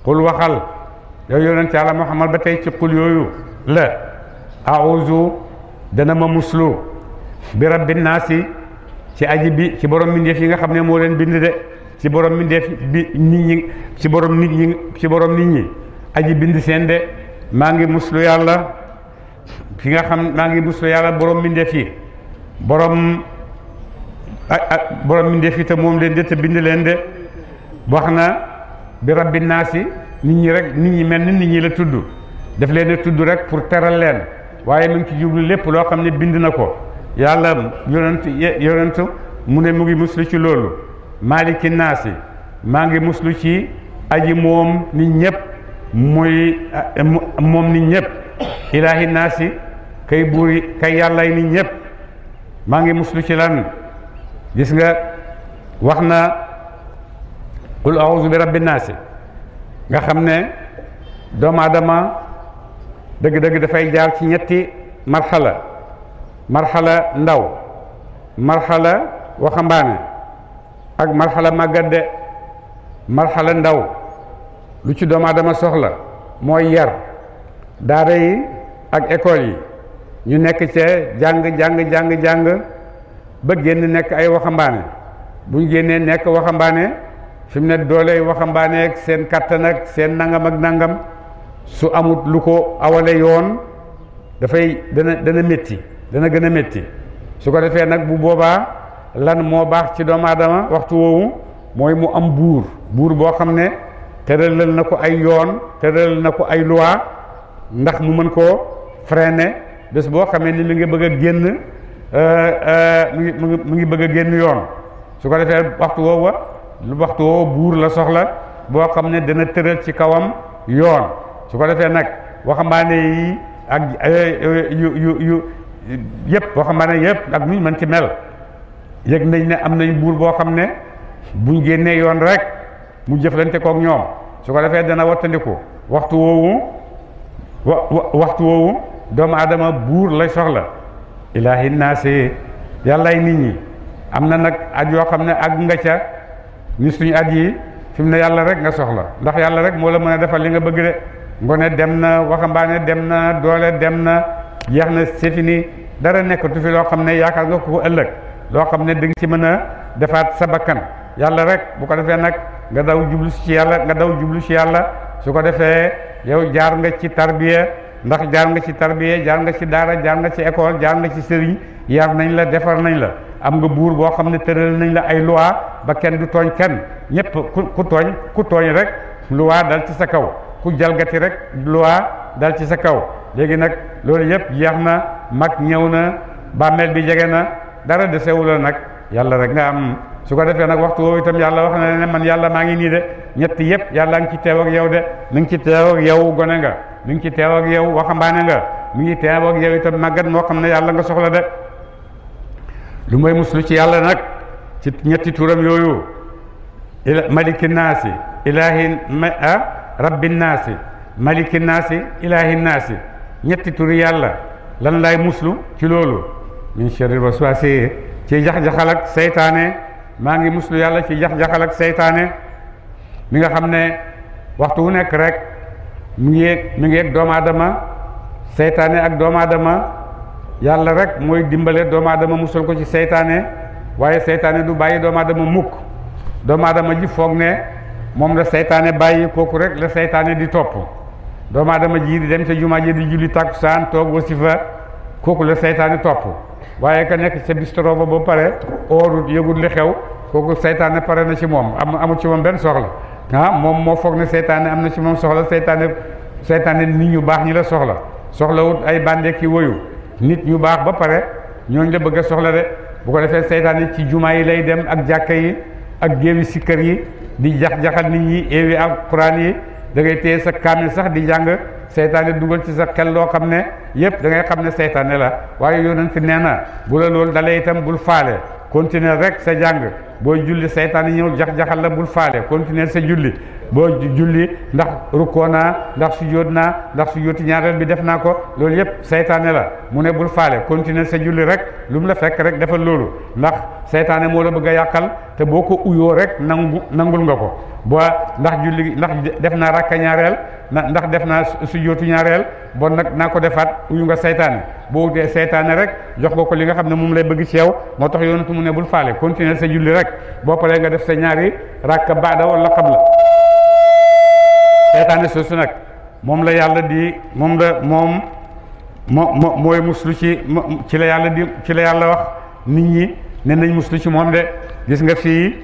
qul waxal yow yonent yàlla muhammad ba tey ci qul yooyu la auzu dana ma muslu bi rabbi naasi ci aji bi ci borom mbindeef yi nga xam ne moo leen bind de ci borom mbindeef bi nit ñi ci borom nit ñi ci borom nit ñi aji bind seen de maa ngi muslu yàlla ki nga xam maa ngi muslu yàlla borom mbindeef yi borom borom mbindeef yi te moom leen de te bind leen de wax na bi rabbi naasi nit ñi rek nit ñi mel ni nit ñi la tudd daf leen a tudd rek pour teral leen waaye mu ngi ci jublu lépp loo xam ne bind na ko. yalla yonent yonent mu mu ngi muslu ci lolu malikin nasi, ma ngi muslu ci aji mom ni ñep moy eh, mom ni ñep ilahi nasi kay buri kay yalla ni ñep ma ngi muslu ci lan gis nga waxna qul a'udhu bi rabbin nas nga do ma, dama deug deug da fay jaar ci ñetti marhala marhala ndaw marhala waxambaane ak marhala magadde marhala ndaw lu ci doomu aadama soxla mooy yar daara yi ak école yi ñu nekk cee jàng jàng jàng jàng ba génn nekk ay waxambaane bu ñu génnee nekk waxambaane fi mu ne dooley waxambaane ak seen kattan ak seen nangam ak nangam su amut lu ko awale yoon dafay dana dana métti dana gën a métti su ko defee nag bu boobaa lan moo baax ci doomu aadama waxtu woowu mooy mu am buur buur boo xam ne tëralal na ko ay yoon tëralal na ko ay loi ndax mu mën koo freiner bés boo xamee ni mi ngi bëgg génn euh, euh, mu ngi mu ngi bëgg a génn yoon su ko defee waxtu woowa lu waxtu woowa buur la soxla boo xam ne dana tëral ci kawam yoon su ko defee nag waxambaane yi ak euh, yu yu yu yëpp waxambaane yëpp ak nuñ mën ci mel yëg nañ ne am nañ buur boo xam ne buñ génnee yoon rek mu jëflante kook ñoom su ko defee dana wattandiku waxtu woowu waxtu woowu doomu aadama buur lay soxla ilaahi naasi yàllaay nit ñi am na nag at yoo xam ne ak nga ca ni suñu at yi fi ne yàlla rek nga soxla ndax yàlla rek moo la mën a defal li nga bëgg de ngone dem na waxambaane dem na doole dem na jeex na c'est fini dara nekkatu fi loo xam ne yaakaar nga ko ëllëg loo xam ne di nga ci mën a defaat sa bakkan yàlla rek bu ko defee nag nga daw jublu ci yàlla nga daw jublu ci yàlla su ko defee yow jaar nga ci tarbiya ndax jaar nga ci tarbiya jaar nga ci daara jaar nga ci école jaar nga ci sëriñ yar nañ la defar nañ la am nga buur boo xam ne tëral nañ la ay loi ba kenn du tooñ kenn ñépp ku ku tooñ ku tooñ rek loi dal ci sa kaw ku jalgati rek loi dal ci sa kaw léegi nak lolu yëpp jeexna mak ñewna ñëw na bi jege dara de sewul nak yalla rek nga am su ko defé nak waxtu woy tam yalla wax na ne man yalla ma ngi ni de ñett yëpp yalla ngi ci téw ak yow de mi ngi ci téw ak yow goné nga mi ngi ci téw ak yow waxambaane nga mi ngi téw ak yow itam magat mo xam yalla nga soxla de lu moy muslu ci yalla nak ci ñetti turam yoyu ila nasi ilahin ma ah, rabbin nasi malikin nasi ilahin nasi ñetti turi yàlla lan lay muslu ci loolu min sharril waswaasi ci jax-jaxal ak seytaane maa ngi muslu yàlla ci jax-jaxal ak seytaane mi nga xam ne waxtu wu nekk rek mi ngi yegg mi ngi yegg doomu seytaane ak doomu aadama yàlla rek mooy dimbale doomu aadama musal ko ci seytaane waaye seytaane du bàyyi doomaadama mukk doomu aadama ji foog ne moom la seytaane bàyyi kooku rek la seytaane di topp doomu aadama ji di dem ca jumaa ji di julli tàkkusaan toog wasifa kooku la seytaane topp waaye ka nekk ca bistro ba ba pare oorut yëgut li xew kooku seytaane pare na ci moom am amul ci moom benn soxla ah moom moo foog ne seytaane am na ci moom soxla seytaane seytaane nit ñu baax ñi la soxla soxlawut ay bàndee ki nit ñu baax ba pare ñooñ la bëgg a soxla de bu ko defee seytaane ci jumaa yi lay dem ak jàkka yi ak géewi sikkar yi di jax-jaxal nit ñi éewi ak da ngay téye sa kaamil sax di jàng seytaane dugal ci sa xel loo xam ne yépp da ngay xam ne seytaane la waaye yonent nee na bu la loolu dalee itam bul faale continuer rek sa jàng boo julli saytaan ñëw jax-jaxal la bul faale continuer sa julli boo julli ndax rukkoo naa ndax sujjóot naa ndax sujjóoti ñaareel bi def naa ko loolu yëpp saytaane la mu ne bul faale continuer sa julli rek lu la fekk rek defal loolu ndax saytaane moo la bëgg a yàqal te boo ko uyoo rek nangu nangul nga ko boo ndax julli ndax def naa rakka ñaareel na ndax def naa sujjóotu ñaareel bon nag naa ko defaat uyu nga saytaane boo utee saytaane rek jox nga ko li nga xam ne moom lay bëgg ci yow moo tax yoonatu mu ne bul faale continuer sa julli rek boo paree nga def sa ñaari rakka baada wala qabla seytaane soosu nag moom la yàlla di moom la moom moo mooy muslu ci ci la yàlla di ci la yàlla wax nit ñi ne nañ muslu ci moom de gis nga fii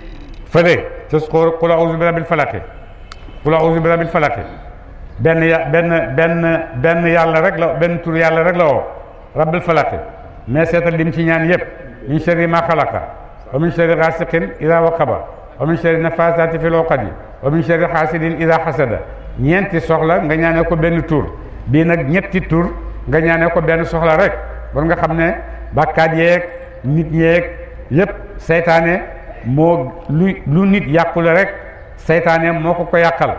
fële ca qul a'uuzu bi rabbil falaq qul a'uuzu bi rabbil falaq benn ya benn benn benn yàlla rek la benn tur yàlla rek la woo rabbil falaq mais seetal mu ci ñaan yëpp min sharri ma xalaqa ومن شر غاسق إذا وقب ومن شر النفاثات في العقد ومن شر حاسد إذا حسد hasada سوخلا nga ñane ko ben tour bi nak ñetti tour nga ñane ko ben soxla rek bon nga xamne bakkat yek nit yek yep setané mo lu nit yàqule rek setané moko ko yakal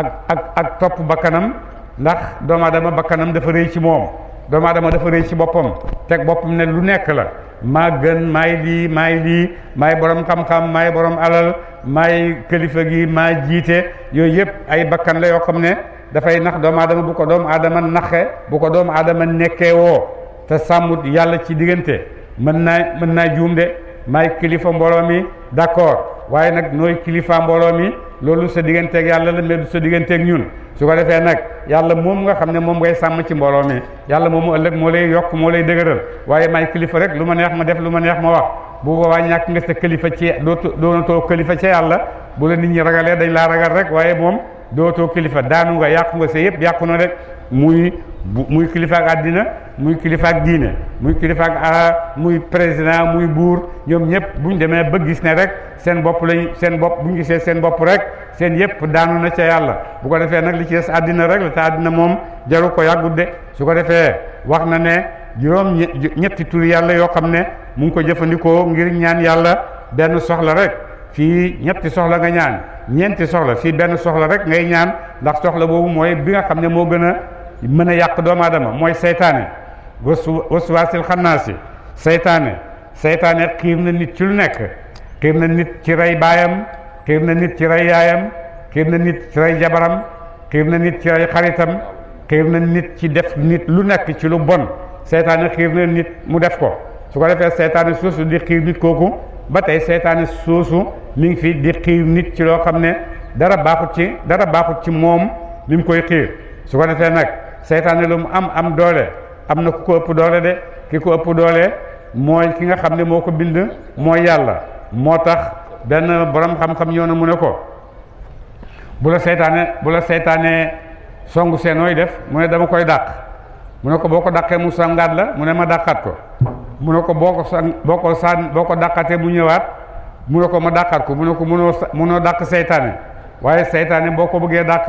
ak ak ak top bakanam ndax doom aadama bakanam dafa reey ci mom doomu adama dafa rëy ci boppam teg boppam ne lu nekk la maa gën maay lii maay lii maay borom xam-xam maay borom alal maay kilifa gi maa jiite yooyu yëpp ay bakkan la yoo xam ne dafay nax doomu aadama bu ko doomu aadama naxe bu ko doomu aadama nekkee woo te sàmmut yàlla ci diggante mën naa mën naa juum de maay kilifa mbooloo mi d'accord waaye nag nooy kilifa mbooloo mi loolu sa digganteeg yàlla la mais du sa digganteeg ñun su ko defee nag yàlla moom nga xam ne moom ngay sàmm ci mbooloo mi yàlla moomu ëllëg moo lay yokk moo lay dëgëral waaye may kilifa rek lu ma neex ma def lu ma neex ma wax bu boobaa ñàkk nga sa kilifa ci dootu doonatoo kilifa ca yàlla bu la nit ñi ragalee dañ laa ragal rek waaye moom dootoo kilifa daanu nga yàqu nga sa yëpp yàqu na rek muy muy kilifaak àddina muy kilifaak diine muy kilifaak a muy président muy buur ñoom ñëpp bu ñu demee ba gis ne rek seen bopp lañ seen bopp bu ñu gisee seen bopp rek seen yëpp daanu na ca yàlla bu ko defee nag li ci des àddina rek la te àddina moom jaru ko yàggut de su ko defee wax na ne juróom ñetti tur yàlla yoo xam ne mu ngi ko jëfandikoo ngir ñaan yàlla benn soxla rek fii ñetti soxla nga ñaan ñeenti soxla fii benn soxla rek ngay ñaan ndax soxla boobu mooy bi nga xam ne moo gën a mën a yàq doomu aadama mooy seytaane wasu wasuwaasil xannaasi seytaane seytaane xiir na nit ci lu nekk xiir na nit ci rey baayam xiir na nit ci rey yaayam xiir na nit ci rey jabaram xiir na nit ci rey xaritam xiir na nit ci def nit lu nekk ci lu bon seytaane xiir na nit mu def ko su ko defee seytaane soosu di xiir nit kooku ba tey seytaane mi ngi fi di xiir nit ci loo xam ne dara baaxut ci dara baaxut ci moom mi ngi koy xiir su ko defee nag seytaane lu mu am am doole am na ku ko ëpp doole de ki ko ëpp doole mooy ki nga xam ne moo ko bind moo yàlla moo tax benn borom xam-xam ñëw mu ne ko bu la seytaane bu la seytaane songu seen nooy def mu ne dama koy dàq mu ne ko boo ko dàqee mu sangaat la mu ne ma dàqaat ko mu ne ko boo ko sang boo ko saan boo ko dàqatee mu ñëwaat mu ne ko ma dàqaat ko mu ko mënoo mënoo dàq seytaane waaye seytaane boo ko bëggee dàq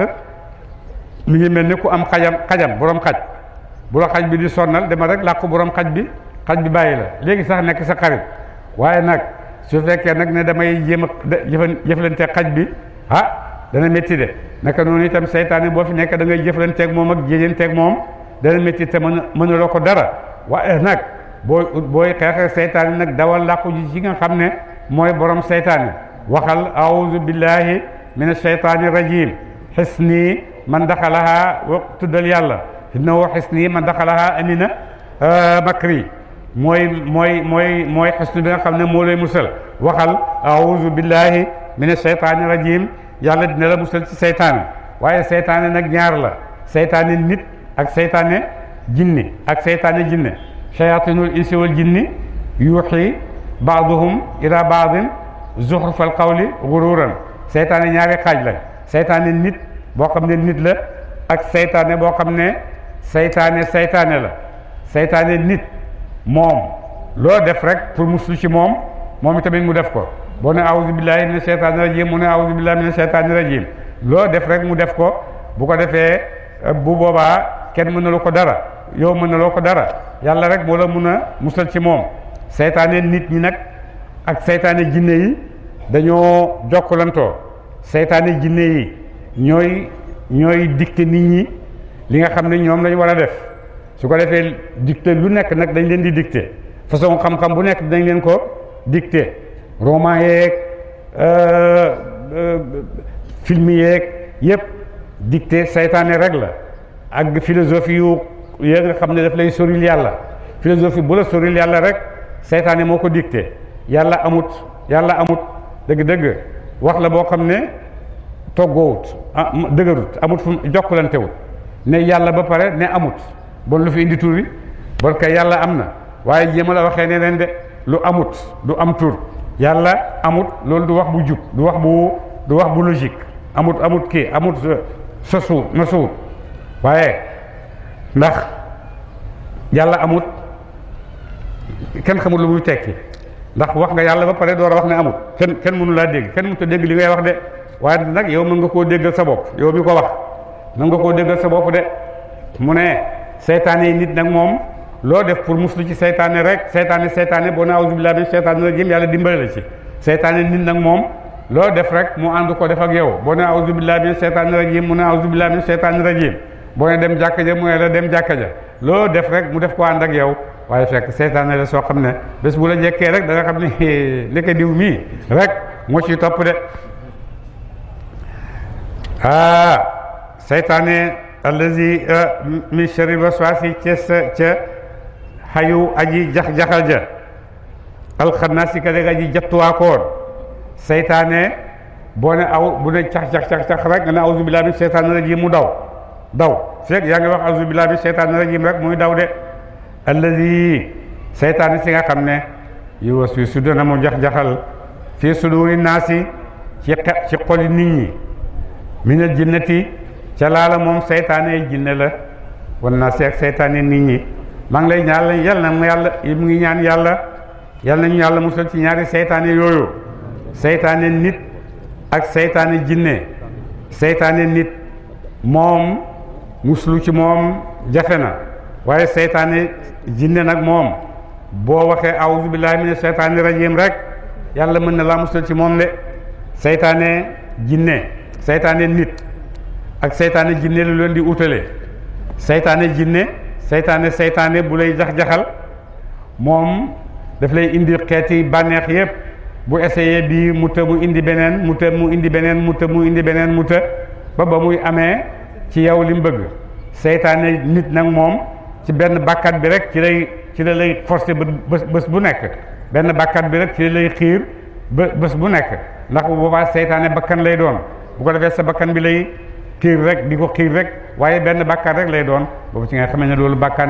mu ngi mel ni ku am xajam xajam borom xaj bu la xaj bi di sonnal dama rek làqu borom xaj bi xaj bi bàyyi la léegi sax nekk sa xarit waaye nag su fekkee nag ne damay jéem a jëflante xaj bi dana métti de naka noonu itam seytaane boo fi nekk da ngay jëflanteeg moom ak jéejanteeg moom dana métti te mën mënuloo ko dara waaye nag boo booy xeexee nag dawal làqu ji ci nga xam ne mooy borom seytaane waxal aoudu billahi min asheytaani rajim xis nii man daxalaha wa tuddal yàlla innahu xis nii man daxalaha amina makri mooy mooy mooy mooy xisnu bi nga xam ne moo lay musal waxal aoudu billahi min asheytaani rajim yàlla dina la musal ci seytaane waaye seytaane nag ñaar la seytaane nit ak seytaane jinni ak seytaane jinne shayatinul insi wal jinni yuuxi baaduhum ila baadin zuxrufal qawli gururan seytaane ñaari xaaj la seytaane nit boo xam ne nit la ak seytaane boo xam ne seytaane seytaane la seytaane nit mom. Lo def rek pour muslu ci moom moom itamit mu def ko boo ne awuzu billahi mina seytaani rajim mu ne awuzu billahi mina seytaani rajim loo def rek mu def ko bu ko defee eh, bu boobaa kenn mënaloo ko dara yow mënaloo ko dara yàlla rek moo la mun a ci moom seytaane nit ñi nag ak seytaane jinne yi dañoo jokkalantoo seytaane jinne yi ñooy ñooy dicte nit ñi li nga xam ne ñoom lañ war a def su ko defee dicte lu nekk nag dañ leen di dicte façon xam-xam bu nekk dañ leen ko dicte roman yeeg euh, euh, film yeeg yëpp dicte seytaane rek la ak philosophie yu ya nga xam ne daf lay soril yàlla philosophie bu la soril yàlla rek seytaane moo ko dicté yàlla amut yàlla amut dëgg-dëgg wax la boo xam ne toggoowut ah amut fu jokkalantewut ne yàlla ba pare ne amut bon lu fi indi tur bi bon kay yàlla am na waaye jéema la waxee ne leen de lu amut du am tur yàlla amut loolu du wax bu jub du wax bu du wax bu logique amut amut kii amut sa euh, suur na suur waaye ndax yàlla amut kenn xamul lu muy tekki ndax wax nga yàlla ba pare door a wax ne amul kenn kenn mënulaa dégg kenn mënut a dégg li ngay wax de waaye nag yow mën nga koo déggal sa bopp yow mi ko wax mën nga koo déggal sa bopp de mu ne seytaane nit nag moom loo def pour muslu ci seytaane rek seytaane seytaane boo na auzu billaahi min seytaane yàlla dimbale la ci seytaane nit nag moom loo def rek mu ànd ko def ak yow boo ne auzu billaahi min seytaane rajiim mu ne auzu billaahi min seytaane rajiim boo dem jàkka ja mu ne dem jàkka ja loo def rek mu def ko ànd ak yow waaye fekk seytaane la soo xam ne bés bu la njëkkee rek da xam ne li diw mii rek moo ci topp de ah seytaane allazi ah, min sharri waswaasi ca ca xayu aji jax-jaxal ja alxannaasi ka dégg aji jattuwaakoon seytaane boo ne aw bu ne cax-cax-cax-cax rek nga ne auzu billahi min seytaane rajim mu daw daw fekk yaa ngi wax auzu billahi min seytaane rajim rek muy daw de alladi seytaane si nga xam ne yu was wi su dana mu jax-jaxal fii suduri naasi ci ci xoli nit ñi minal jinnati ca laala moom seytaane ay jinne la wan naasi ak seytaane nit ñi maa ngi lay ñaan lañ yàlla na yàlla mu ngi ñaan yàlla yàlla nañu yàlla musal ci ñaari seytaane yooyu seytaane nit ak seytaane jinne seytaane nit moom muslu ci moom jafe na waaye seytaane jinné nag moom boo waxee awuzu billahi mina seytaane rajim rek yàlla mën na laa musal ci moom le seytaane jinné seytaane nit ak seytaane jinné lu leen di utale seytaane jinné seytaane seytaane bu lay jax-jaxal moom daf lay indi xeeti bànneex yépp bu essayé bii mu të mu indi beneen mu të mu indi beneen mu të mu indi beneen mu të ba ba muy amee ci yow li bëgg seytaane nit nag moom ci benn bàkkat bi rek ci lay ci la lay forcé ba bés bu nekk benn bàkkat bi rek ci lay xiir ba bés bu nekk ndax bu boobaa seytaane bakkan lay doon bu ko defee sa bakkan bi lay xiir rek di ko xiir rek waaye benn bàkkaat rek lay doon boobu ci nga xamee ne loolu bàkkaan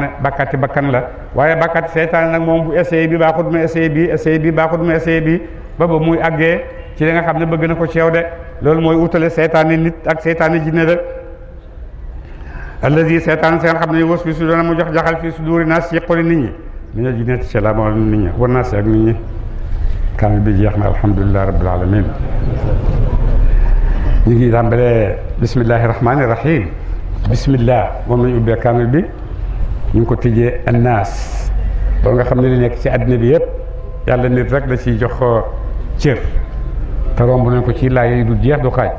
ci bakkan la waaye bàkkaati seytaane nag moom bu essayé bi baaxut mu essayé bi essayé bi baaxut mu essayé bi ba ba muy àggee ci li nga xam ne bëgg na ko ceew de loolu mooy utale seytaane nit ak seytaane jinne rek الذي سيطان سيغ خامني ووس في سودان مو جخ جخال في صدور الناس يقول نيت ني من الجنات سلام على نيت ني والناس اك نيت ني كامل بي جيخنا الحمد لله رب العالمين نيجي رامبلي بسم الله الرحمن الرحيم بسم الله ومن يوب كامل بي نكو تيجي الناس بوغا خامني لي نيك سي ادنا بي ييب يالا نيت رك دا سي جخ تير تروم بو نكو سي لاي دو جيخ دو خاي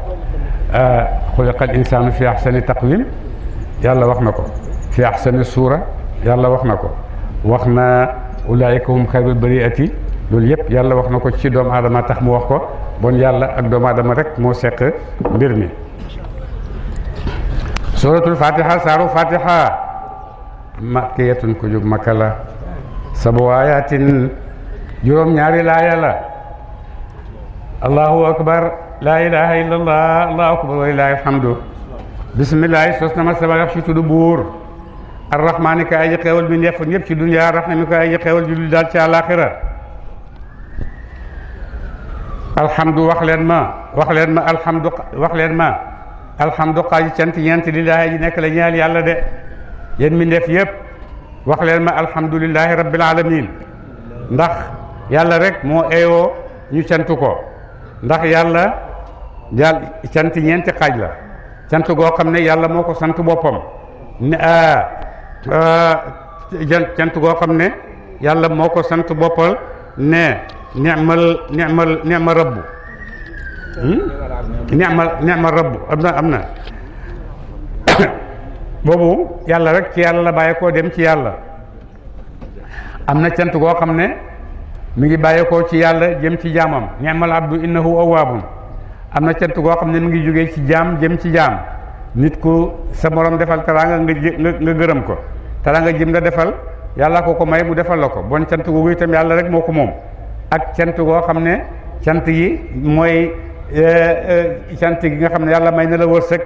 آه، خلق الانسان في احسن تقويم يلا وخناكو في احسن السوره يلا وخناكو وخنا اولئك هم خير البريئه لول ييب يالا واخنا كو سي دوم ادم تاخ مو واخكو بون يالا اك دوم ادم رك مو سيك ميرمي سورة الفاتحة سارو فاتحة مكية كجوك مكالا سبو آيات يوم ناري لا يلا الله أكبر لا إله إلا الله الله أكبر ولله الحمد بسم الله سوسنا ما سبا غاب شتو دبور الرحمن كاي خيول بن يف نيب شي دنيا الرحمن كاي خيول جي دال شي الاخره الحمد واخ لين ما واخ لين ما الحمد واخ لين ما الحمد قاي سنت ينت لله جي نك لا نيال يالا دي ين من ديف ييب واخ لين ما الحمد لله رب العالمين ndax yalla rek mo ayo ñu santuko ndax yalla dal santi ñent xajla cant goo xam ne yàlla moo ko sant boppam ne cant goo xam ne yàlla moo ko sant boppal ne nemal nemal nema rabbu hmm? nemal rabbu am na am na boobu yàlla rek ci yàlla la bàyyeekoo dem ci yàlla am na cant goo xam ne mi ngi bàyyeekoo ci yàlla jëm ci jaamam nemal abdu innahu awwaabun Amna na cant goo xam ne mi ngi jógee ci jaam jëm ci jaam nit ku sa morom defal teraanga nga nga gërëm ko teraanga jëm la defal yàlla ko ko may mu defal la ko bon cant googu itam yàlla rek moo ko ak cant goo xam ne cant yi mooy eh, eh, cant gi nga xam ne yàlla may na la wërsëg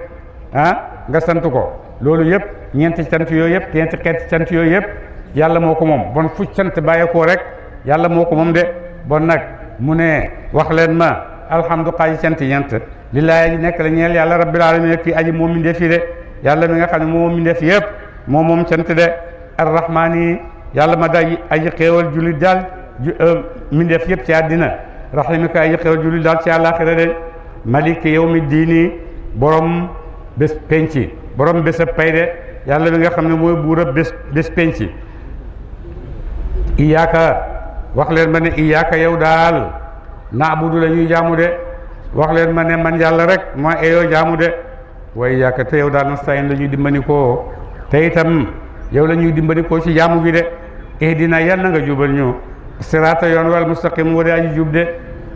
ah nga sant ko loolu yëpp ñeenti cant yooyu yëpp ñeenti xeeti cant yooyu yëpp yàlla moo ko moom bon fu cant bàyyeekoo rek yàlla moo ko de bon nag mu wax leen ma alhamdu xaaji cant ñent lillaahi nekk la ñeel yàlla rabbil alamin kii aji moom mindee fi de yàlla mi nga xam ne moom mindee fi yëpp moom moom cant de arrahmaani yàlla ma day aji xéewal jullit daal euh, mindeef yëpp ci àddina rahimi ko aji xéewal jullit daal ci àllaaxira de maliki mi diini borom bés penci borom bés a pay de yàlla mi nga xam ne mooy buura bés bés penci iyaaka wax leen ma ne iyaaka yow daal naabudu la ñuy jaamu de wax leen ma ne man yàlla rek ma eyoo jaamu de waaye yaakaar te yow daal nastayin la ñuy dimbali koo te itam yow la ñuy dimbali koo ci jaamu gi de ihdina yal na nga jubal ñu siraata yoon wal mustaqim wa de aji jub de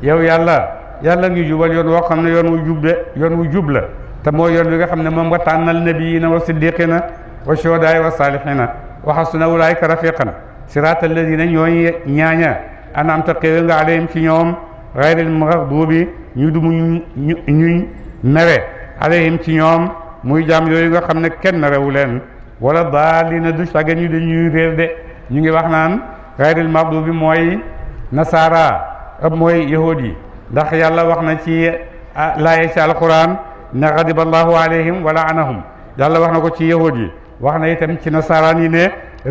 yow yàlla yàlla ngi jubal yoon woo xam ne yoon wu jub de yoon wu jub la te mooy yoon wi nga xam ne moom nga tànnal nabiyina wa siddiqina wa shuhadaay wa saalihina wa xasuna ulaayka rafiqan siraata alladina ñooy ñaaña anamta xéwe nga alayhim ci ñoom غير المغضوب يدوم ني نرى عليهم تيوم موي جام يوي غا خامن كين نراولن ولا ضالين دوش تاغ ني دي ني رير دي نيغي واخ نان غير المغضوب موي نصارى اب موي يهودي داخ يالا واخ نا سي لا يس القران نغضب الله عليهم ولعنهم يالا واخ نكو سي يهودي واخ نا يتم سي نصارى ني ني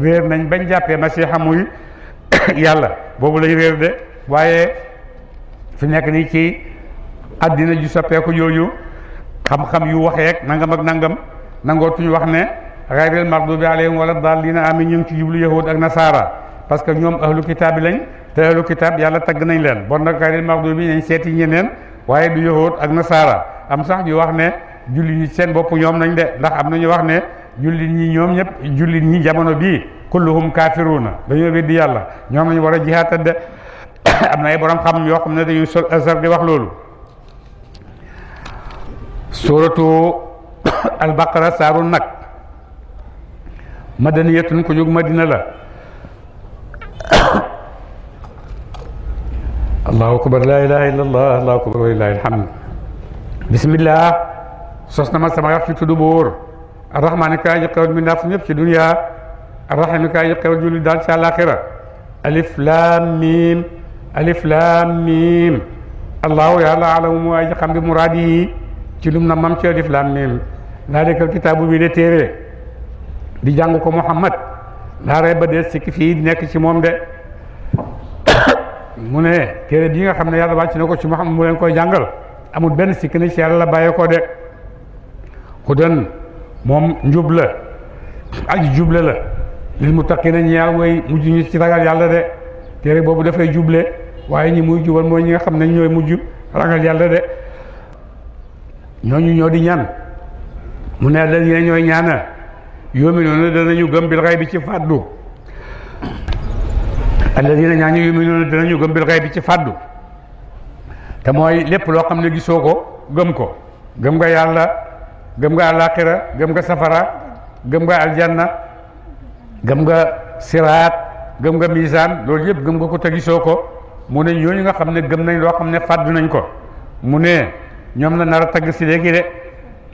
رير نان بن جابي مسيح موي يالا بوبو لاي رير دي وايي fi nek ni ci adina ju ko yoyu xam-xam yu ak nangam ak nangam tuñ wax ne xayril maxdubi alayhim wala daalliina amin ñu ci yiblu yahud ak nasara parce que ñom ahlu kitab lañ te ahlul kitab yalla tag nañ leen bon nak xayril maxdubi nañ seeti ñeneen waye du yahud ak nasara am sax ñu wax ne julli ñi seen bop ñom nañ de ndax am nañu wax ne julli ñi ñom ñep julli ñi jamono bi kulluhum kafiruna dañu weddi yalla ñom lañ wara de am na ay borom xam yoo xam ne dañuy sol azar di wax loolu suratu albaqara saaru nag madaniyatun ko jóg madina la allahu akbar laa ilaha illa allah allahu akbar walilahi alhamd bismillah sos na ma sama wax ci tudd buur arrahmaani kaay ji xewal mbindaa fu ñëpp ci duniya arrahimi kaay ji xewal julli daal ci àllaaxira alif laam miim alif lam mim ya la alam mu ay xam bi muradi ci lum na mam ci alif lam mim ko kitaabu bi de tere di jang ko muhammad laa ba de sikki fi nek ci mom de mu ne téere bi nga xam ne yalla wàcc na ci muhammad mu len koy jangal amul ben sikki ne ci yalla baye ko de den mom njub la aji juble la lil muttaqina ñeel mooy mujj ñu ci ragal yalla de bobu da fay juble waye ñi muy jubal moy ñi nga xamne ñoy ñooy mujj ragal yalla de ñooñu ñoo di ñaan mu ne dañ ne ñooy ñaanal yuminuuna danañu gëm bil xay bi ci fàddu alladina ñaañu yuminuuna danañu gëm bil ghaibi ci fàddu te moy lepp lo xamne gisoko gëm ko gëm nga yalla gëm nga alakhirah gëm nga safara gëm nga aljanna gëm nga sirat gëm nga mizan loolu yëpp gëm nga ko te mu ne ñooñu nga xam ne gëm nañ loo xam ne fàdd nañ ko mu ne ñoom la nar a tagg si léegi de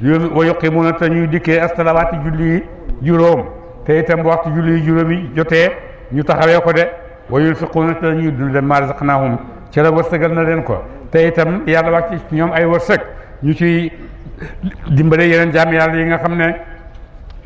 yooyu wa yuqimuuna te ñuy dikkee astalawaati julli yi juróom te itam waxtu julli yi juróom jotee ñu taxawee ko de wa yunfiquuna te ñuy dundal maa razaqnaahum ci la wërsëgal na leen ko te itam yàlla wàcc ci ñoom ay wërsëg ñu ci dimbale yeneen jaam yàlla yi nga xam ne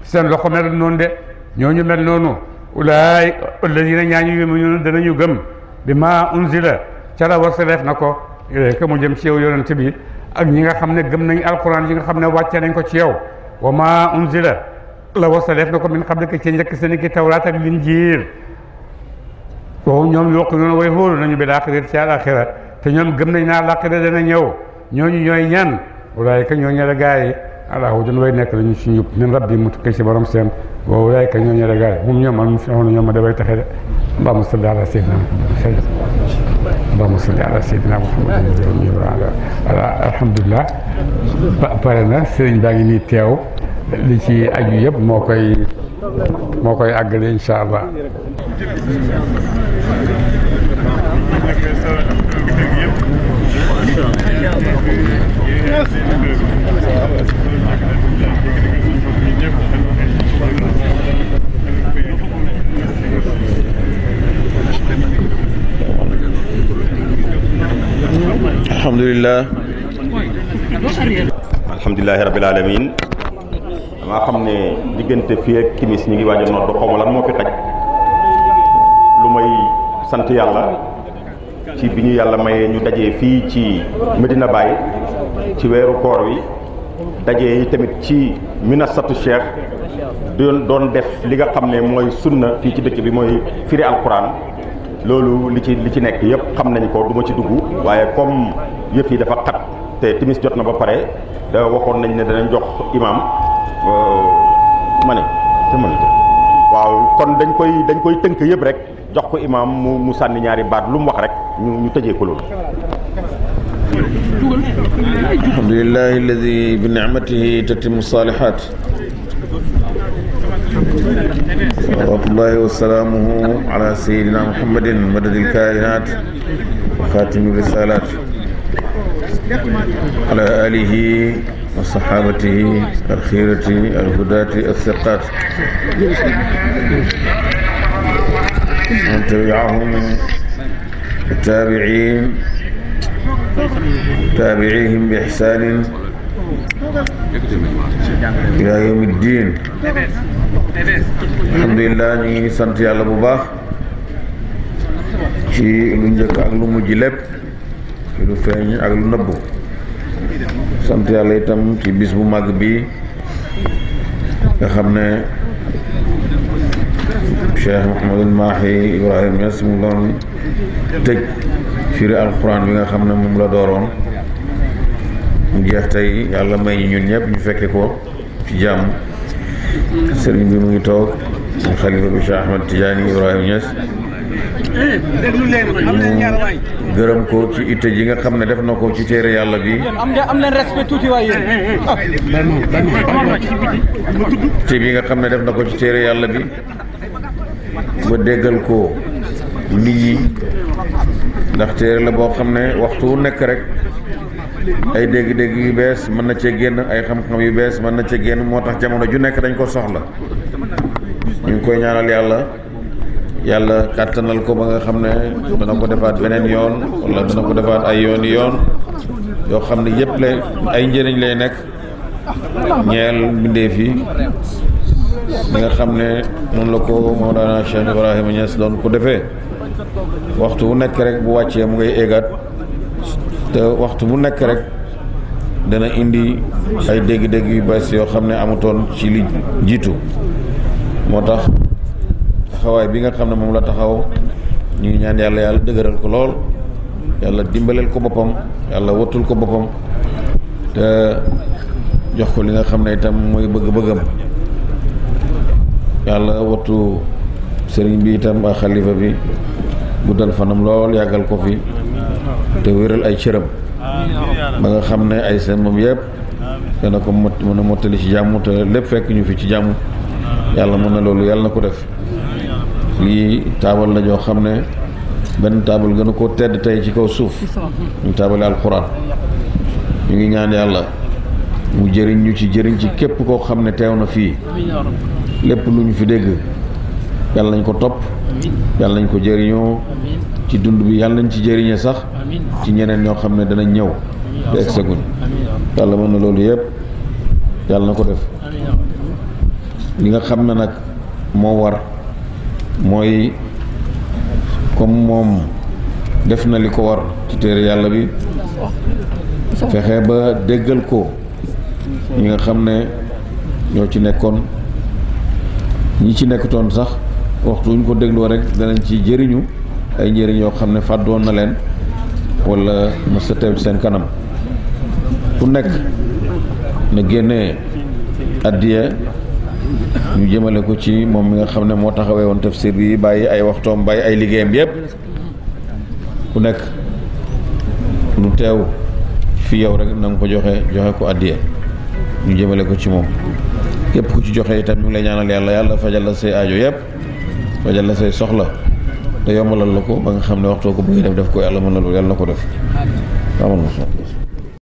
seen loxo mel noonu de ñu mel noonu ulaay alladina ñaañu yumunuuna ñu gëm bi ma unzila ca la warselef na ko ilayka mu jëm ci yow yonent bi ak ñi nga xam ne gëm nañ alquran yi nga xam ne wàcce nañ ko ci yow wa ma unzila la warselef na ko min qablika ci njëkk seen ki tawraat ak linjiir woowu ñoom yuuqinuuna way hóolu nañu bil aaxirati ci àlaaxira te ñoom gëm nañ naa laaxira dana ñëw ñooñu ñooy ñan walaayka ñoo ñe la gaay alaa wu dun way nekk lañu ci ñub min rabbi mu tukkee ci borom seen boobu laay ka ñooñu rek gaay moom ñoom mu fi xamoon ñoom ma da bay taxe de allahumma salli ala sayyidina allahumma salli ala sayyidina muhammadin ala alhamdulilah ba pare na sëriñ baa ngi nii teew li ci aju yëpp moo koy moo koy àggale insha allah Thank you. alhamdulilah alhamdulilahi rabbil alamin damaa xam ne diggante fii ak timis ñu ngi waaj a nodd xaw ma lan moo fi xaj lu may sant yàlla ci bi ñu yàlla mayee ñu dajee fii ci Medina Baye ci weeru koor wi dajee yi tamit ci minasatu cheikh doon def li nga xam ne mooy sunna fii ci dëkk bi mooy firi alquran loolu li ci li ci nekk yëpp xam nañ ko du ma ci dugg waaye comme yëf yi dafa xat te timis jot na ba pare da waxoon nañ ne danañ jox imaam euh, ma ne te waaw kon dañ koy dañ koy tënk yëpp rek jox ko imaam mu mu sànni ñaari baat lu mu wax rek ñu ñu tëjee ko loolu alhamdulillahi alladi bi ni'matihi tatimu saalihaat صلوات الله وسلامه على سيدنا محمد مدد الكائنات وخاتم الرسالات على آله وصحابته الخيرة الهداة الثقات من تبعهم التابعين تابعيهم بإحسان yaa yawmi diin alhamdulilah ñu ngi sant yàlla bu baax ci lu njëkk ak lu mujj lépp ci lu ak lu nëbb sant yàlla itam ci bis bu màgg bi nga Cheikh Mahi Ibrahim Niass mu doon tëj firi alquran bi nga la mu jeex tey yàlla may ñun ñëpp ñu fekke ko ci jàmm sëriñ bi mu ngi toog suñu xalifa bi Cheikh Ahmed Tidiane Ibrahima Niass ñu gërëm ko ci itte ji nga xam ne def na ko ci téere yàlla bi itte bi nga xam ne def na ko ci téere yàlla bi ba déggal ko nit ñi ndax téere la boo xam ne waxtu wu nekk rek ay dégg-dégg yu bees mën na cee génn ay xam-xam yu bees mën na cee génn moo tax jamono ju nekk dañ ko soxla ñu ngi koy ñaanal yàlla yàlla kàttanal ko ba nga xam ne dana ko defaat beneen yoon walla dana ko defaat ay yoon yoon yoo xam ne yëpp lay ay njëriñ lay nekk ñeel mbindeef yi ñi nga xam ne noonu la ko Mawlana Cheikh Ibrahima Niass doon ko defee waxtu wu nekk rek bu wàccee mu ngay éegaat te waxtu bu nekk rek dana indi ay dégg-dégg yu bees yoo xam ne amutoon ci li jiitu moo tax taxawaay bi nga xam ne moom la taxaw ñu ngi ñaan yàlla yàlla dëgëral ko lool yàlla dimbaleel ko boppam yàlla wattul ko boppam te jox ko li nga xam ne itam mooy bëgg-bëggam yàlla wattu sëriñ bi itam ak xalifa bi guddal fanam lool yàggal ko fi te wéral ay cëram ba nga xam ne ay seen moom yëpp dana ko mot a mottali ci jàmm te lépp fekk ñu fi ci jàmm yàlla mën na loolu yàlla na ko def lii taabal la joo xam ne benn taabal gën a koo tedd tey ci kaw suuf ñu taabale alxuraan ñu ngi ñaan yàlla mu jëriñ ñu ci jëriñ ci képp koo xam ne teew na fii lépp lu ñu fi dégg yàlla nañ ko topp yàlla nañ ko jëriñoo ci dund bi yàlla nañ ci jëriñe sax ci ñeneen ñoo xam ne danañ ñëw te egg saguñ yàlla mën na loolu yëpp yàlla na ko def li nga xam ne nag moo war mooy comme moom def na li ko war ci téere yàlla bi fexe ba déggal ko ñi nga xam ne ñoo ci nekkoon ñi ci nekkutoon sax waxtu wuñ ko dégloo rek danañ ci jëriñu ay njëriñ yoo xam ne fàddoon na leen wala mës a seen kanam ku nekk na génnee addiya ñu jëmale ko ci moom mi nga xam ne moo taxawee woon tafsir bi bàyyi ay waxtoom bàyyi ay liggéeyam yépp ku nekk lu teew fi yow rek na nga ko joxe joxe ko addiya ñu jëmale ko ci moom képp ku ci joxe itam ñu ngi lay ñaanal yàlla yàlla fajal la say ajo yépp fajal la say soxla te yombalal la ko ba nga xam ne waxtoo ko bëgg def def ko yàlla mën na loolu yàlla na ko def amoon na